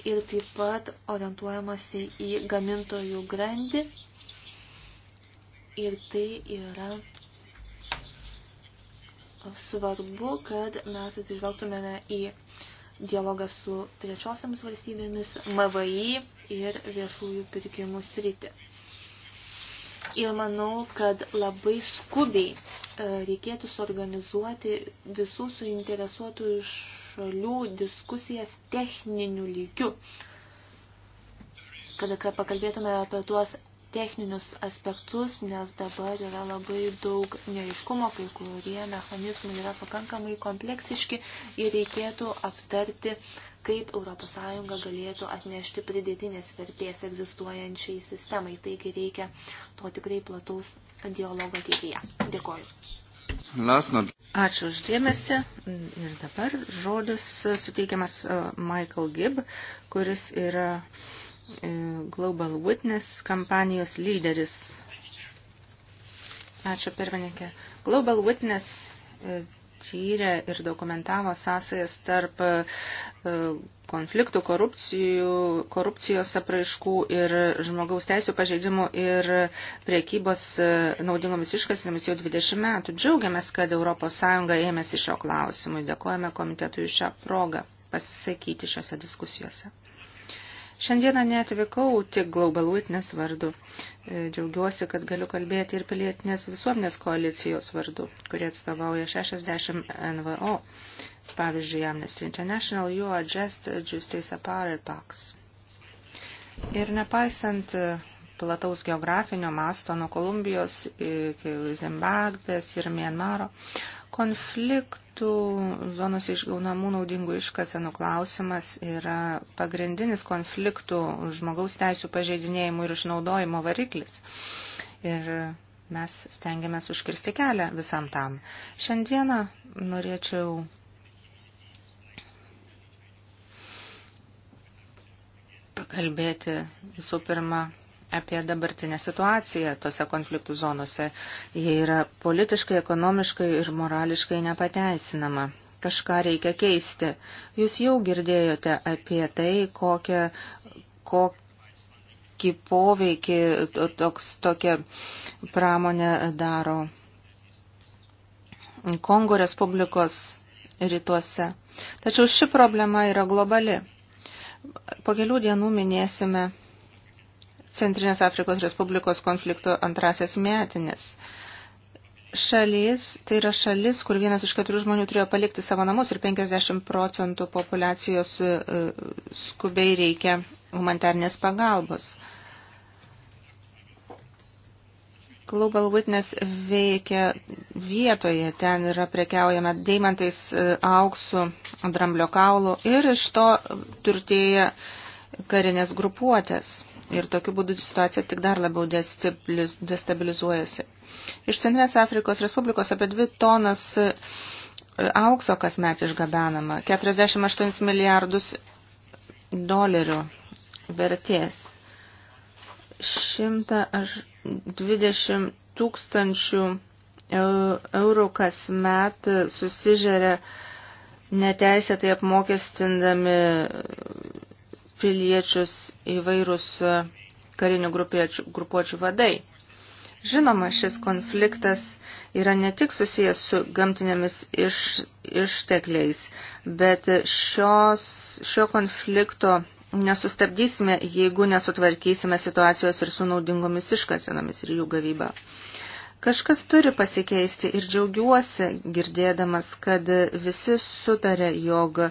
ir taip pat orientuojamasi į gamintojų grandį ir tai yra svarbu, kad mes atsižvelgtumėme į dialogą su trečiosiamis valstybėmis, MVI ir viešųjų pirkimų sritį. Ir manau, kad labai skubiai e, reikėtų suorganizuoti visų suinteresuotų iš šalių diskusijas techninių lygių. Kada pakalbėtume apie tuos techninius aspektus, nes dabar yra labai daug neiškumo, kai kurie mechanizmai yra pakankamai kompleksiški ir reikėtų aptarti, kaip ES galėtų atnešti pridėtinės vertės egzistuojančiai sistemai. Taigi reikia to tikrai plataus dialogo ateityje. Dėkoju. Lasno. Ačiū uždėmesi. Ir dabar žodis suteikiamas e, Michael Gibb, kuris yra e, Global Witness kampanijos lyderis. Ačiū pirmininkė. Global Witness e, tyrė ir dokumentavo sąsajas tarp e, konfliktų, korupcijos apraiškų ir žmogaus teisų pažeidimų ir priekybos e, naudingomis iškasinėmis jau 20 metų. Džiaugiamės, kad ES ėmėsi šio klausimui. Dėkojame komitetui šią progą pasisakyti šiuose diskusijose. Šiandieną neatvykau tik Global Witness vardu. E, džiaugiuosi, kad galiu kalbėti ir pilietinės visuomenės koalicijos vardu, kurie atstovauja 60 NVO. Pavyzdžiui, Amnesty International, UA, Just, Justice Apart ir PAX. Ir nepaisant e, plataus geografinio masto nuo Kolumbijos iki Zimbabvės ir Mienmaro, Konfliktų zonos išgaunamų naudingų iškasenų klausimas yra pagrindinis konfliktų žmogaus teisų pažeidinėjimų ir išnaudojimo variklis. Ir mes stengiamės užkirsti kelią visam tam. Šiandieną norėčiau pakalbėti visų pirma apie dabartinę situaciją tose konfliktų zonose. Jie yra politiškai, ekonomiškai ir morališkai nepateisinama. Kažką reikia keisti. Jūs jau girdėjote apie tai, kokią, kokį poveikį toks, tokia pramonė daro Kongo Respublikos rytuose. Tačiau ši problema yra globali. Po kelių dienų minėsime Centrinės Afrikos Respublikos konflikto antrasias metinės. Šalis, tai yra šalis, kur vienas iš keturių žmonių turėjo palikti savo namus ir 50 procentų populacijos e, skubiai reikia humanitarnės pagalbos. Global Witness veikia vietoje, ten yra prekiaujama deimantais, e, auksu, dramblio kaulu ir iš to turtėja karinės grupuotės ir tokiu būdu situacija tik dar labiau destabilizuojasi. Iš Centrinės Afrikos Respublikos apie 2 tonas e, aukso kasmet išgabenama, 48 milijardus dolerių vertės, 120 tūkstančių e, eurų kasmet susižeria neteisėtai apmokestindami piliečius įvairūs e, karinių grupuočių vadai. Žinoma, šis konfliktas yra ne tik susijęs su gamtinėmis iš, ištekliais, bet šios, šio konflikto nesustabdysime, jeigu nesutvarkysime situacijos ir su naudingomis iškasenomis ir jų gavybą. Kažkas turi pasikeisti ir džiaugiuosi girdėdamas, kad visi sutarė, jog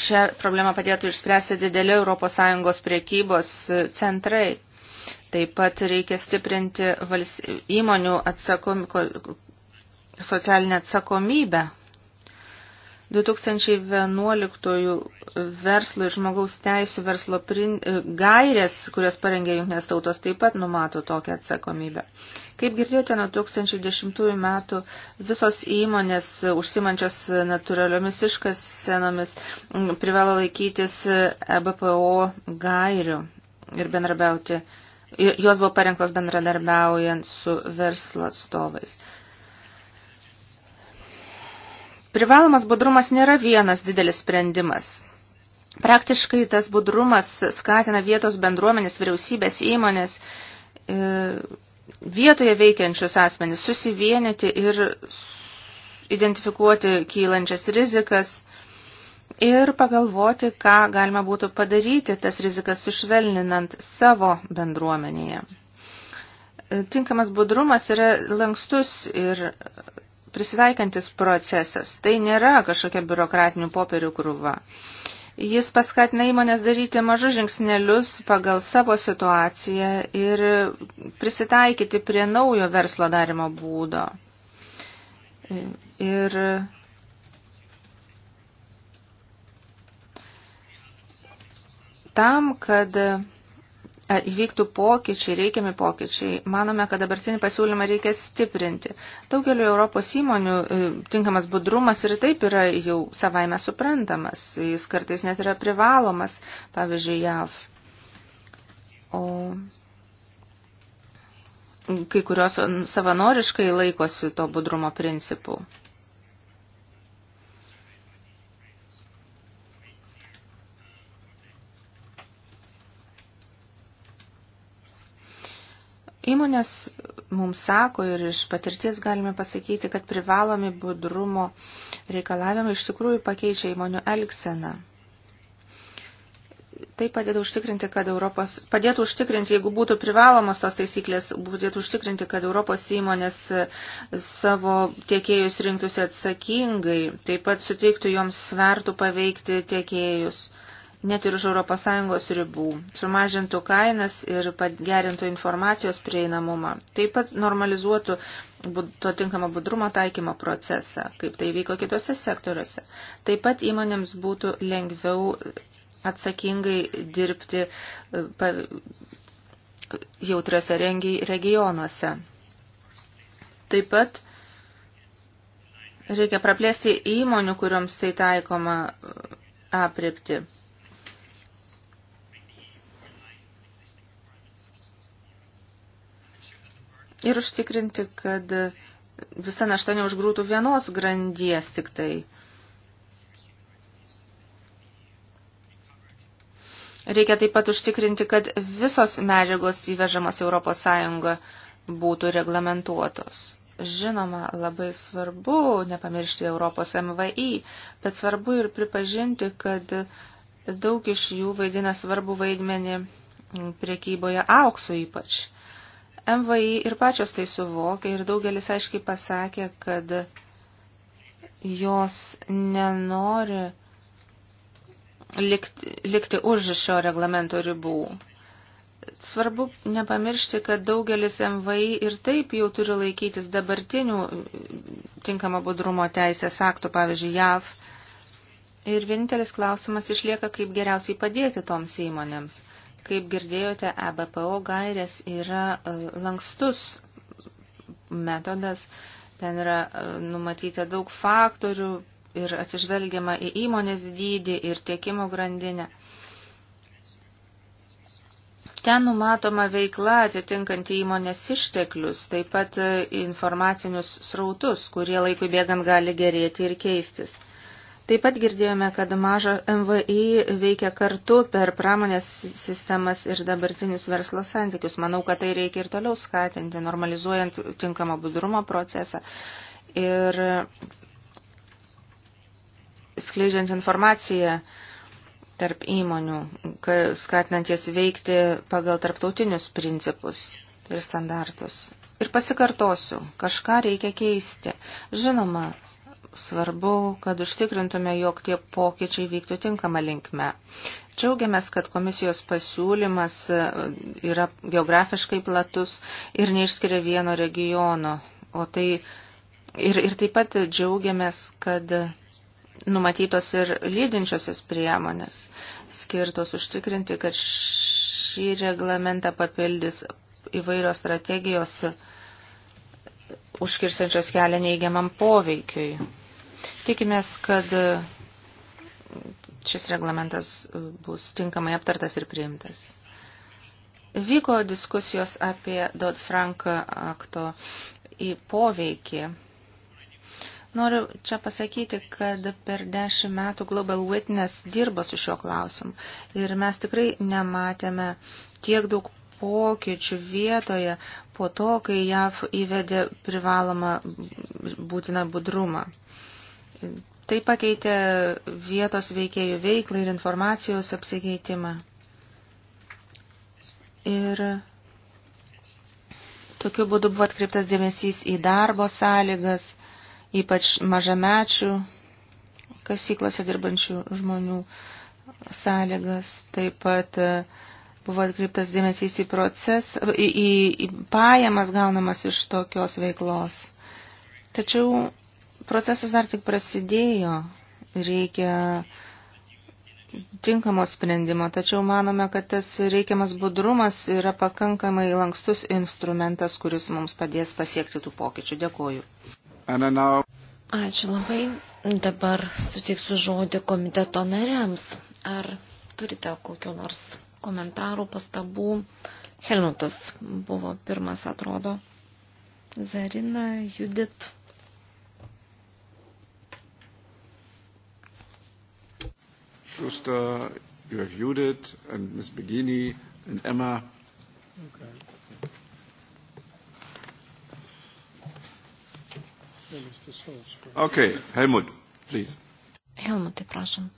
šią problemą padėtų išspręsti dideli ES priekybos centrai. Taip pat reikia stiprinti įmonių atsakom, socialinę atsakomybę 2011 verslo ir žmogaus teisų verslo prin... E, gairės, kurias parengė Junktinės tautos, taip pat numato tokią atsakomybę. Kaip girdėjote, nuo 2010 metų visos įmonės e, užsimančios natūraliomis iškasenomis privalo laikytis EBPO e gairių ir bendrabiauti. Jos buvo parengtos bendradarbiaujant su verslo atstovais. Privalomas budrumas nėra vienas didelis sprendimas. Praktiškai tas budrumas skatina vietos bendruomenės, vyriausybės, įmonės, e, vietoje veikiančius asmenys susivienyti ir identifikuoti kylančias rizikas ir pagalvoti, ką galima būtų padaryti tas rizikas sušvelninant savo bendruomenėje. E, tinkamas budrumas yra lankstus ir prisveikantis procesas. Tai nėra kažkokia biurokratinių popierių krūva. Jis paskatina įmonės daryti mažus žingsnelius pagal savo situaciją ir prisitaikyti prie naujo verslo darimo būdo. Ir tam, kad įvyktų pokyčiai, reikiami pokyčiai. Manome, kad dabartinį pasiūlymą reikia stiprinti. Daugelio Europos įmonių e, tinkamas budrumas ir taip yra jau savaime suprantamas. Jis kartais net yra privalomas, pavyzdžiui, JAV. O kai kurios savanoriškai laikosi to budrumo principų. Įmonės mums sako ir iš patirties galime pasakyti, kad privalomi budrumo reikalavimai iš tikrųjų pakeičia įmonių elgseną. Tai padėtų užtikrinti, kad Europos, padėtų užtikrinti, jeigu būtų privalomos tos taisyklės, padėtų užtikrinti, kad Europos įmonės savo tiekėjus rinktųsi atsakingai, taip pat suteiktų joms svertų paveikti tiekėjus. Uh, net ir už ES ribų, sumažintų kainas ir pagerintų informacijos prieinamumą, taip pat normalizuotų to tinkamo budrumo taikymo procesą, kaip tai vyko kitose sektoriuose. Taip pat įmonėms būtų lengviau atsakingai dirbti e, jautriose regionuose. Taip pat reikia praplėsti įmonių, kuriuoms tai taikoma e, apripti. ir užtikrinti, kad visa našta neužgrūtų vienos grandies tik tai. Reikia taip pat užtikrinti, kad visos medžiagos įvežamos Europos Sąjungą būtų reglamentuotos. Žinoma, labai svarbu nepamiršti Europos MVI, bet svarbu ir pripažinti, kad daug iš jų vaidina svarbu vaidmenį priekyboje aukso ypač. MVI ir pačios tai suvokia ir daugelis aiškiai pasakė, kad jos nenori likti, likti už šio reglamento ribų. Svarbu nepamiršti, kad daugelis MVI ir taip jau turi laikytis dabartinių tinkamo budrumo teisės aktų, pavyzdžiui, JAV. Ir vienintelis klausimas išlieka, kaip geriausiai padėti toms įmonėms. Kaip girdėjote, ABPO e gairės yra e, lankstus metodas, ten yra e, numatyta daug faktorių ir atsižvelgiama į įmonės dydį ir tiekimo grandinę. Ten numatoma veikla atitinkanti įmonės išteklius, taip pat informacinius srautus, kurie laikui bėgant gali gerėti ir keistis. Taip pat girdėjome, kad maža MVI veikia kartu per pramonės sistemas ir dabartinius verslo santykius. Manau, kad tai reikia ir toliau skatinti, normalizuojant tinkamą budrumo procesą ir skleidžiant informaciją tarp įmonių, skatinant jas veikti pagal tarptautinius principus ir standartus. Ir pasikartosiu, kažką reikia keisti. Žinoma, svarbu, kad užtikrintume, jog tie pokyčiai vyktų tinkamą linkme. Džiaugiamės, kad komisijos pasiūlymas e, yra geografiškai platus ir neišskiria vieno regiono. O tai ir, ir taip pat džiaugiamės, kad numatytos ir lydinčiosios priemonės skirtos užtikrinti, kad šį reglamentą papildys įvairios strategijos užkirsančios kelią neįgiamam poveikiui. Tikimės, kad šis reglamentas bus tinkamai aptartas ir priimtas. Vyko diskusijos apie Dodd-Frank akto į poveikį. Noriu čia pasakyti, kad per dešimt metų Global Witness dirba su šiuo klausimu ir mes tikrai nematėme tiek daug pokyčių vietoje po to, kai JAV įvedė privalomą būtiną budrumą. Tai pakeitė vietos veikėjų veiklą ir informacijos apsikeitimą. Ir tokiu būdu buvo atkreiptas dėmesys į darbo sąlygas, ypač mažamečių kasyklose dirbančių žmonių sąlygas. Taip pat e, buvo atkreiptas dėmesys į, proces, į, į, į pajamas gaunamas iš tokios veiklos. Tačiau procesas dar tik prasidėjo, reikia tinkamo sprendimo, tačiau manome, kad tas reikiamas budrumas yra pakankamai lankstus instrumentas, kuris mums padės pasiekti tų pokyčių. Dėkuoju. Ačiū labai. Dabar sutiksiu žodį komiteto nariams. Ar turite kokiu nors komentarų, pastabų? Helmutas buvo pirmas, atrodo. Zarina, Judith. Schuster, you have Judith and Ms. Begini and Emma. Okay. Okay, Helmut, please. Helmutai, prašom.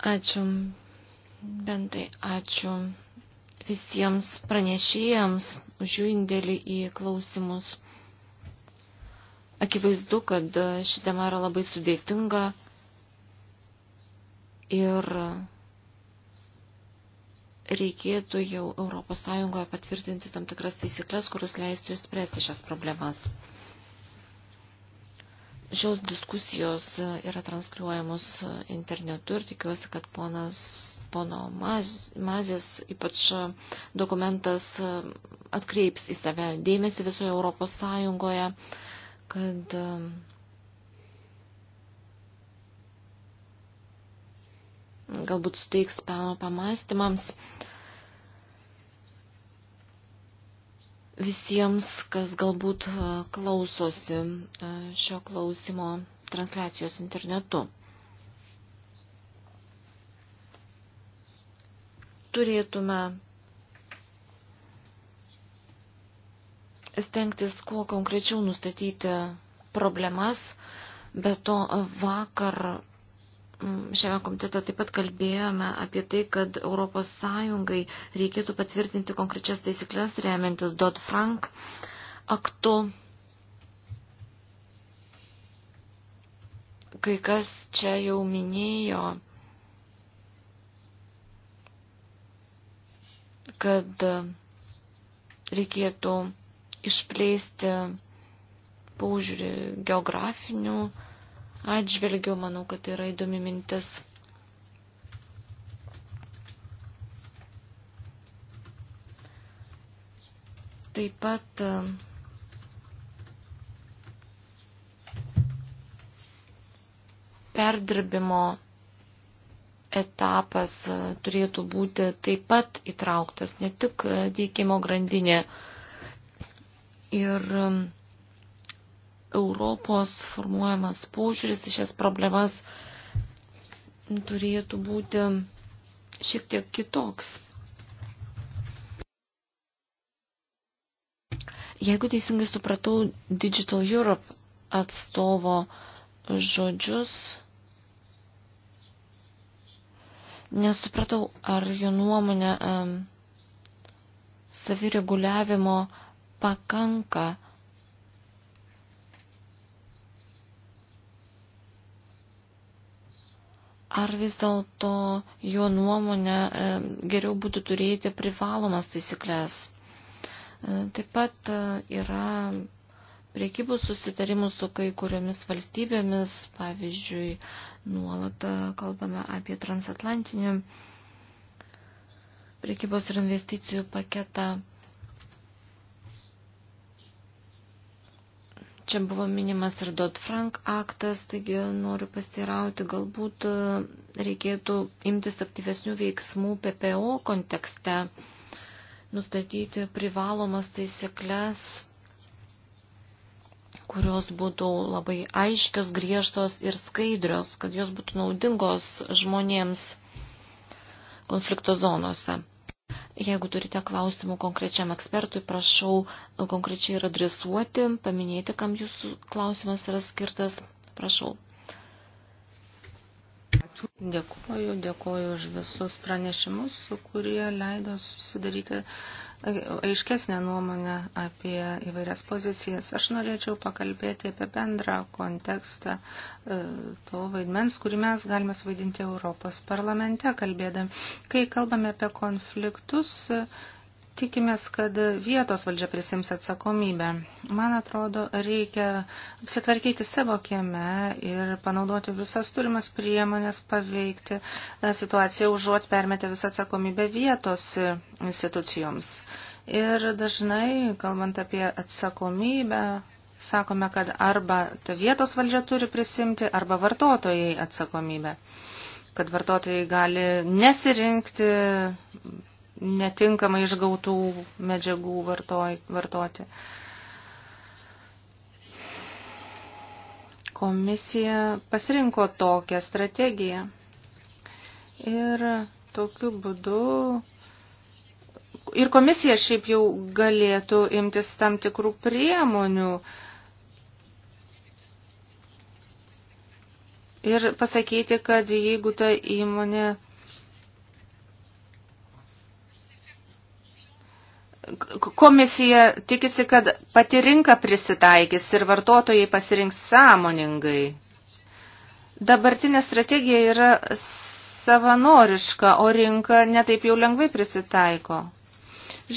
Ačiū, bentai, ačiū visiems pranešėjams už jų indėlį į klausimus. Akivaizdu, kad ši tema yra labai sudėtinga ir reikėtų jau ES patvirtinti tam tikras taisyklės, kuris leistų išspręsti šias problemas. Šios diskusijos yra transliuojamos internetu ir tikiuosi, kad ponas, pono Maz, Mazės ypač dokumentas atkreips į save dėmesį visoje Europos Sąjungoje kad um, galbūt suteiks peno pamastymams visiems, kas galbūt uh, klausosi uh, šio klausimo transliacijos internetu. Turėtume stengtis kuo konkrečiau nustatyti problemas, bet to vakar mm, šiame komitete taip pat kalbėjome apie tai, kad Europos Sąjungai reikėtų patvirtinti konkrečias taisyklės remiantis Dodd-Frank aktu. Kai kas čia jau minėjo, kad reikėtų išplėsti paužiūrį geografinių atžvelgių. Manau, kad tai yra įdomi mintis. Taip pat e, perdirbimo etapas e, turėtų būti taip pat įtrauktas, ne tik e, teikimo grandinė ir um, Europos formuojamas požiūris į šias problemas turėtų būti šiek tiek kitoks. Jeigu teisingai supratau Digital Europe atstovo žodžius, nesupratau, ar jo nuomonė um, savireguliavimo uh, pakanka ar vis dėlto jo nuomonė e, geriau būtų turėti privalomas taisyklės. E, taip pat e, yra priekybų susitarimų su kai kuriomis valstybėmis, pavyzdžiui, nuolat kalbame apie transatlantinį priekybos ir investicijų paketą. Čia buvo minimas ir Dodd-Frank aktas, taigi noriu pasirauti, galbūt e, reikėtų imtis aktyvesnių veiksmų PPO kontekste, nustatyti privalomas taisyklės, kurios būtų labai aiškios, griežtos ir skaidrios, kad jos būtų naudingos žmonėms konflikto zonose. Jeigu turite klausimų konkrečiam ekspertui, prašau konkrečiai ir adresuoti, paminėti, kam jūsų klausimas yra skirtas. Prašau. Dėkuoju, dėkuoju už visus pranešimus, kurie leido susidaryti aiškesnę nuomonę apie įvairias pozicijas. Aš norėčiau pakalbėti apie bendrą kontekstą e, to vaidmens, kurį mes galime suvaidinti Europos parlamente, kalbėdami. Kai kalbame apie konfliktus, Tikimės, kad vietos valdžia prisims atsakomybę. Man atrodo, reikia apsitvarkyti savo kieme ir panaudoti visas turimas priemonės paveikti e, situaciją, užuot permetę visą atsakomybę vietos institucijoms. Ir dažnai, kalbant apie atsakomybę, sakome, kad arba ta vietos valdžia turi prisimti, arba vartotojai atsakomybę kad vartotojai gali nesirinkti netinkamai išgautų medžiagų vartoj, vartoti. Komisija pasirinko tokią strategiją ir tokiu būdu ir komisija šiaip jau galėtų imtis tam tikrų priemonių ir pasakyti, kad jeigu ta įmonė Komisija tikisi, kad pati rinka prisitaikys ir vartotojai pasirinks sąmoningai. Dabartinė strategija yra savanoriška, o rinka netaip jau lengvai prisitaiko.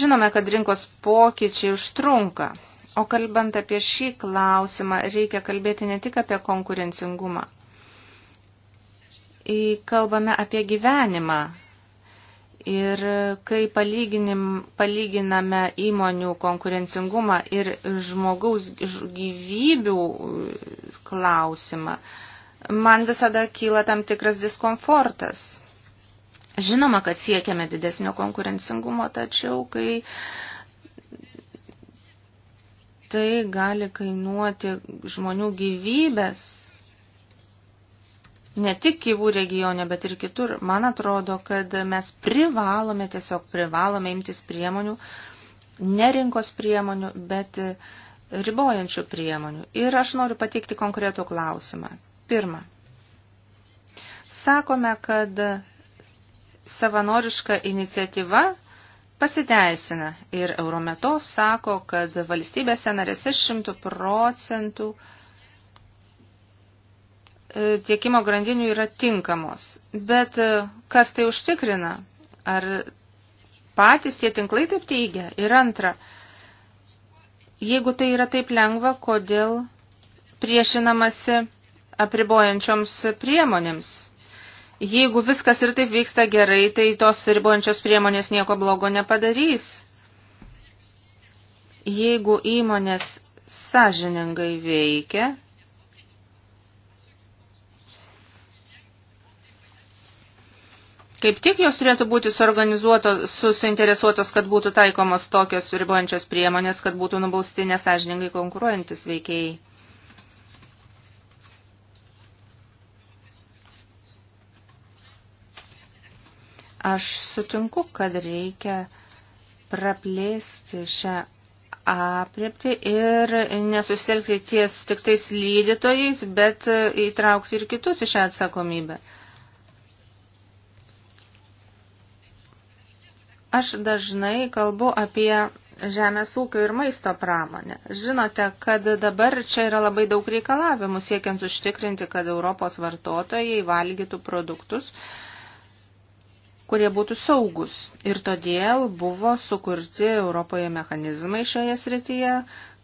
Žinome, kad rinkos pokyčiai užtrunka, o kalbant apie šį klausimą, reikia kalbėti ne tik apie konkurencingumą. Į kalbame apie gyvenimą, Ir kai palyginame įmonių konkurencingumą ir žmogaus gyvybių e, klausimą, man visada kyla tam tikras diskomfortas. Žinoma, kad siekiame didesnio konkurencingumo, tačiau kai tai gali kainuoti žmonių gyvybės, ne tik Kyvų regione, bet ir kitur, man atrodo, kad mes privalome, tiesiog privalome imtis priemonių, ne rinkos priemonių, bet e, ribojančių priemonių. Ir aš noriu pateikti konkretų klausimą. Pirma, sakome, kad savanoriška iniciatyva pasiteisina ir Eurometos sako, kad valstybėse narėse šimtų procentų E, tiekimo grandinių yra tinkamos. Bet e, kas tai užtikrina? Ar patys tie tinklai taip teigia? Ir antra, jeigu tai yra taip lengva, kodėl priešinamasi apribojančioms priemonėms? Jeigu viskas ir taip vyksta gerai, tai tos ribojančios priemonės nieko blogo nepadarys. Jeigu įmonės sąžiningai veikia, Kaip tik jos turėtų būti suorganizuotos, susinteresuotos, kad būtų taikomos tokios ribojančios priemonės, kad būtų nubausti nesažiningai konkuruojantis veikėjai. Aš sutinku, kad reikia praplėsti šią apriepti ir nesusitelkti ties tik tais lydytojais, bet įtraukti ir kitus į šią atsakomybę. Aš dažnai kalbu apie žemės ūkio ir maisto pramonę. Žinote, kad dabar čia yra labai daug reikalavimų siekiant užtikrinti, kad Europos vartotojai valgytų produktus, kurie būtų saugus. Ir todėl buvo sukurti Europoje mechanizmai šioje srityje,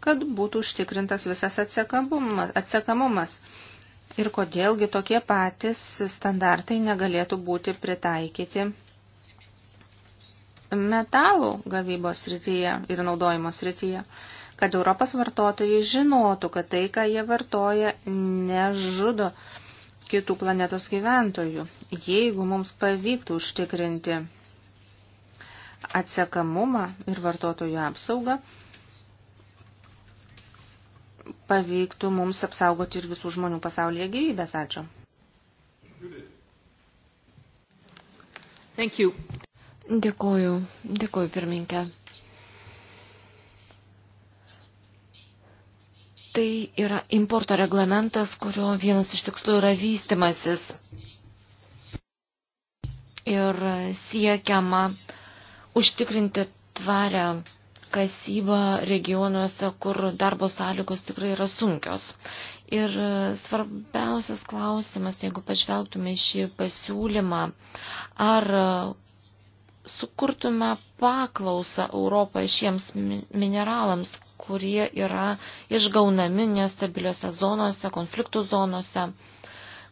kad būtų užtikrintas visas atsekamumas. atsekamumas. Ir kodėlgi tokie patys standartai negalėtų būti pritaikyti metalų gavybos srityje ir naudojimo srityje, kad Europos vartotojai žinotų, kad tai, ką jie vartoja, nežudo kitų planetos gyventojų. Jeigu mums pavyktų užtikrinti atsekamumą ir vartotojų apsaugą, pavyktų mums apsaugoti ir visų žmonių pasaulyje gyvybės. Ačiū. Thank you. Dėkoju, dėkoju pirminkė. Tai yra importo reglamentas, kurio vienas iš tikslų yra vystimasis. Ir siekiama užtikrinti tvarę kasybą regionuose, kur darbo sąlygos tikrai yra sunkios. Ir svarbiausias klausimas, jeigu pažvelgtume šį pasiūlymą, ar sukurtume paklausą Europą šiems mineralams, kurie yra išgaunami nestabiliuose zonose, konfliktų zonose.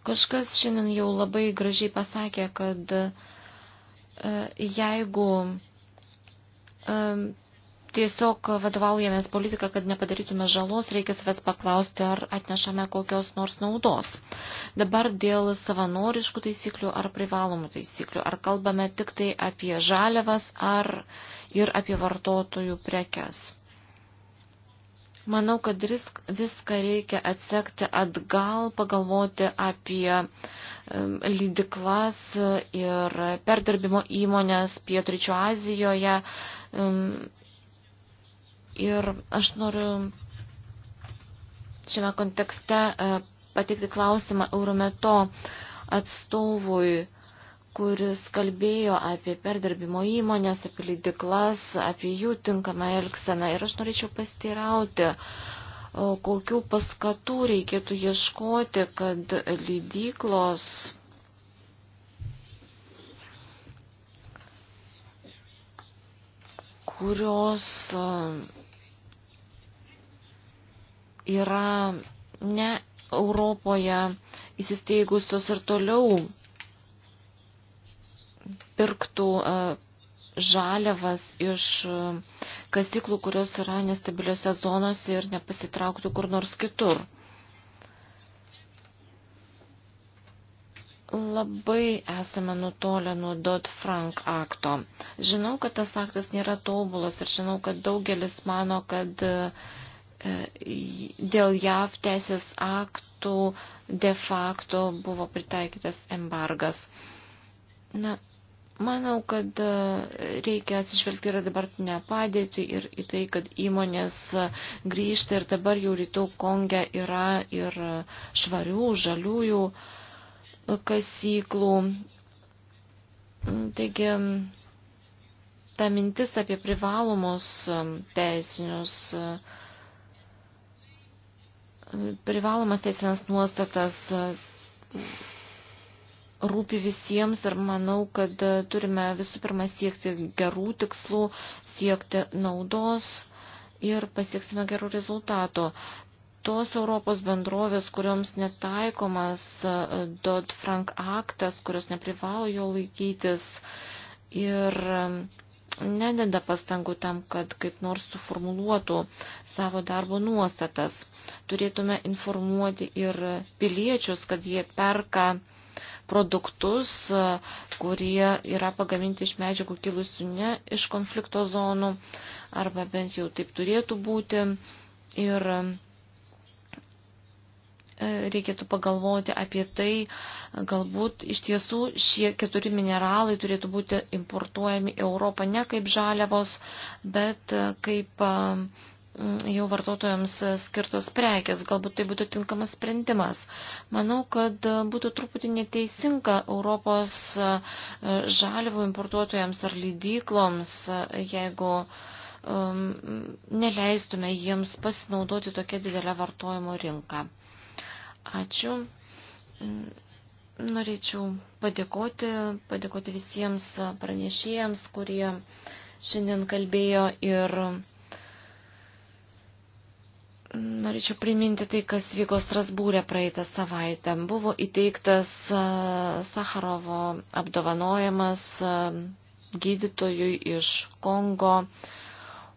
Kažkas šiandien jau labai gražiai pasakė, kad e, jeigu e, tiesiog vadovaujamės politiką, kad nepadarytume žalos, reikia savęs paklausti, ar atnešame kokios nors naudos. Dabar dėl savanoriškų taisyklių ar privalomų taisyklių, ar kalbame tik tai apie žaliavas ar ir apie vartotojų prekes. Manau, kad viską reikia atsekti atgal, pagalvoti apie lydiklas ir perdirbimo įmonės Pietričio Azijoje Ir aš noriu šiame kontekste e, patikti klausimą Eurometo atstovui, kuris kalbėjo apie perdirbimo įmonės, apie lydiklas, apie jų tinkamą elgseną. Ir aš norėčiau pasteirauti, kokių paskatų reikėtų ieškoti, kad lydyklos kurios yra ne Europoje įsisteigusios ir toliau pirktų e, žaliavas iš e, kasyklų, kurios yra nestabiliuose zonose ir nepasitrauktų kur nors kitur. Labai esame nutolę nuo Dodd-Frank akto. Žinau, kad tas aktas nėra tobulas ir žinau, kad daugelis mano, kad uh, E, dėl JAV teisės aktų de facto buvo pritaikytas embargas. Na, manau, kad e, reikia atsižvelgti ir dabartinę padėtį ir į tai, kad įmonės e, grįžta ir dabar jau rytų Konge yra ir švarių, žaliųjų kasyklų. Mm, taigi, ta mintis apie privalomus teisinius uh, privalomas teisinės nuostatas e, rūpi visiems ir manau, kad e, turime visų pirma siekti gerų tikslų, siekti naudos ir pasieksime gerų rezultatų. Tos Europos bendrovės, kurioms netaikomas e, Dodd-Frank aktas, kurios neprivalo jo laikytis ir nededa pastangų tam, kad kaip nors suformuluotų savo darbo nuostatas. Turėtume informuoti ir piliečius, kad jie perka produktus, kurie yra pagaminti iš medžiagų kilusių ne iš konflikto zonų, arba bent jau taip turėtų būti. Ir E, reikėtų pagalvoti apie tai, galbūt iš tiesų šie keturi mineralai turėtų būti importuojami į Europą ne kaip žaliavos, bet e, kaip e, jau vartotojams skirtos prekės. Galbūt tai būtų tinkamas sprendimas. Manau, kad būtų truputį neteisinga Europos žalivų importuotojams ar leidykloms, jeigu um, neleistume jiems pasinaudoti tokia didelę vartojimo rinką. Ačiū. Norėčiau padėkoti, padėkoti visiems pranešėjams, kurie šiandien kalbėjo ir norėčiau priminti tai, kas vyko Strasbūrė praeitą savaitę. Buvo įteiktas Sakarovo apdovanojimas gydytojui iš Kongo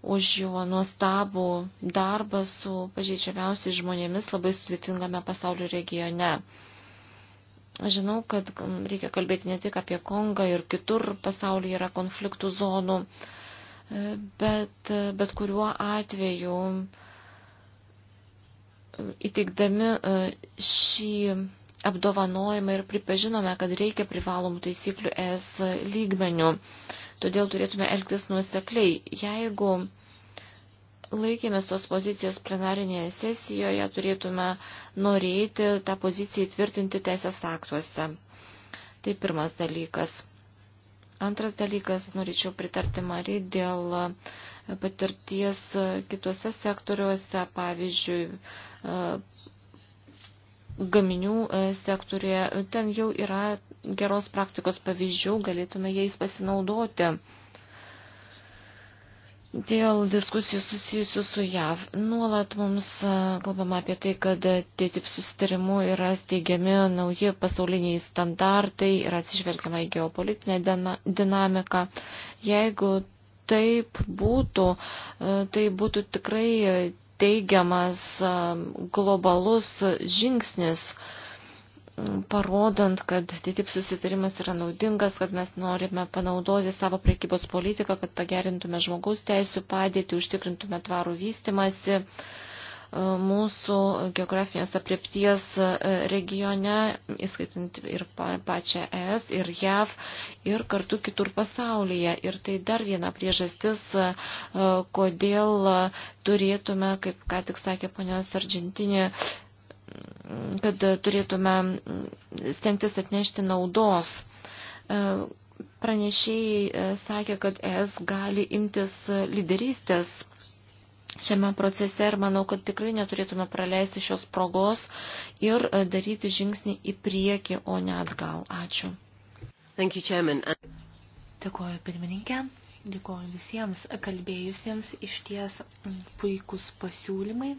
už jo nuostabų darbą su pažeidžiamiausiais žmonėmis labai sudėtingame pasaulio regione. Žinau, kad reikia kalbėti ne tik apie Kongą ir kitur pasaulyje yra konfliktų zonų, e, bet, e, bet kuriuo atveju e, įteikdami šį apdovanojimą ir pripažinome, kad reikia privalomų taisyklių ES lygmenių. Todėl turėtume elgtis nuosekliai. Jeigu laikėmės tos pozicijos plenarinėje sesijoje, turėtume norėti tą poziciją įtvirtinti teisės aktuose. Tai pirmas dalykas. Antras dalykas, norėčiau pritarti Mari dėl patirties kitose sektoriuose, pavyzdžiui, gaminių sektorėje. Ten jau yra geros praktikos pavyzdžių, galėtume jais pasinaudoti. Dėl diskusijų susijusių su JAV nuolat mums kalbama apie tai, kad TTIP susitarimu yra steigiami nauji pasauliniai standartai ir atsižvelgiama į geopolitinę dinamiką. Jeigu taip būtų, tai būtų tikrai teigiamas globalus žingsnis parodant, kad TTIP susitarimas yra naudingas, kad mes norime panaudoti savo prekybos politiką, kad pagerintume žmogaus teisų padėtį, užtikrintume tvarų vystimasi e, mūsų geografinės apriepties e, regione, įskaitant ir pačią ES, ir JAV, ir kartu kitur pasaulyje. Ir tai dar viena priežastis, e, kodėl turėtume, kaip ką tik sakė ponės Argentinė, kad e, turėtume stengtis atnešti naudos. E, pranešėjai e, sakė, kad ES gali imtis lyderystės šiame procese ir manau, kad tikrai neturėtume praleisti šios progos ir daryti žingsnį į priekį, o ne atgal. Ačiū. Thank you, Chairman. Dėkuoju pirmininkė, dėkuoju visiems kalbėjusiems, iš ties puikus pasiūlymai,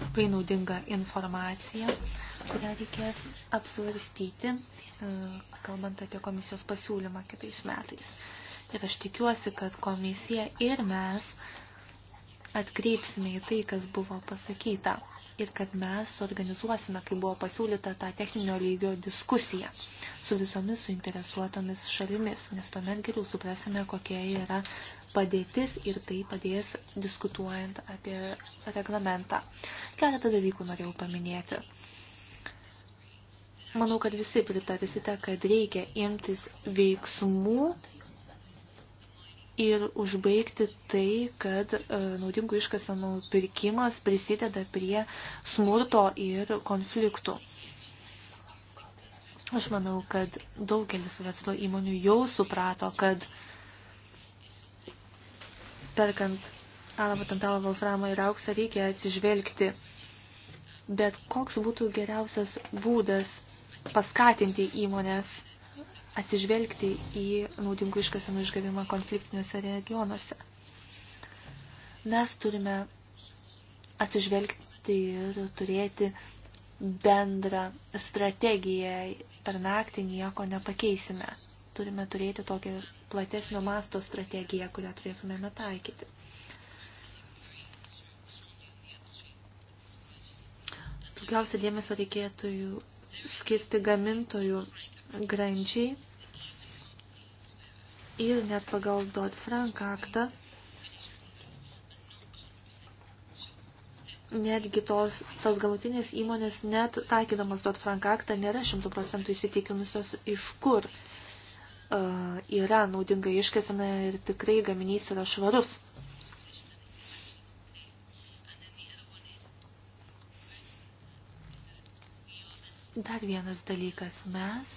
labai naudinga informacija, kurią reikės apsvarstyti, e, kalbant apie komisijos pasiūlymą kitais metais. Ir aš tikiuosi, kad komisija ir mes atkreipsime į tai, kas buvo pasakyta ir kad mes organizuosime, kaip buvo pasiūlyta, tą techninio lygio diskusiją su visomis suinteresuotomis šalimis, nes tuomet geriau suprasime, kokie yra padėtis ir tai padės diskutuojant apie reglamentą. Keletą dalykų norėjau paminėti. Manau, kad visi pritarysite, kad reikia imtis veiksmų ir užbaigti tai, kad e, naudingų iškasenų pirkimas prisideda prie smurto ir konfliktų. Aš manau, kad daugelis verslo įmonių jau suprato, kad uh, perkant alavą, tantalą, volframą ir auksą reikia atsižvelgti. Bet koks būtų geriausias būdas paskatinti įmonės atsižvelgti į naudingų iškasenų išgavimą konfliktiniuose regionuose? Mes turime atsižvelgti ir turėti bendrą strategiją per naktį nieko nepakeisime turime turėti tokią platesnio masto strategiją, kurią turėtumėme taikyti. Daugiausia dėmesio reikėtų skirti gamintojų grandžiai ir net pagal Dodd-Frank aktą netgi tos, tos galutinės įmonės, net taikydamas Dodd-Frank aktą, nėra šimtų procentų įsitikinusios, iš kur uh, yra naudinga iškesena ir tikrai gaminys yra švarus. Dar vienas dalykas. Mes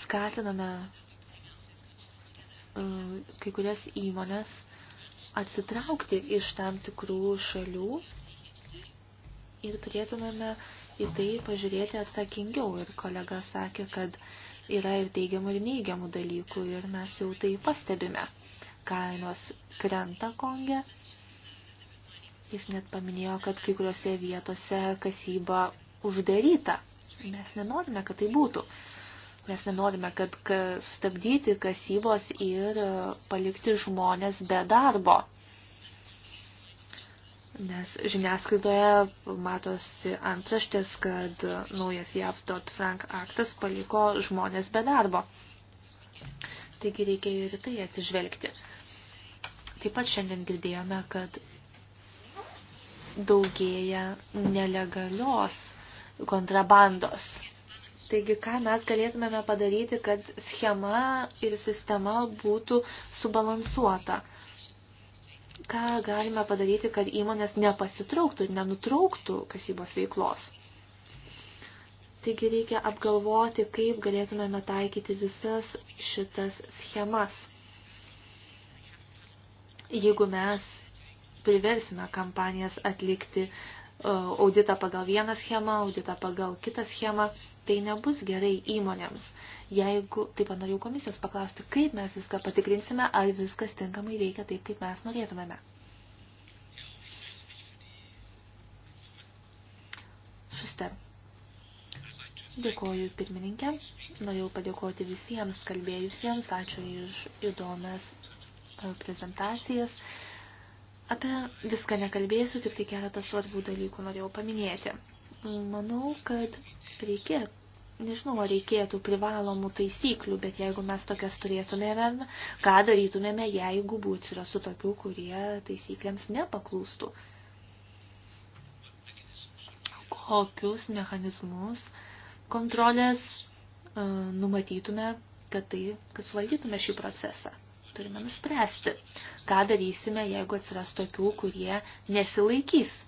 skatiname kai kurias įmonės atsitraukti iš tam tikrų šalių ir turėtumėme uh, į tai pažiūrėti atsakingiau. Ir kolega sakė, kad yra ir teigiamų, ir neigiamų dalykų ir mes jau tai pastebime. Kainos krenta Konge. Jis net paminėjo, kad kai kuriuose vietose kasyba uždaryta. Mes nenorime, kad tai būtų. Mes nenorime, kad sustabdyti kasybos ir e, palikti žmonės be darbo. Nes žiniasklaidoje matosi antraštės, kad naujas JAV Dot Frank aktas paliko žmonės be darbo. Taigi reikia ir tai atsižvelgti. Taip pat šiandien girdėjome, kad daugėja nelegalios kontrabandos. Taigi, ką mes galėtumėme padaryti, kad schema ir sistema būtų subalansuota ką galime padaryti, kad įmonės nepasitrauktų ir nenutrauktų kasybos veiklos. Taigi reikia apgalvoti, kaip galėtumėme taikyti visas šitas schemas. Jeigu mes priversime kampanijas atlikti auditą pagal vieną schemą, auditą pagal kitą schemą, tai nebus gerai įmonėms. Jeigu, taip pat norėjau komisijos paklausti, kaip mes viską patikrinsime, ar viskas tinkamai veikia taip, kaip mes norėtumėme. Šuster. Dėkoju pirmininkė. Norėjau padėkoti visiems kalbėjusiems. Ačiū už įdomias e, prezentacijas. Apie viską nekalbėsiu, tik tai keletą svarbių dalykų norėjau paminėti. Manau, kad reikėtų, nežinau, ar reikėtų privalomų taisyklių, bet jeigu mes tokias turėtumėme, ką darytumėme, jeigu būtų yra su tokių, kurie taisyklėms nepaklūstų. Kokius mechanizmus kontrolės e, numatytume, kad, tai, kad suvaldytume šį procesą turime nuspręsti, ką darysime, jeigu atsiras tokių, kurie nesilaikys e,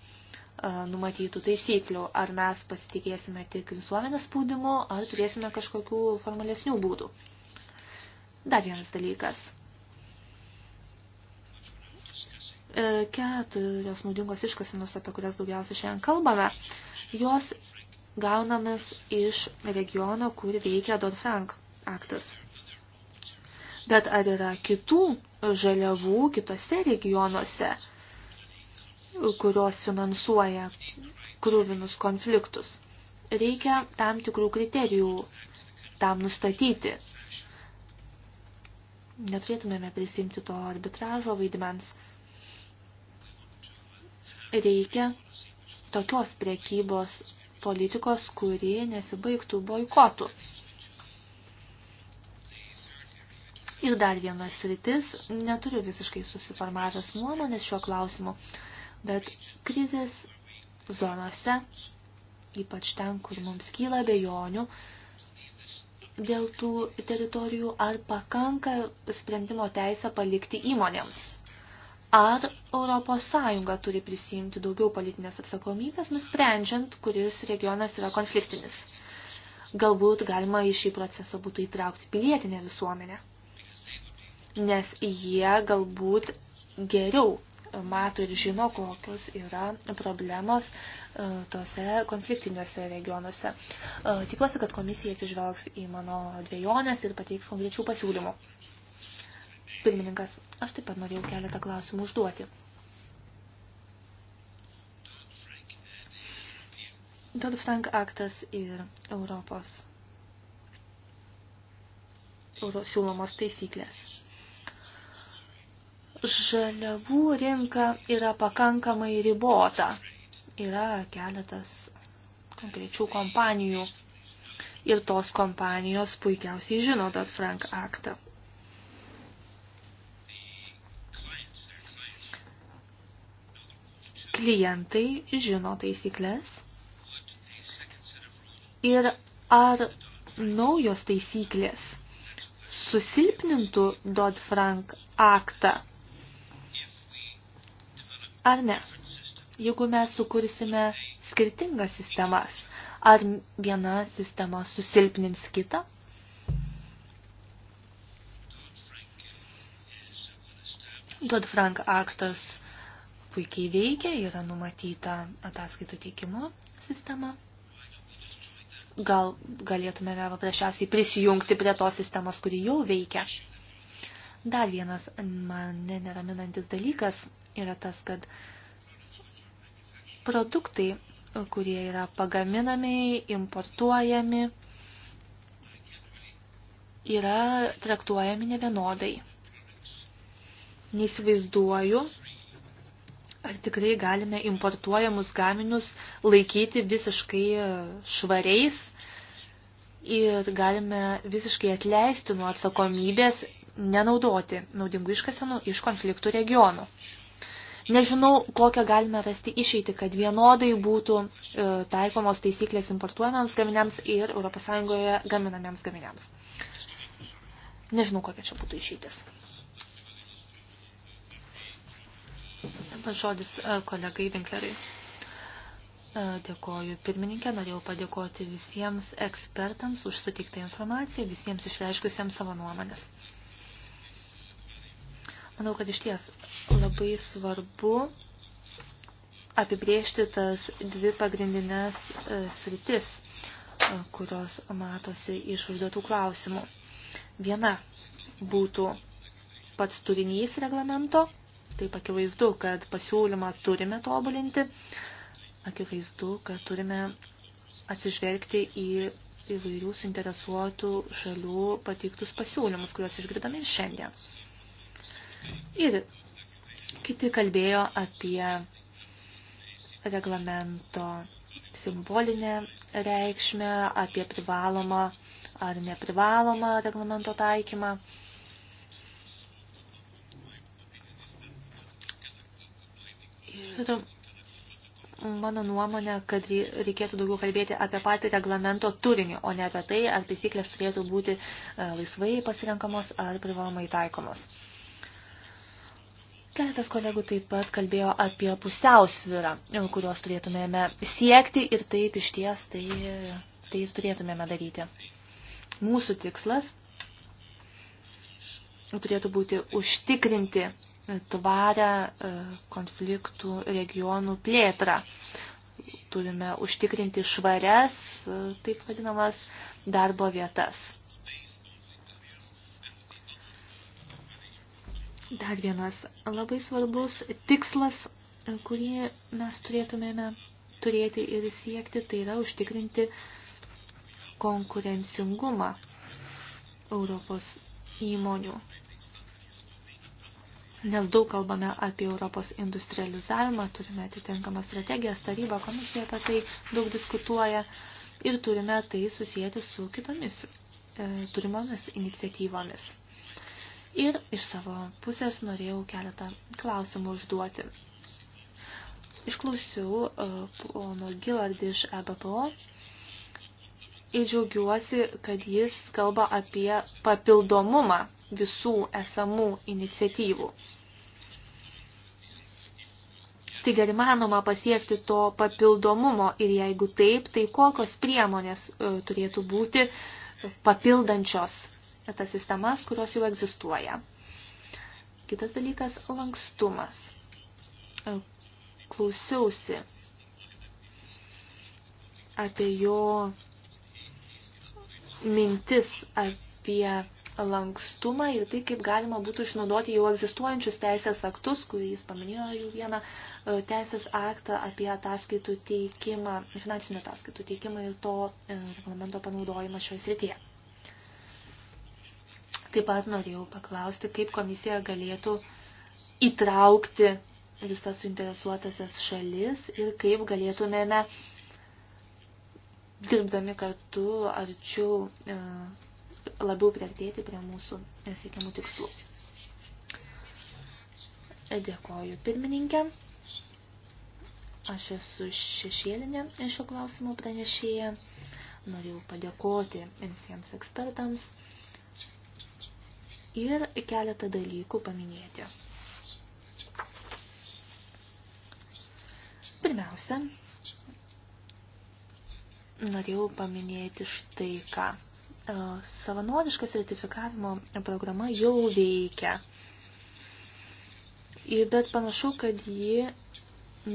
numatytų taisyklių. Ar mes pasitikėsime tik visuomenės spaudimu, ar turėsime kažkokių formalesnių būdų. Dar vienas dalykas. E, keturios naudingos iškasinos, apie kurias daugiausiai šiandien kalbame, jos gaunamas iš regiono, kur veikia Dodd-Frank aktas. Bet ar yra kitų žaliavų kitose regionuose, kurios finansuoja krūvinus konfliktus? Reikia tam tikrų kriterijų tam nustatyti. Neturėtumėme prisimti to arbitražo vaidmens. Reikia tokios priekybos politikos, kuri nesibaigtų boikotų. Ir dar vienas sritis, neturiu visiškai susiformavęs nuomonės šiuo klausimu, bet krizės zonose, ypač ten, kur mums kyla bejonių, dėl tų teritorijų ar pakanka sprendimo teisę palikti įmonėms. Ar Europos Sąjunga turi prisijimti daugiau politinės atsakomybės, nusprendžiant, kuris regionas yra konfliktinis. Galbūt galima į šį procesą būtų įtraukti pilietinę visuomenę nes jie galbūt geriau mato ir žino, kokios yra problemos e, tose konfliktiniuose regionuose. E, tikiuosi, kad komisija atsižvelgs į mano dviejonės ir pateiks konkrečių pasiūlymų. Pirmininkas, aš taip pat norėjau keletą klausimų užduoti. Dodd-Frank aktas ir Europos Euro siūlomos taisyklės žaliavų rinka yra pakankamai ribota. Yra keletas konkrečių kompanijų. Ir tos kompanijos puikiausiai žino Dot Frank aktą. Klientai žino taisyklės. Ir ar naujos taisyklės susilpnintų Dodd-Frank aktą ar ne. Jeigu mes sukursime skirtingas sistemas, ar viena sistema susilpnins kitą? Dodd-Frank aktas puikiai veikia, yra numatyta ataskaitų teikimo sistema. Gal galėtumėme paprasčiausiai prisijungti prie tos sistemos, kuri jau veikia. Dar vienas man neraminantis dalykas yra tas, kad produktai, kurie yra pagaminami, importuojami, yra traktuojami nevienodai. Neįsivaizduoju, ar tikrai galime importuojamus gaminius laikyti visiškai švariais ir galime visiškai atleisti nuo atsakomybės nenaudoti naudingų iškasenų iš konfliktų regionų. Nežinau, kokią galime rasti išeitį, kad vienodai būtų e, taikomos taisyklės importuojamiems gaminiams ir ES gaminamiems gaminiams. Nežinau, kokia čia būtų išeitis. Dabar žodis e, kolegai Vinkleriui. E, dėkoju pirmininkė, norėjau padėkoti visiems ekspertams už suteiktą informaciją, visiems išreiškusiems savo nuomonės. Manau, kad iš ties labai svarbu apibriežti tas dvi pagrindinės e, sritis, e, kurios matosi iš užduotų klausimų. Viena būtų pats turinys reglamento, taip akivaizdu, kad pasiūlymą turime tobulinti, akivaizdu, kad turime atsižvelgti į įvairių suinteresuotų šalių pateiktus pasiūlymus, kuriuos išgirdome ir šiandien. Ir kiti kalbėjo apie reglamento simbolinę reikšmę, apie privalomą ar neprivalomą reglamento taikymą. Ir mano nuomonė, kad reikėtų daugiau kalbėti apie patį reglamento turinį, o ne apie tai, ar taisyklės turėtų būti e, laisvai pasirenkamos ar privalomai taikomos. Keletas kolegų taip pat kalbėjo apie pusiausvyrą, kurios turėtumėme siekti ir taip iš ties tai, tai turėtumėme daryti. Mūsų tikslas turėtų būti užtikrinti tvarę e, konfliktų regionų plėtrą. Turime užtikrinti švarias, e, taip vadinamas, darbo vietas. Dar vienas labai svarbus tikslas, kurį mes turėtumėme turėti ir siekti, tai yra užtikrinti konkurencingumą Europos įmonių. Nes daug kalbame apie Europos industrializavimą, turime atitinkamą strategiją, taryba, komisija apie tai daug diskutuoja ir turime tai susijęti su kitomis e, turimomis iniciatyvomis. Ir iš savo pusės norėjau keletą klausimų užduoti. Išklausiau e, pono Gilard iš EBPO ir džiaugiuosi, kad jis kalba apie papildomumą visų esamų iniciatyvų. Tik ar įmanoma pasiekti to papildomumo ir jeigu taip, tai kokios priemonės e, turėtų būti papildančios tas sistemas, kurios jau egzistuoja. Kitas dalykas – lankstumas. Klausiausi apie jo mintis apie lankstumą ir tai, kaip galima būtų išnaudoti jau egzistuojančius teisės aktus, kurį jis paminėjo jau vieną e, teisės aktą apie ataskaitų teikimą, finansinių ataskaitų teikimą ir to e, reglamento panaudojimą šioje srityje. Taip pat norėjau paklausti, kaip komisija galėtų įtraukti visas suinteresuotasias šalis ir kaip galėtumėme, dirbdami kartu, arčiau e, labiau priartėti prie mūsų siekiamų tikslų. E, dėkoju pirmininkė. Aš esu šešėlinė šio klausimo pranešėja. Norėjau padėkoti visiems ekspertams ir keletą dalykų paminėti. Pirmiausia, norėjau paminėti štai ką. E, Savanoriška sertifikavimo programa jau veikia. Ir bet panašu, kad ji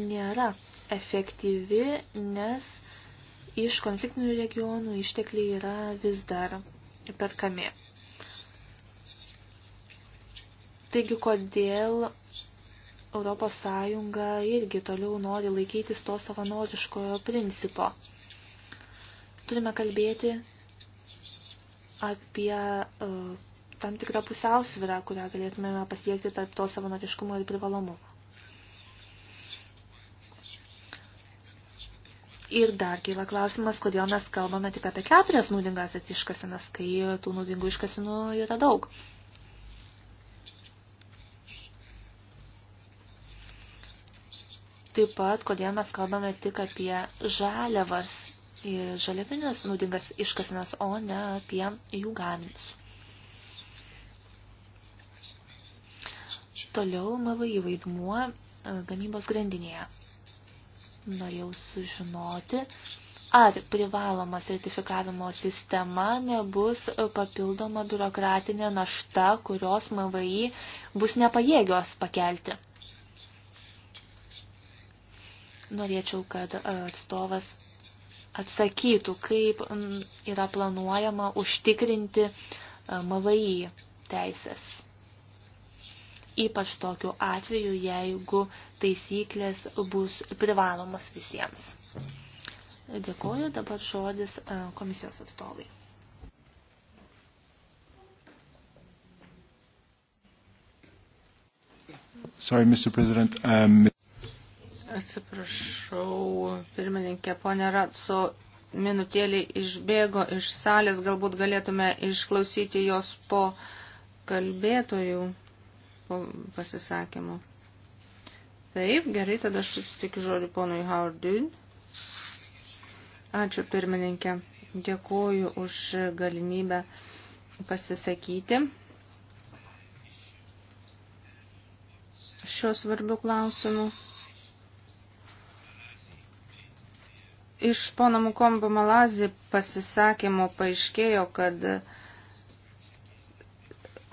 nėra efektyvi, nes iš konfliktinių regionų ištekliai yra vis dar perkami. Taigi, kodėl Europos Sąjunga irgi toliau nori laikytis to savanoriškojo principo? Turime kalbėti apie uh, tam tikrą pusiausvyrą, kurią galėtumėme pasiekti tarp to savanoriškumo ir privalomumo. Ir dar kyla klausimas, kodėl mes kalbame tik apie keturias naudingas iškasenas, kai tų naudingų iškasenų yra daug. Uh, Taip pat, kodėl mes kalbame tik apie žaliavas, žaliavinės naudingas iškasinas, o ne apie jų gaminius. Toliau MVI vaidmuo e, gamybos grandinėje. Norėjau sužinoti, ar privaloma sertifikavimo sistema nebus papildoma biurokratinė našta, kurios MVI bus nepajėgios pakelti. Norėčiau, kad e, atstovas atsakytų, kaip yra planuojama užtikrinti e, MVI teisės. Ypač tokiu atveju, jeigu taisyklės bus privalomas visiems. Dėkoju, dabar žodis e, komisijos atstovai. Sorry, Mr. President, um, Atsiprašau, pirmininkė, ponė Ratso minutėlį išbėgo iš salės, galbūt galėtume išklausyti jos po kalbėtojų po pasisakymų. Taip, gerai, tada aš sutikiu žodį ponui Howardui. Ačiū pirmininkė, dėkuoju už galimybę pasisakyti. Šiuo svarbiu klausimu. Iš pono Mukombo Malazi pasisakymo paaiškėjo, kad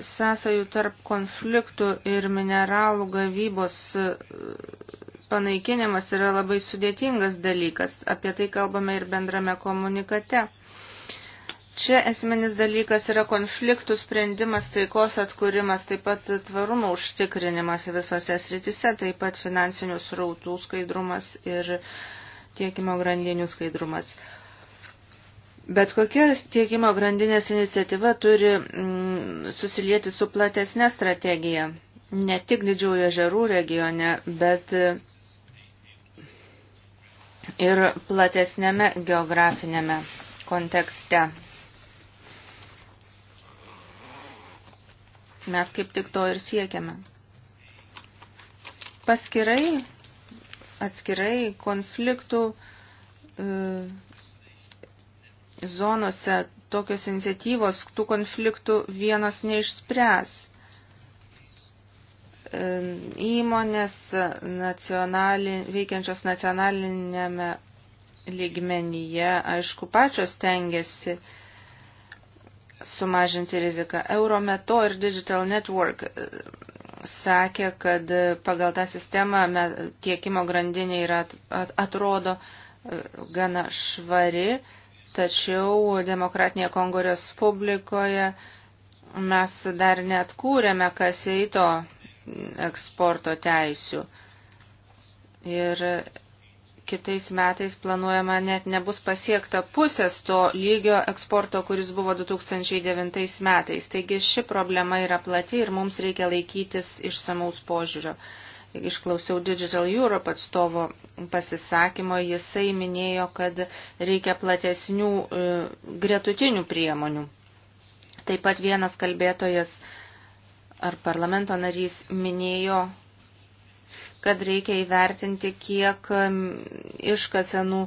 sąsajų tarp konfliktų ir mineralų gavybos e, panaikinimas yra labai sudėtingas dalykas. Apie tai kalbame ir bendrame komunikate. Čia esminis dalykas yra konfliktų sprendimas, taikos atkūrimas, taip pat tvarumo užtikrinimas visose sritise, taip pat finansinių srautų skaidrumas ir tiekimo grandinių skaidrumas. Bet kokia tiekimo grandinės iniciatyva turi mm, susilieti su platesnė strategija, ne tik didžiųjų ežerų regione, bet ir platesnėme geografinėme kontekste. Mes kaip tik to ir siekiame. Paskirai atskirai konfliktų e, zonose tokios iniciatyvos tų konfliktų vienos neišspręs. E, įmonės nacionali, veikiančios nacionalinėme lygmenyje, aišku, pačios tengiasi sumažinti riziką. Eurometo ir Digital Network sakė, kad pagal tą sistemą tiekimo grandinė yra, atrodo e, gana švari, tačiau Demokratinėje Kongo Respublikoje mes dar net kūrėme kaseito eksporto teisių. Ir kitais metais planuojama net nebus pasiekta pusės to lygio eksporto, kuris buvo 2009 metais. Taigi ši problema yra plati ir mums reikia laikytis išsamaus požiūrio. Išklausiau Digital Europe atstovo pasisakymo, jisai minėjo, kad reikia platesnių e, gretutinių priemonių. Taip pat vienas kalbėtojas ar parlamento narys minėjo, kad reikia įvertinti, kiek iškasenų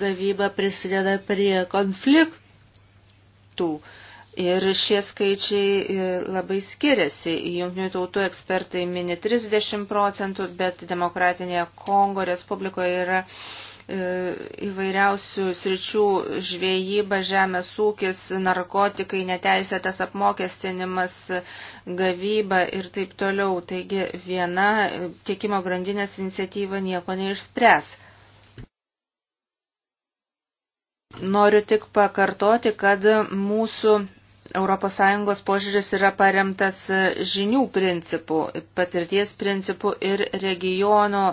gavyba prisideda prie konfliktų. Ir šie skaičiai e, labai skiriasi. Junktinių tautų ekspertai mini 30 procentų, bet Demokratinėje Kongo Respublikoje yra E, įvairiausių sričių žvėjyba, žemės ūkis, narkotikai, neteisėtas apmokestinimas, gavyba ir taip toliau. Taigi viena tiekimo grandinės iniciatyva nieko neišspręs. Noriu tik pakartoti, kad mūsų ES požiūris yra paremtas žinių principų, patirties principų ir regiono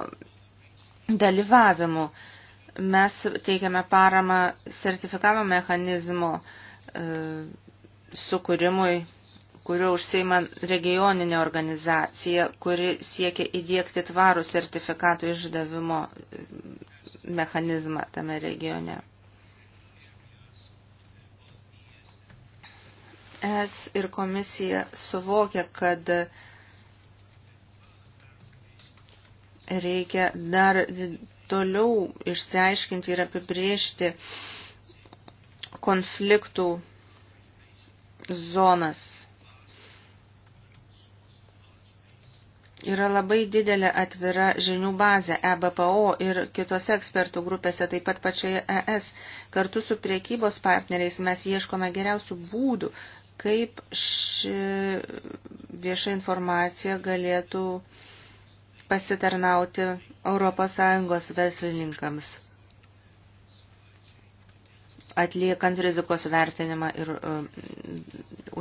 dalyvavimu. Mes teikiame paramą sertifikavimo mechanizmo e, sukūrimui, kurio užseima regioninė organizacija, kuri siekia įdėkti tvarų sertifikatų išdavimo e, mechanizmą tame regione. Es ir komisija suvokia, kad reikia dar toliau išsiaiškinti ir apibriežti konfliktų zonas. Yra labai didelė atvira žinių bazė EBPO ir kitose ekspertų grupėse, taip pat pačioje ES. Kartu su priekybos partneriais mes ieškome geriausių būdų, kaip ši vieša informacija galėtų uh, pasitarnauti ES verslininkams, atliekant rizikos vertinimą ir uh,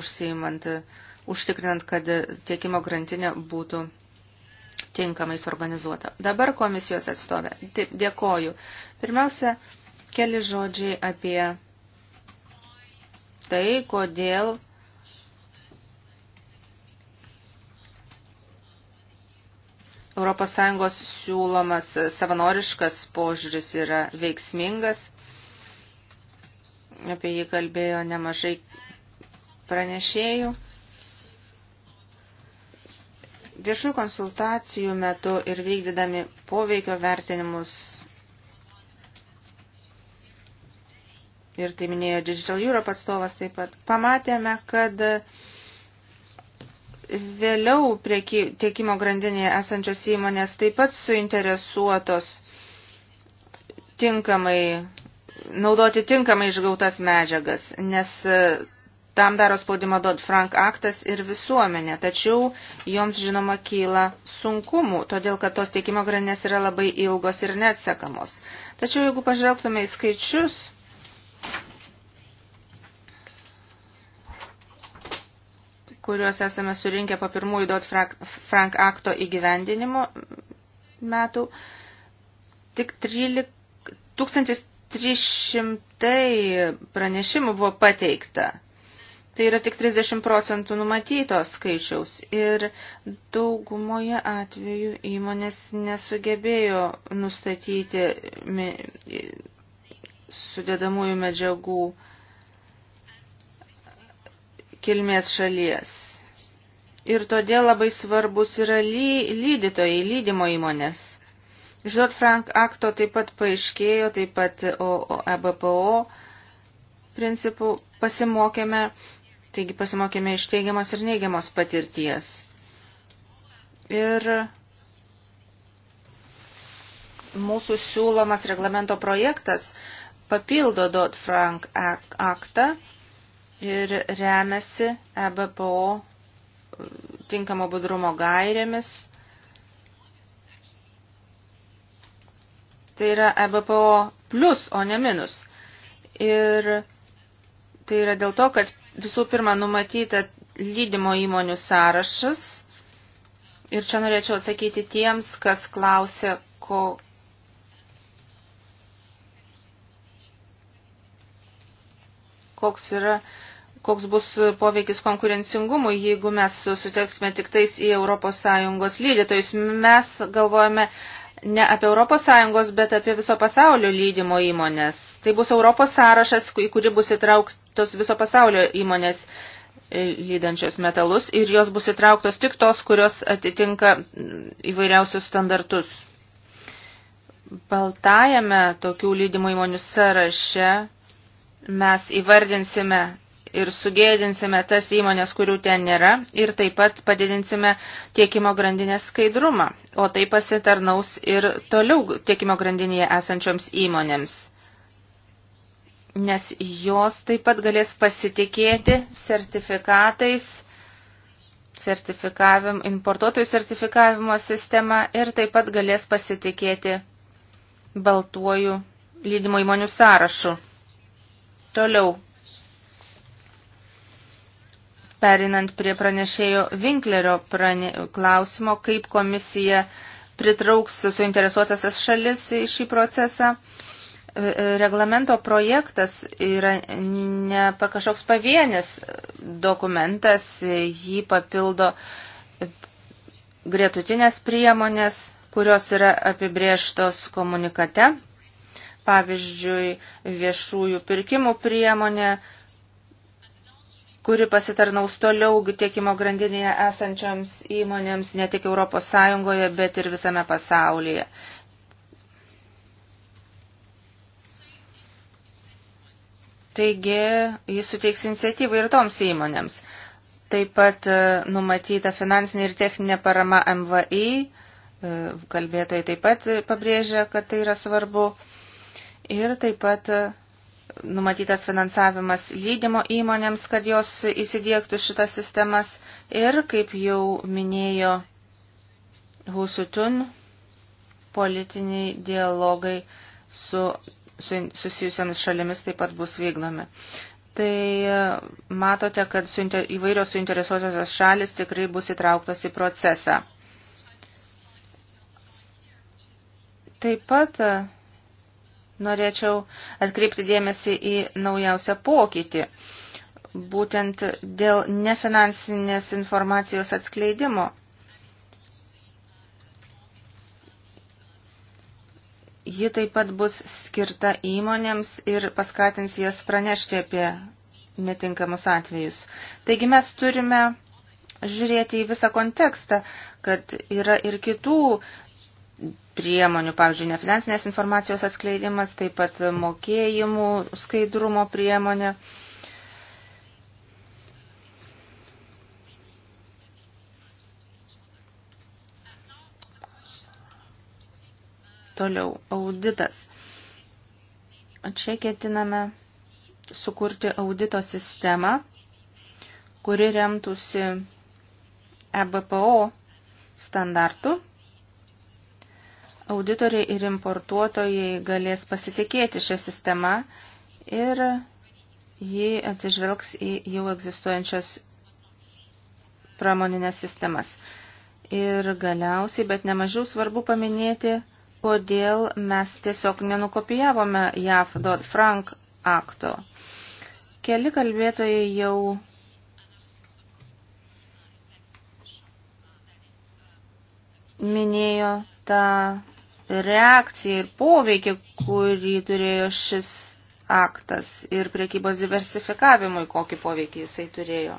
užsiimant, užtikrinant, kad tiekimo grantinė būtų tinkamai suorganizuota. Dabar komisijos atstovė. Taip, dėkoju. Pirmiausia, keli žodžiai apie tai, kodėl ES siūlomas savanoriškas požiūris yra veiksmingas. Apie jį kalbėjo nemažai pranešėjų. Viešų konsultacijų metu ir vykdydami poveikio vertinimus ir tai minėjo Digital Europe atstovas taip pat, pamatėme, kad vėliau tiekimo grandinėje esančios įmonės taip pat suinteresuotos tinkamai, naudoti tinkamai išgautas medžiagas, nes e, tam daro spaudimą Dodd-Frank aktas ir visuomenė, tačiau joms žinoma kyla sunkumų, todėl kad tos tiekimo grandinės yra labai ilgos ir neatsekamos. Tačiau jeigu pažvelgtume į skaičius, kuriuos esame surinkę po pirmųjų Dot Frank akto įgyvendinimo metų, tik 13, 1300 pranešimų buvo pateikta. Tai yra tik 30 procentų numatytos skaičiaus ir daugumoje atveju įmonės nesugebėjo nustatyti sudėdamųjų medžiagų uh, kilmės šalies. Ir todėl labai svarbus yra ly, lydytojai, lydimo įmonės. Žod Frank akto taip pat paaiškėjo, taip pat EBPO principų pasimokėme, taigi pasimokėme iš teigiamos ir neigiamos patirties. Ir mūsų siūlomas reglamento projektas papildo Dodd-Frank aktą, ir remiasi EBPO e, tinkamo budrumo gairėmis. Tai yra EBPO plus, o ne minus. Ir tai yra dėl to, kad visų pirma numatyta lydimo įmonių sąrašas. Ir čia norėčiau atsakyti tiems, kas klausė, ko, koks yra uh, koks bus poveikis konkurencingumui, jeigu mes sutelksime tik tais į ES lydytojus. Mes galvojame ne apie ES, bet apie viso pasaulio lydimo įmonės. Tai bus Europos sąrašas, į kurį bus įtrauktos viso pasaulio įmonės e, lydančios metalus ir jos bus įtrauktos tik tos, kurios atitinka mm, įvairiausius standartus. Baltajame tokių lydimo įmonių sąraše mes įvardinsime ir sugėdinsime tas įmonės, kurių ten nėra ir taip pat padidinsime tiekimo grandinės skaidrumą, o tai pasitarnaus ir toliau tiekimo grandinėje esančioms įmonėms, nes jos taip pat galės pasitikėti sertifikatais, sertifikavim, importuotojų sertifikavimo sistema ir taip pat galės pasitikėti baltuoju lydimo įmonių sąrašu. Toliau Perinant prie pranešėjo Vinklerio prane, klausimo, kaip komisija pritrauks suinteresuotasias šalis į šį procesą, e, e, reglamento projektas yra ne kažkoks pavienis dokumentas, jį papildo gretutinės priemonės, kurios yra apibrėžtos komunikate, pavyzdžiui, viešųjų pirkimų priemonė, kuri pasitarnaus toliau tiekimo grandinėje esančioms įmonėms ne tik ES, bet ir visame pasaulyje. Taigi, jis suteiks iniciatyvą ir toms įmonėms. Taip pat e, numatyta finansinė ir techninė parama MVI. E, kalbėtojai taip pat pabrėžia, kad tai yra svarbu. Ir taip pat e, numatytas finansavimas lydimo įmonėms, kad jos įsidėktų šitas sistemas ir, kaip jau minėjo Husutun, politiniai dialogai su, su susijusiamis šalimis taip pat bus vykdomi. Tai e, matote, kad suinter, įvairios suinteresuotosios šalis tikrai bus įtrauktos į procesą. Taip pat e, norėčiau atkreipti dėmesį į naujausią pokytį. Būtent dėl nefinansinės informacijos atskleidimo. Ji taip pat bus skirta įmonėms ir paskatins jas pranešti apie netinkamus atvejus. Taigi mes turime žiūrėti į visą kontekstą, kad yra ir kitų priemonių, pavyzdžiui, nefinansinės informacijos atskleidimas, taip pat mokėjimų skaidrumo priemonė. Toliau auditas. Čia ketiname sukurti audito sistemą, kuri remtųsi EBPO standartų auditoriai ir importuotojai galės pasitikėti šią sistemą ir ji atsižvelgs į jau egzistuojančias pramoninės sistemas. Ir galiausiai, bet nemažiau svarbu paminėti, kodėl mes tiesiog nenukopijavome JAF Dodd Frank akto. Keli kalbėtojai jau minėjo tą reakciją ir poveikį, kurį turėjo šis aktas ir priekybos diversifikavimui, kokį poveikį jisai turėjo.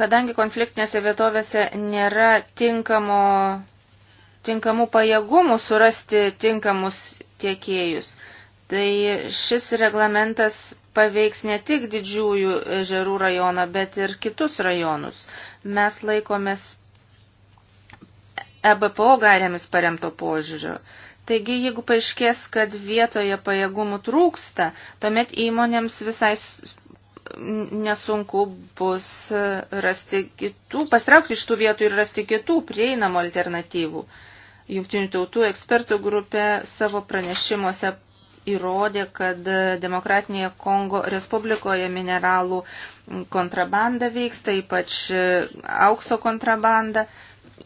Kadangi konfliktinėse vietovėse nėra tinkamo, tinkamų pajėgumų surasti tinkamus tiekėjus, tai šis reglamentas paveiks ne tik didžiųjų žerų rajoną, bet ir kitus rajonus. Mes laikomės EBPO gairėmis paremto požiūrio. Taigi, jeigu paaiškės, kad vietoje pajėgumų trūksta, tuomet įmonėms visai nesunku bus e, rasti kitų, pastraukti iš tų vietų ir rasti kitų prieinamų alternatyvų. Jungtinių tautų ekspertų grupė savo pranešimuose įrodė, kad demokratinėje Kongo Respublikoje mineralų kontrabanda vyksta, ypač e, aukso kontrabanda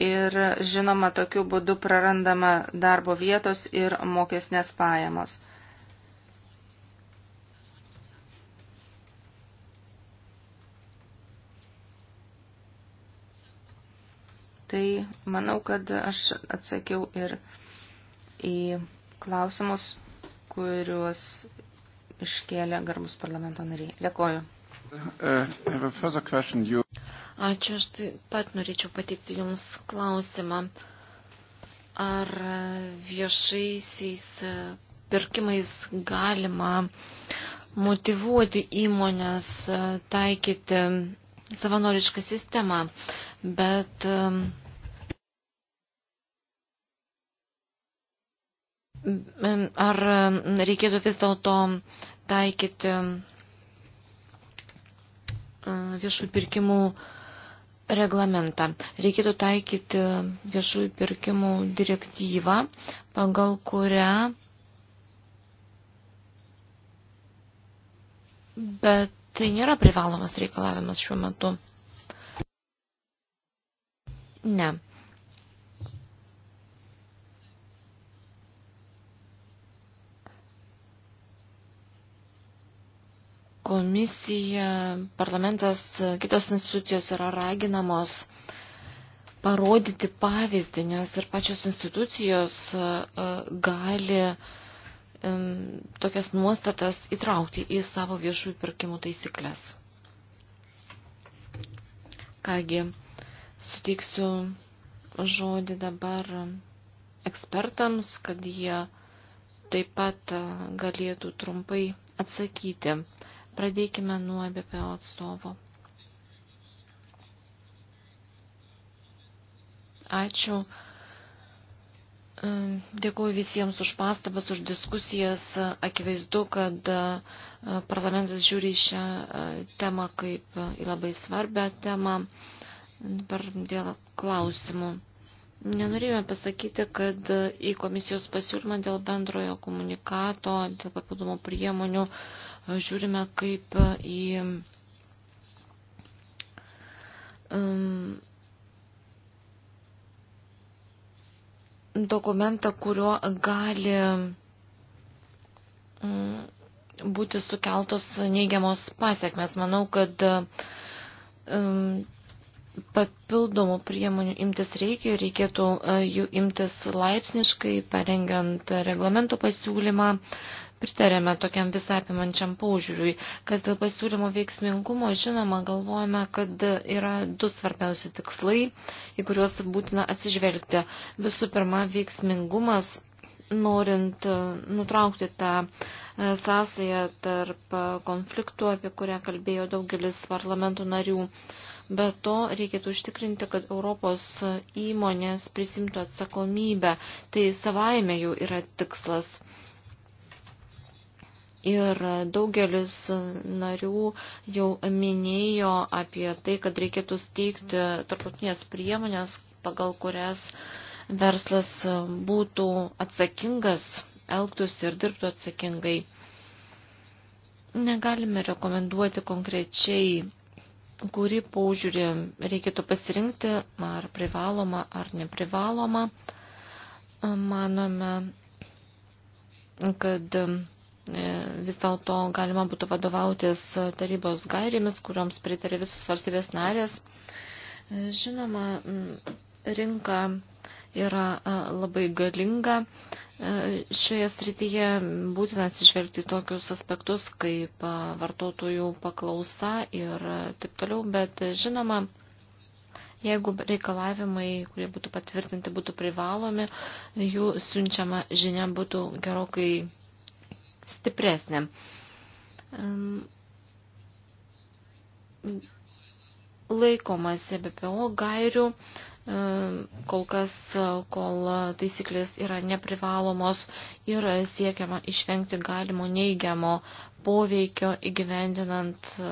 ir žinoma tokiu būdu prarandama darbo vietos ir mokesnės pajamos. Tai manau, kad aš atsakiau ir į klausimus, kuriuos iškėlė garbus parlamento nariai. Dėkoju. Uh, Ačiū, aš taip pat norėčiau pateikti Jums klausimą. Ar viešaisiais pirkimais galima motivuoti įmonės taikyti savanorišką sistemą, bet ar reikėtų vis dėlto taikyti e, viešų pirkimų reglamentą. Reikėtų taikyti viešųjų pirkimų direktyvą, pagal kurią bet tai nėra privalomas reikalavimas šiuo metu. Ne. komisija, parlamentas, kitos institucijos yra raginamos parodyti pavyzdį, nes ir pačios institucijos e, e, gali tokias nuostatas įtraukti į savo viešųjų pirkimų taisyklės. Kągi, suteiksiu žodį dabar ekspertams, kad jie taip pat e, galėtų trumpai atsakyti Pradėkime nuo BPO atstovo. Ačiū. Dėkuoju visiems už pastabas, už diskusijas. Akivaizdu, kad e, parlamentas žiūri šią e, temą kaip e, į labai svarbę temą per dėl klausimų. Nenorėjome pasakyti, kad į komisijos pasiūlymą dėl bendrojo komunikato, dėl papildomų priemonių uh, žiūrime kaip į um, dokumentą, kuriuo gali um, būti sukeltos neigiamos pasiekmes. Manau, kad um, papildomų priemonių imtis reikia ir reikėtų e, jų imtis laipsniškai, parengiant reglamento pasiūlymą. Pritarėme tokiam visapimančiam paužiūriui. Kas dėl pasiūlymo veiksmingumo, žinoma, galvojame, kad yra du svarbiausi tikslai, į kuriuos būtina atsižvelgti. Visų pirma, veiksmingumas, norint e, nutraukti tą e, sąsają tarp konfliktų, apie kurią kalbėjo daugelis parlamentų narių Be to reikėtų užtikrinti, kad Europos įmonės prisimtų atsakomybę. Tai savaime jau yra tikslas. Ir daugelis narių jau minėjo apie tai, kad reikėtų steigti tarptautinės priemonės, pagal kurias verslas būtų atsakingas, elgtųsi ir dirbtų atsakingai. Negalime rekomenduoti konkrečiai kurį paužiūrį reikėtų pasirinkti, ar privaloma, ar neprivaloma. Manome, kad e, vis dėlto galima būtų vadovautis tarybos gairėmis, kurioms pritarė visus valstybės narės. Žinoma, rinka yra labai galinga. Šioje srityje būtina atsižvelgti tokius aspektus kaip vartotojų paklausa ir taip toliau, bet žinoma, jeigu reikalavimai, kurie būtų patvirtinti, būtų privalomi, jų siunčiama žinia būtų gerokai stipresnė. Laikomasi BPO gairių E, kol kas, e, kol taisyklės yra neprivalomos ir siekiama išvengti galimo neigiamo poveikio įgyvendinant e,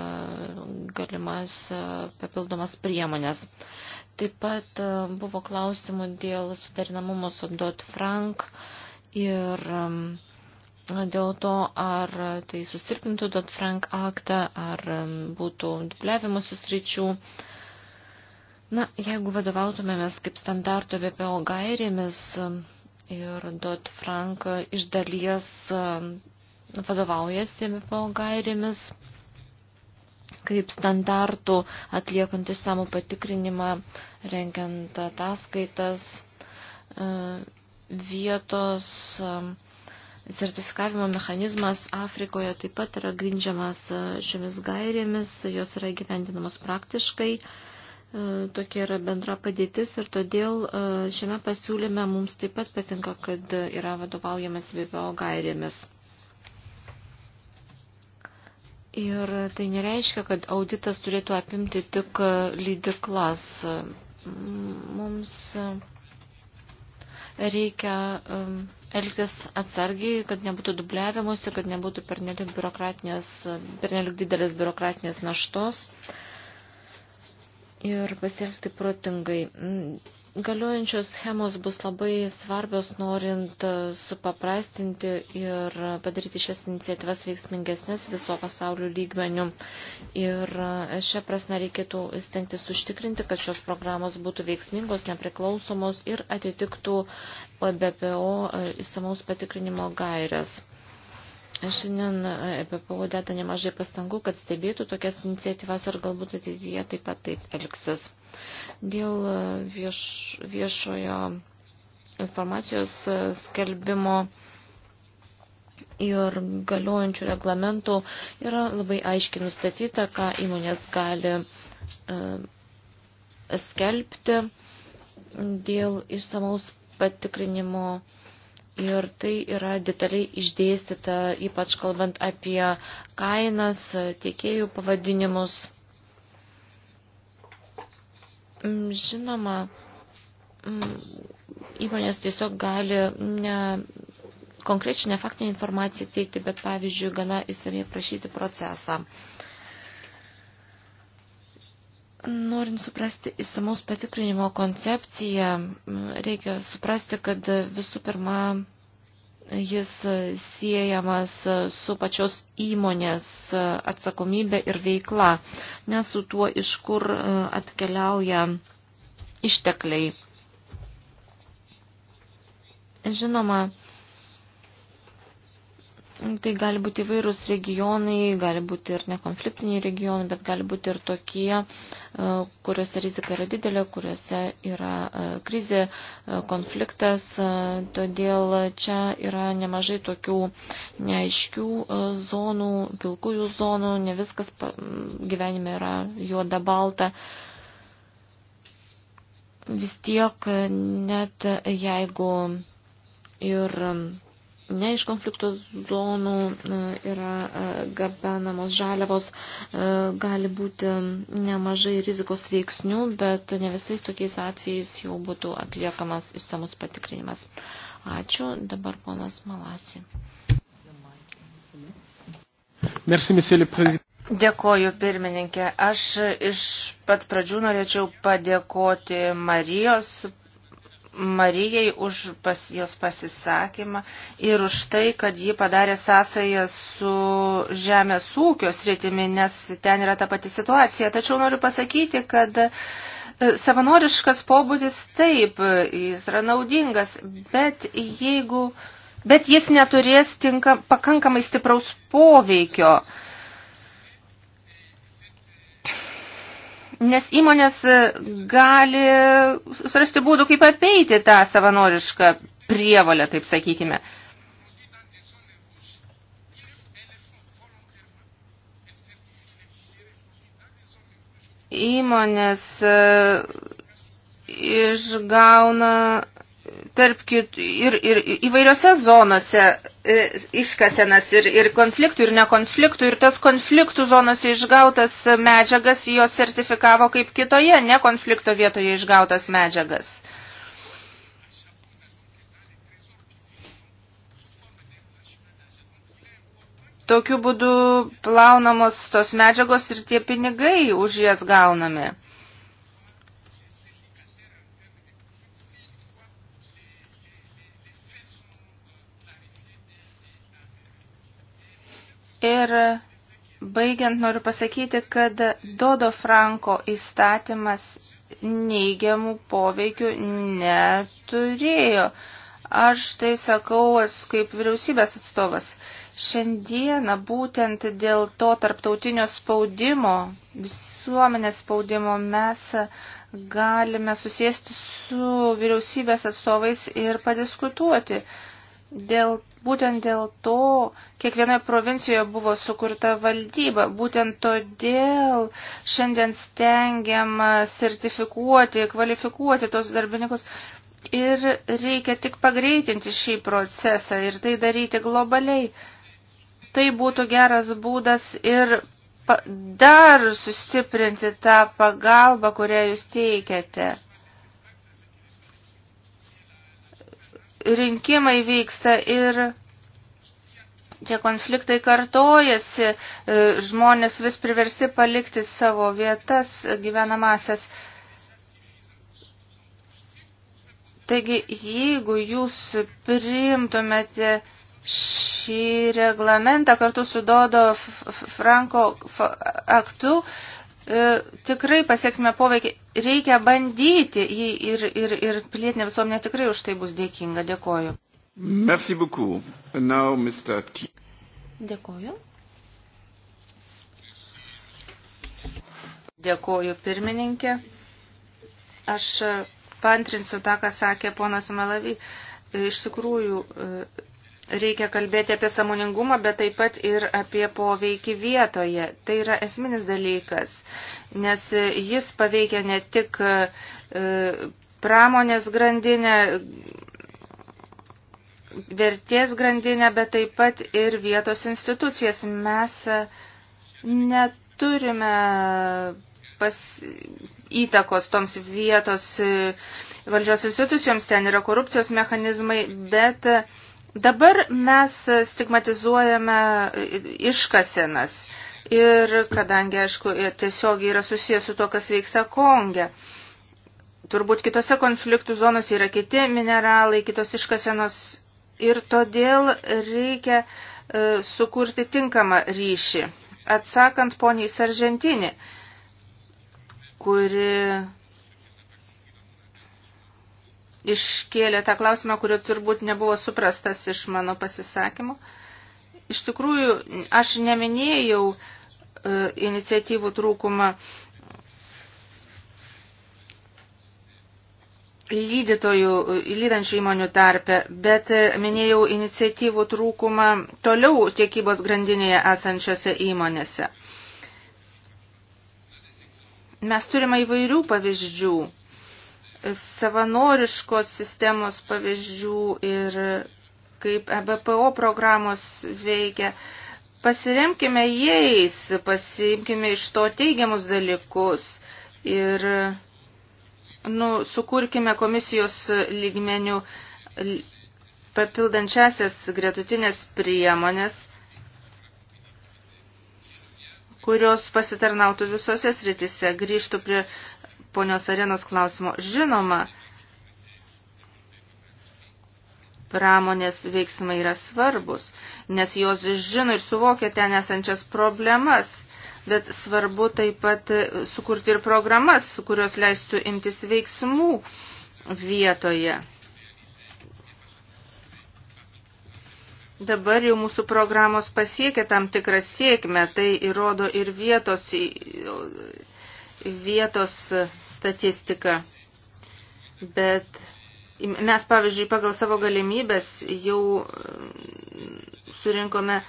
galimas papildomas priemonės. Taip pat buvo klausimų dėl suderinamumo su Dot Frank ir dėl to, ar tai susirpintų Dot Frank aktą, ar būtų dubliavimus įsryčių. sričių Na, jeigu vadovautumėmės kaip standarto BPO gairėmis um, ir Dot Frank iš dalies um, vadovaujasi BPO gairėmis kaip standartų atliekant įsamų patikrinimą, renkiant ataskaitas uh, vietos um, sertifikavimo mechanizmas Afrikoje taip pat yra grindžiamas uh, šiomis gairėmis, jos yra gyvendinamos praktiškai. E, tokia yra bendra padėtis ir todėl e, šiame pasiūlyme mums taip pat patinka, kad yra vadovaujamas VPO gairėmis. Ir tai nereiškia, kad auditas turėtų apimti tik lydiklas. Mums reikia e, elgtis atsargiai, kad nebūtų dubliavimuose, kad nebūtų pernelik, pernelik didelės biurokratinės naštos ir pasielgti protingai. Mm, galiojančios schemos bus labai svarbios, norint e, supaprastinti ir padaryti šias iniciatyvas veiksmingesnės viso pasaulio lygmenių. Ir e, šią prasme reikėtų stengtis užtikrinti, kad šios programos būtų veiksmingos, nepriklausomos ir atitiktų BPO įsamaus e, patikrinimo gairias. Šiandien EPPO dėta nemažai pastangų, kad stebėtų tokias iniciatyvas ir galbūt ateityje taip pat taip elgsis. Dėl e, vieš, viešojo informacijos e, skelbimo ir galiojančių reglamentų yra labai aiškiai nustatyta, ką įmonės gali e, skelbti dėl išsamaus patikrinimo Ir tai yra detaliai išdėstyta, ypač kalbant apie kainas, tiekėjų pavadinimus. Mm, žinoma, mm, įmonės tiesiog gali ne, konkrečią nefaktinę informaciją teikti, bet pavyzdžiui, gana įsamei prašyti procesą. Uh, Norint suprasti įsamaus patikrinimo koncepciją, reikia suprasti, kad visų pirma, jis siejamas su pačios įmonės atsakomybė ir veikla, nes su tuo, iš kur e, atkeliauja ištekliai. Žinoma, Tai gali būti įvairūs regionai, gali būti ir nekonfliktiniai regionai, bet gali būti ir tokie, e, kuriuose rizika yra didelė, kuriuose yra e, krizė, e, konfliktas. Todėl čia yra nemažai tokių neaiškių zonų, pilkųjų zonų, ne viskas gyvenime yra juoda balta vis tiek net jeigu ir ne iš konflikto zonų e, yra e, gabenamos žaliavos, e, gali būti nemažai rizikos veiksnių, bet ne visais tokiais atvejais jau būtų atliekamas išsamus patikrinimas. Ačiū, dabar ponas Malasi. Merci, monsieur le président. Dėkoju, pirmininkė. Aš iš pat pradžių norėčiau padėkoti Marijos Marijai už pas, jos pasisakymą ir už tai, kad ji padarė sąsąją su žemės ūkio sritimi, nes ten yra ta pati situacija. Tačiau noriu pasakyti, kad e, savanoriškas pobūdis taip, jis yra naudingas, bet jeigu, bet jis neturės tinka, pakankamai stipraus poveikio Nes įmonės e, gali surasti būdų, kaip apeiti tą savanorišką prievalę, taip sakykime. Įmonės e, išgauna tarp kit, ir, ir įvairiose zonose e, iškasenas ir, ir konfliktų, ir nekonfliktų, ir tas konfliktų zonose išgautas medžiagas jos sertifikavo kaip kitoje, nekonflikto vietoje išgautas medžiagas. Tokiu būdu plaunamos tos medžiagos ir tie pinigai už jas gaunami. Ir baigiant noriu pasakyti, kad Dodo Franko įstatymas neigiamų poveikių neturėjo. Aš tai sakau kaip vyriausybės atstovas. Šiandieną būtent dėl to tarptautinio spaudimo, visuomenės spaudimo mes galime susėsti su vyriausybės atstovais ir padiskutuoti. Dėl, būtent dėl to kiekvienoje provincijoje buvo sukurta valdyba, būtent todėl šiandien stengiama sertifikuoti, kvalifikuoti tos darbininkus ir reikia tik pagreitinti šį procesą ir tai daryti globaliai. Tai būtų geras būdas ir dar sustiprinti tą pagalbą, kurią jūs teikiate. rinkimai vyksta ir tie konfliktai kartojasi, e, žmonės vis priversi palikti savo vietas e, gyvenamasias. Taigi, jeigu jūs priimtumėte šį reglamentą kartu su Dodo Franko aktu, E, tikrai pasieksime poveikį. Reikia bandyti jį ir, ir, ir pilietinė visuomenė tikrai už tai bus dėkinga. Dėkoju. Merci beaucoup. Now, Mr. T. Dėkoju. Dėkoju, pirmininkė. Aš pantrinsiu tą, ką sakė ponas Malavy. Iš tikrųjų, e, Reikia kalbėti apie samoningumą, bet taip pat ir apie poveikį vietoje. Tai yra esminis dalykas, nes jis paveikia ne tik e, pramonės grandinę, vertės grandinę, bet taip pat ir vietos institucijas. Mes e, neturime pas, įtakos toms vietos e, valdžios institucijoms, ten yra korupcijos mechanizmai, bet Dabar mes stigmatizuojame iškasenas ir kadangi, aišku, tiesiog yra susijęs su to, kas veiksa Konge. Turbūt kitose konfliktų zonose yra kiti mineralai, kitos iškasenos ir todėl reikia e, sukurti tinkamą ryšį. Atsakant poniai Saržantinį, kuri iškėlė tą klausimą, kurio turbūt nebuvo suprastas iš mano pasisakymų. Iš tikrųjų, aš neminėjau e, iniciatyvų trūkumą lydytojų, lydančių įmonių tarpe, bet e, minėjau iniciatyvų trūkumą toliau tiekybos grandinėje esančiose įmonėse. Mes turime įvairių pavyzdžių savanoriškos sistemos pavyzdžių ir kaip EBPO programos veikia. Pasiremkime jais, pasiimkime iš to teigiamus dalykus ir nu, sukurkime komisijos lygmenių papildančiasias gretutinės priemonės, kurios pasitarnautų visose sritise, grįžtų prie ponios arenos klausimo. Žinoma, pramonės veiksmai yra svarbus, nes jos žino ir suvokia ten esančias problemas, bet svarbu taip pat sukurti ir programas, kurios leistų imtis veiksmų vietoje. Dabar jau mūsų programos pasiekia tam tikrą sėkmę, tai įrodo ir vietos vietos statistiką, bet mes, pavyzdžiui, pagal savo galimybės jau mm, surinkome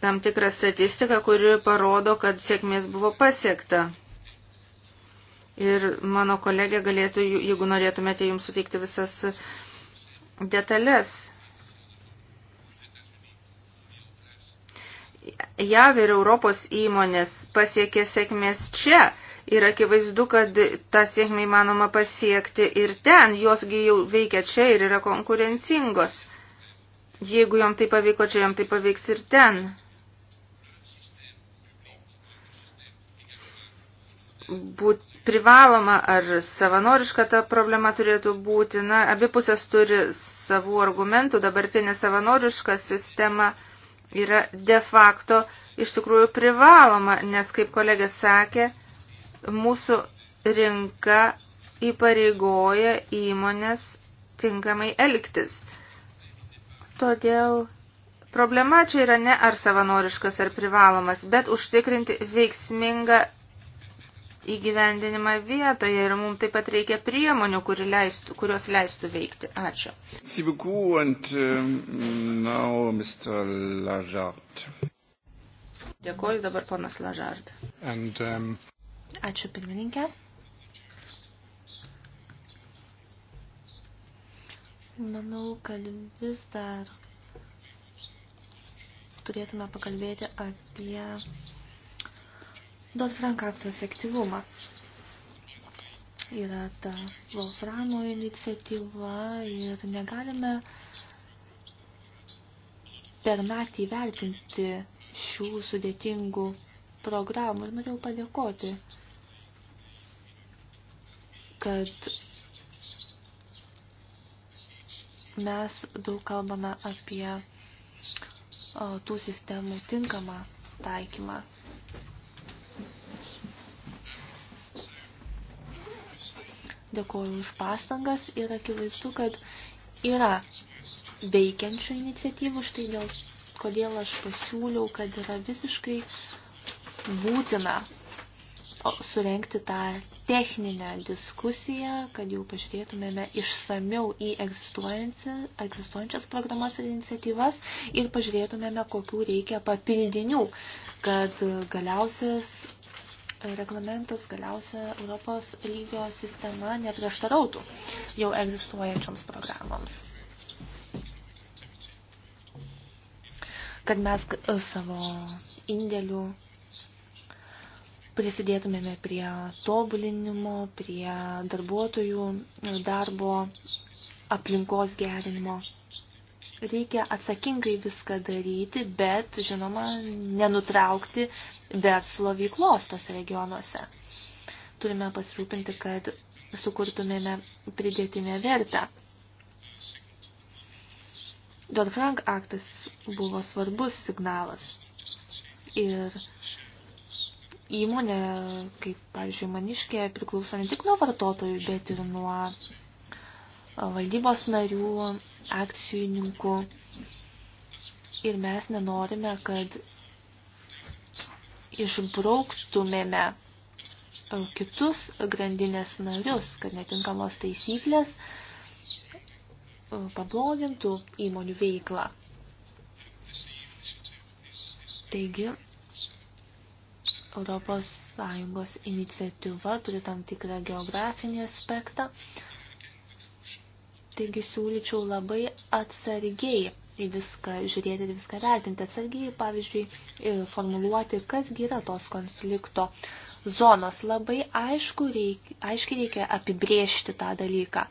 tam tikrą statistiką, kuri parodo, kad sėkmės buvo pasiekta. Ir mano kolegė galėtų, jeigu norėtumėte, jums suteikti visas detalės. JAV ir Europos įmonės pasiekė sėkmės čia Ir akivaizdu, kad tą sėkmę įmanoma pasiekti ir ten, josgi jau veikia čia ir yra konkurencingos. Jeigu jom tai pavyko čia, jom tai pavyks ir ten. Būt privaloma ar savanoriška ta problema turėtų būti, na, abipusės turi savų argumentų, dabartinė savanoriška sistema yra de facto iš tikrųjų privaloma, nes, kaip kolegė sakė, mūsų rinka įpareigoja įmonės tinkamai elgtis. Todėl problema čia yra ne ar savanoriškas, ar privalomas, bet užtikrinti veiksmingą įgyvendinimą vietoje ir mums taip pat reikia priemonių, kuri leistų, kurios leistų veikti. Ačiū. Um, Dėkuoju dabar ponas Lažard. And, um... Ačiū pirmininkė. Manau, kad vis dar turėtume pakalbėti apie Dodd-Frank akto efektyvumą. Yra ta Wolframo iniciatyva ir negalime per naktį įvertinti šių sudėtingų programų ir norėjau padėkoti uh, kad mes daug kalbame apie o, tų sistemų tinkamą taikymą. Dėkuoju už pastangas ir akivaizdu, kad yra veikiančių iniciatyvų, štai dėl kodėl aš pasiūliau, kad yra visiškai būtina surenkti tą techninę diskusiją, kad jau pažiūrėtumėme išsamiau į egzistuojančias programas ir iniciatyvas ir pažiūrėtumėme, kokių reikia papildinių, kad galiausias reglamentas, galiausia Europos lygio sistema neprieštarautų jau egzistuojančioms programoms. Kad mes savo indėlių prisidėtumėme prie tobulinimo, prie darbuotojų darbo aplinkos gerinimo. Reikia atsakingai viską daryti, bet, žinoma, nenutraukti verslo veiklos tose regionuose. Turime pasirūpinti, kad sukurtumėme pridėtinę vertę. Dodd-Frank aktas buvo svarbus signalas ir įmonė, kaip, pavyzdžiui, maniškė, priklauso ne tik nuo vartotojų, bet ir nuo valdybos narių, akcininkų. Ir mes nenorime, kad išbrauktumėme kitus grandinės narius, kad netinkamos taisyklės pablogintų įmonių veiklą. Taigi, Europos Sąjungos iniciatyva turi tam tikrą geografinį aspektą. Taigi siūlyčiau labai atsargiai į viską žiūrėti ir viską vertinti. Atsargiai, pavyzdžiui, formuluoti, kasgi yra tos konflikto zonos. Labai aišku, reik, aiškiai reikia apibriežti tą dalyką.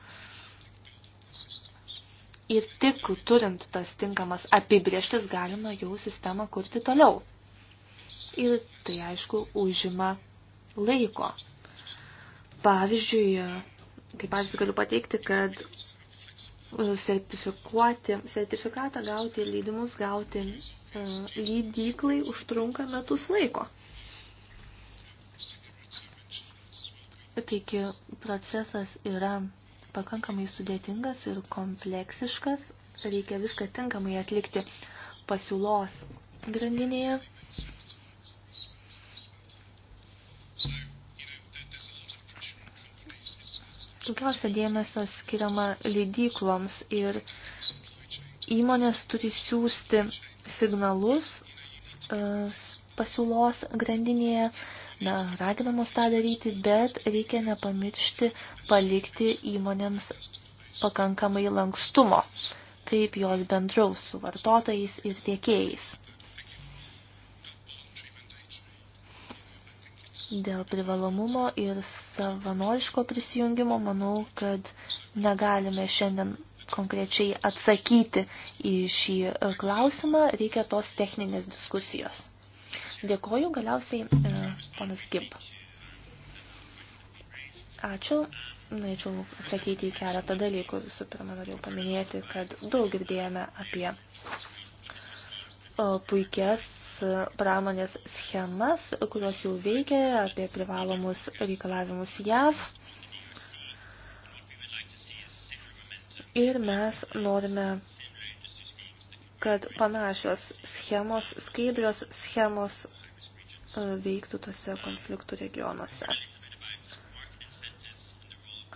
Ir tik turint tas tinkamas apibrieštis galima jau sistemą kurti toliau ir tai aišku užima laiko. Pavyzdžiui, kaip pavyzdį galiu pateikti, kad e, sertifikuoti, sertifikatą gauti, leidimus gauti e, lydyklai užtrunka metus laiko. Taigi procesas yra pakankamai sudėtingas ir kompleksiškas, reikia viską tinkamai atlikti pasiūlos grandinėje daugiausia dėmesio skiriama leidykloms ir įmonės turi siūsti signalus e, pasiūlos grandinėje, na, raginamos tą daryti, bet reikia nepamiršti palikti įmonėms pakankamai lankstumo, kaip jos bendraus su vartotojais ir tiekėjais. dėl privalomumo ir savanoriško prisijungimo, manau, kad negalime šiandien konkrečiai atsakyti į šį e, klausimą, reikia tos techninės diskusijos. Dėkoju galiausiai e, ponas Gimp. Ačiū. Norėčiau atsakyti į keletą dalykų. Visų pirma, norėjau paminėti, kad daug girdėjome apie e, puikias pramonės schemas, kurios jau veikia, apie privalomus reikalavimus JAV. Ir mes norime, kad panašios schemos, skaidrios schemos e, veiktų tose konfliktų regionuose.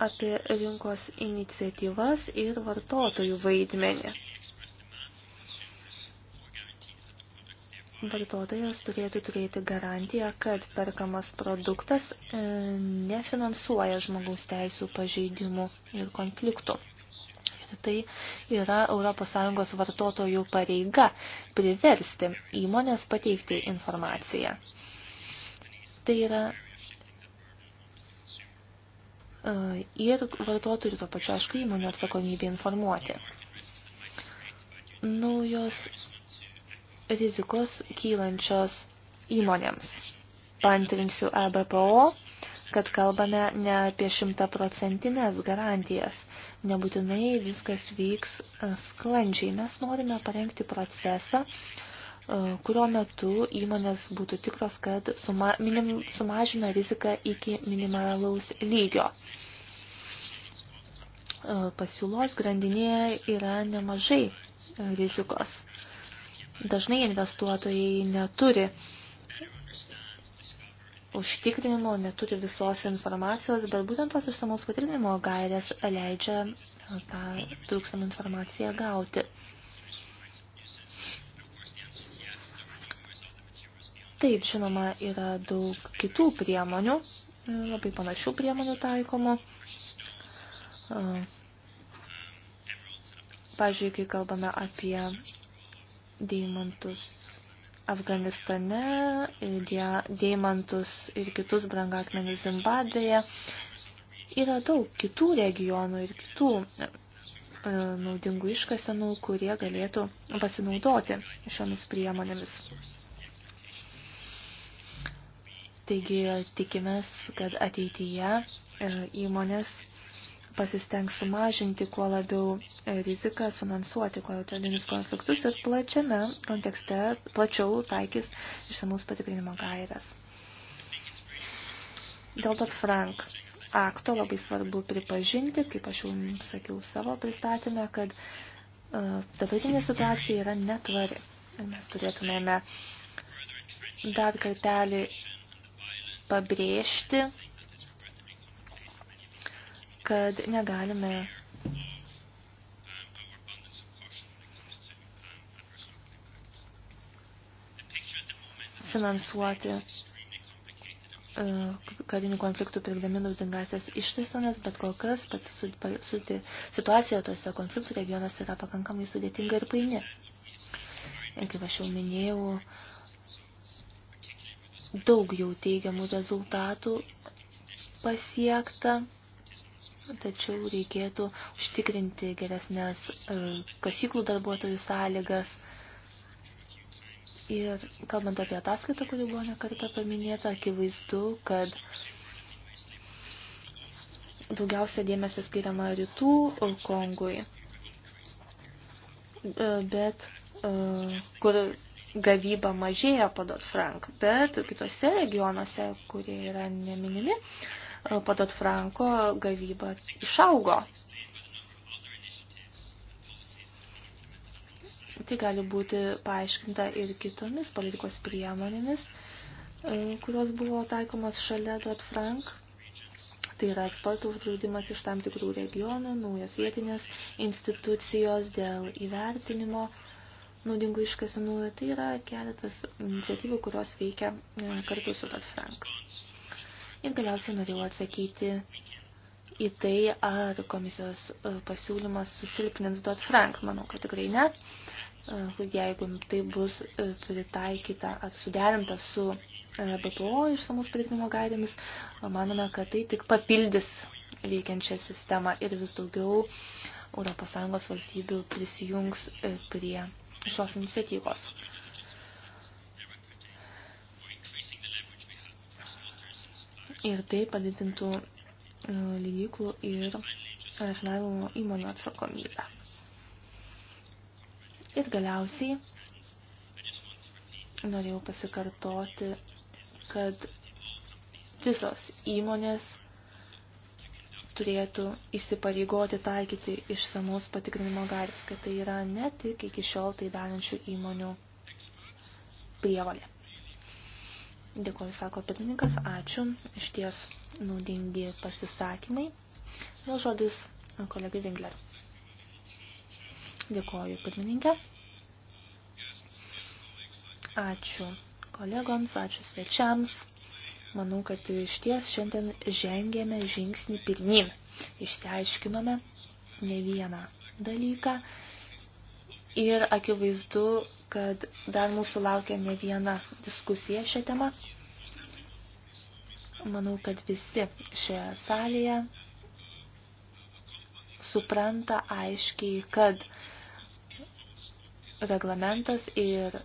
Apie rinkos iniciatyvas ir vartotojų vaidmenį. vartotojas turėtų turėti garantiją, kad perkamas produktas e, nefinansuoja žmogaus teisų pažeidimų ir konfliktų. Ir tai yra ES vartotojų pareiga priversti įmonės pateikti informaciją. Tai yra e, ir vartotojų ir to pačiu, aišku, įmonių atsakomybė informuoti. Naujos rizikos kylančios įmonėms. Pantrinsiu ABPO, kad kalbame ne apie šimtaprocentinės garantijas. Nebūtinai viskas vyks e, sklandžiai. Mes norime parengti procesą, e, kurio metu įmonės būtų tikros, kad suma, minim, sumažina riziką iki minimalaus lygio. E, pasiūlos grandinėje yra nemažai rizikos. Dažnai investuotojai neturi užtikrinimo, neturi visos informacijos, bet būtent tos išsamaus patikrinimo gairės leidžia tą trūkstamą informaciją gauti. Taip, žinoma, yra daug kitų priemonių, labai panašių priemonių taikomų. Pavyzdžiui, kai kalbame apie deimantus Afganistane, deimantus ir kitus brangakmenius Zimbabvėje. Yra daug kitų regionų ir kitų e, naudingų iškasenų, kurie galėtų pasinaudoti šiomis priemonėmis. Taigi tikimės, kad ateityje e, įmonės pasistengs sumažinti kuo labiau e, riziką, finansuoti karinius konfliktus ir plačiame kontekste plačiau taikys išsamus patikrinimo gairės. Dėl to Frank akto labai svarbu pripažinti, kaip aš jau sakiau savo pristatymę, kad uh, dabartinė situacija yra netvari. Ir mes turėtumėme dar kartelį pabrėžti kad negalime finansuoti e, karinių konfliktų pirkdami naudingasias ištaisonas, bet kol kas pat su, su, situacija tose konfliktų regionuose yra pakankamai sudėtinga ir paini. Ir kaip aš jau minėjau, daug jau teigiamų rezultatų pasiekta tačiau reikėtų užtikrinti geresnės e, kasyklų darbuotojų sąlygas. Ir kalbant apie ataskaitą, kuri buvo nekartą paminėta, akivaizdu, kad daugiausia dėmesio skiriama rytų e, Kongui, e, bet kur gavyba mažėja po Dodd-Frank, bet kitose regionuose, kurie yra neminimi, uh, padot Franko gavyba išaugo. Tai gali būti paaiškinta ir kitomis politikos priemonėmis, e, kurios buvo taikomas šalia Dot Frank. Tai yra eksporto uždraudimas iš tam tikrų regionų, naujos vietinės institucijos dėl įvertinimo naudingų iškasinų. Tai yra keletas iniciatyvų, kurios veikia e, kartu su Dot Frank. Ir galiausiai norėjau atsakyti į tai, ar komisijos e, pasiūlymas susilpnins Dodd-Frank. Manau, kad tikrai ne. E, jeigu tai bus e, pritaikyta ar suderinta su BPO išsamus pritinimo gairėmis, manome, kad tai tik papildys veikiančią sistemą ir vis daugiau ES valstybių prisijungs prie šios iniciatyvos. ir tai padidintų e, lygyklų ir rafinavimo įmonių atsakomybę. Ir galiausiai norėjau pasikartoti, kad visos įmonės turėtų įsipareigoti taikyti išsamaus patikrinimo garis, kad tai yra ne tik iki šiol tai darančių įmonių prievalė. Dėkoju, sako pirmininkas, ačiū, iš ties naudingi pasisakymai. Vėl žodis e, kolegai Vingler. Dėkoju, pirmininkė. Ačiū kolegoms, ačiū svečiams. Manau, kad iš ties šiandien žengėme žingsnį pirmin. Išsiaiškinome ne vieną dalyką. Ir akivaizdu, kad dar mūsų laukia ne viena diskusija šią temą. Manau, kad visi šioje salėje supranta aiškiai, kad reglamentas ir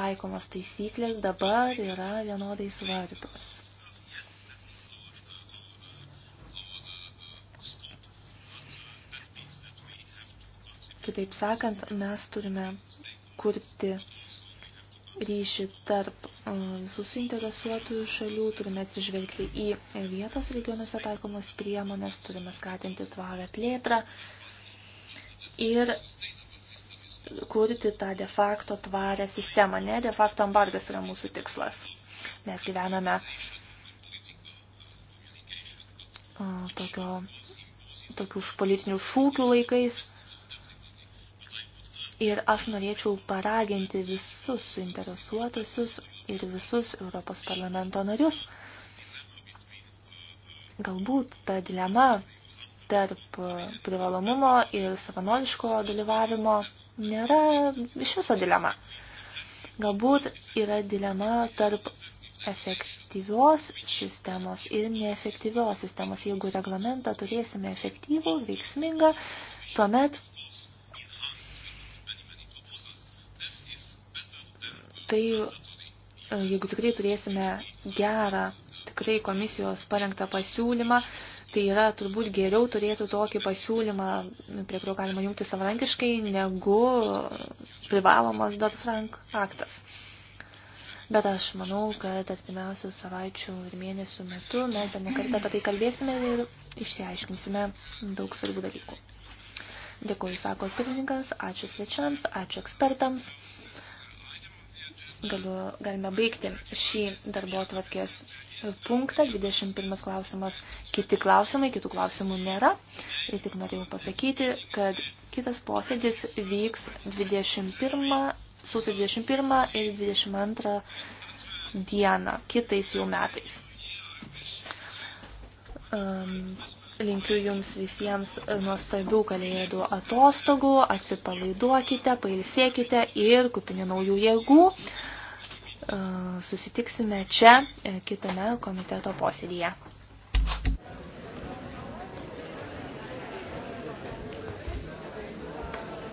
taikomos taisyklės dabar yra vienodai svarbios. Kitaip sakant, mes turime kurti ryšį tarp visų suinteresuotųjų šalių, turime atsižvelgti į vietos regionuose taikomas priemonės, turime skatinti tvarę plėtrą ir kurti tą de facto tvarę sistemą. Ne, de facto embargas yra mūsų tikslas. Mes gyvename tokio, tokių politinių šūkių laikais, Ir aš norėčiau paraginti visus suinteresuotusius ir visus Europos parlamento narius. Galbūt ta dilema tarp privalomumo ir savanoriško dalyvavimo nėra iš viso dilema. Galbūt yra dilema tarp efektyvios sistemos ir neefektyvios sistemos. Jeigu reglamentą turėsime efektyvų, veiksmingą, tuomet tai e, jeigu tikrai turėsime gerą, tikrai komisijos parengtą pasiūlymą, tai yra turbūt geriau turėtų tokį pasiūlymą, nu, prie kurio galima jungti savarankiškai, negu privalomas Dodd-Frank aktas. Bet aš manau, kad artimiausių savaičių ir mėnesių metu mes dar nekartą apie tai kalbėsime ir išsiaiškinsime daug svarbių dalykų. Dėkuoju, sako pirmininkas, ačiū svečiams, ačiū ekspertams galiu, galime baigti šį darbo atvarkės punktą. 21 klausimas, kiti klausimai, kitų klausimų nėra. Ir tik norėjau pasakyti, kad kitas posėdis vyks 21, sausio 21 ir 22 dieną, kitais jau metais. Um, linkiu jums visiems nuostabių kalėdų atostogų, atsipalaiduokite, pailsėkite ir kupini naujų jėgų susitiksime čia kitame komiteto posėdėje.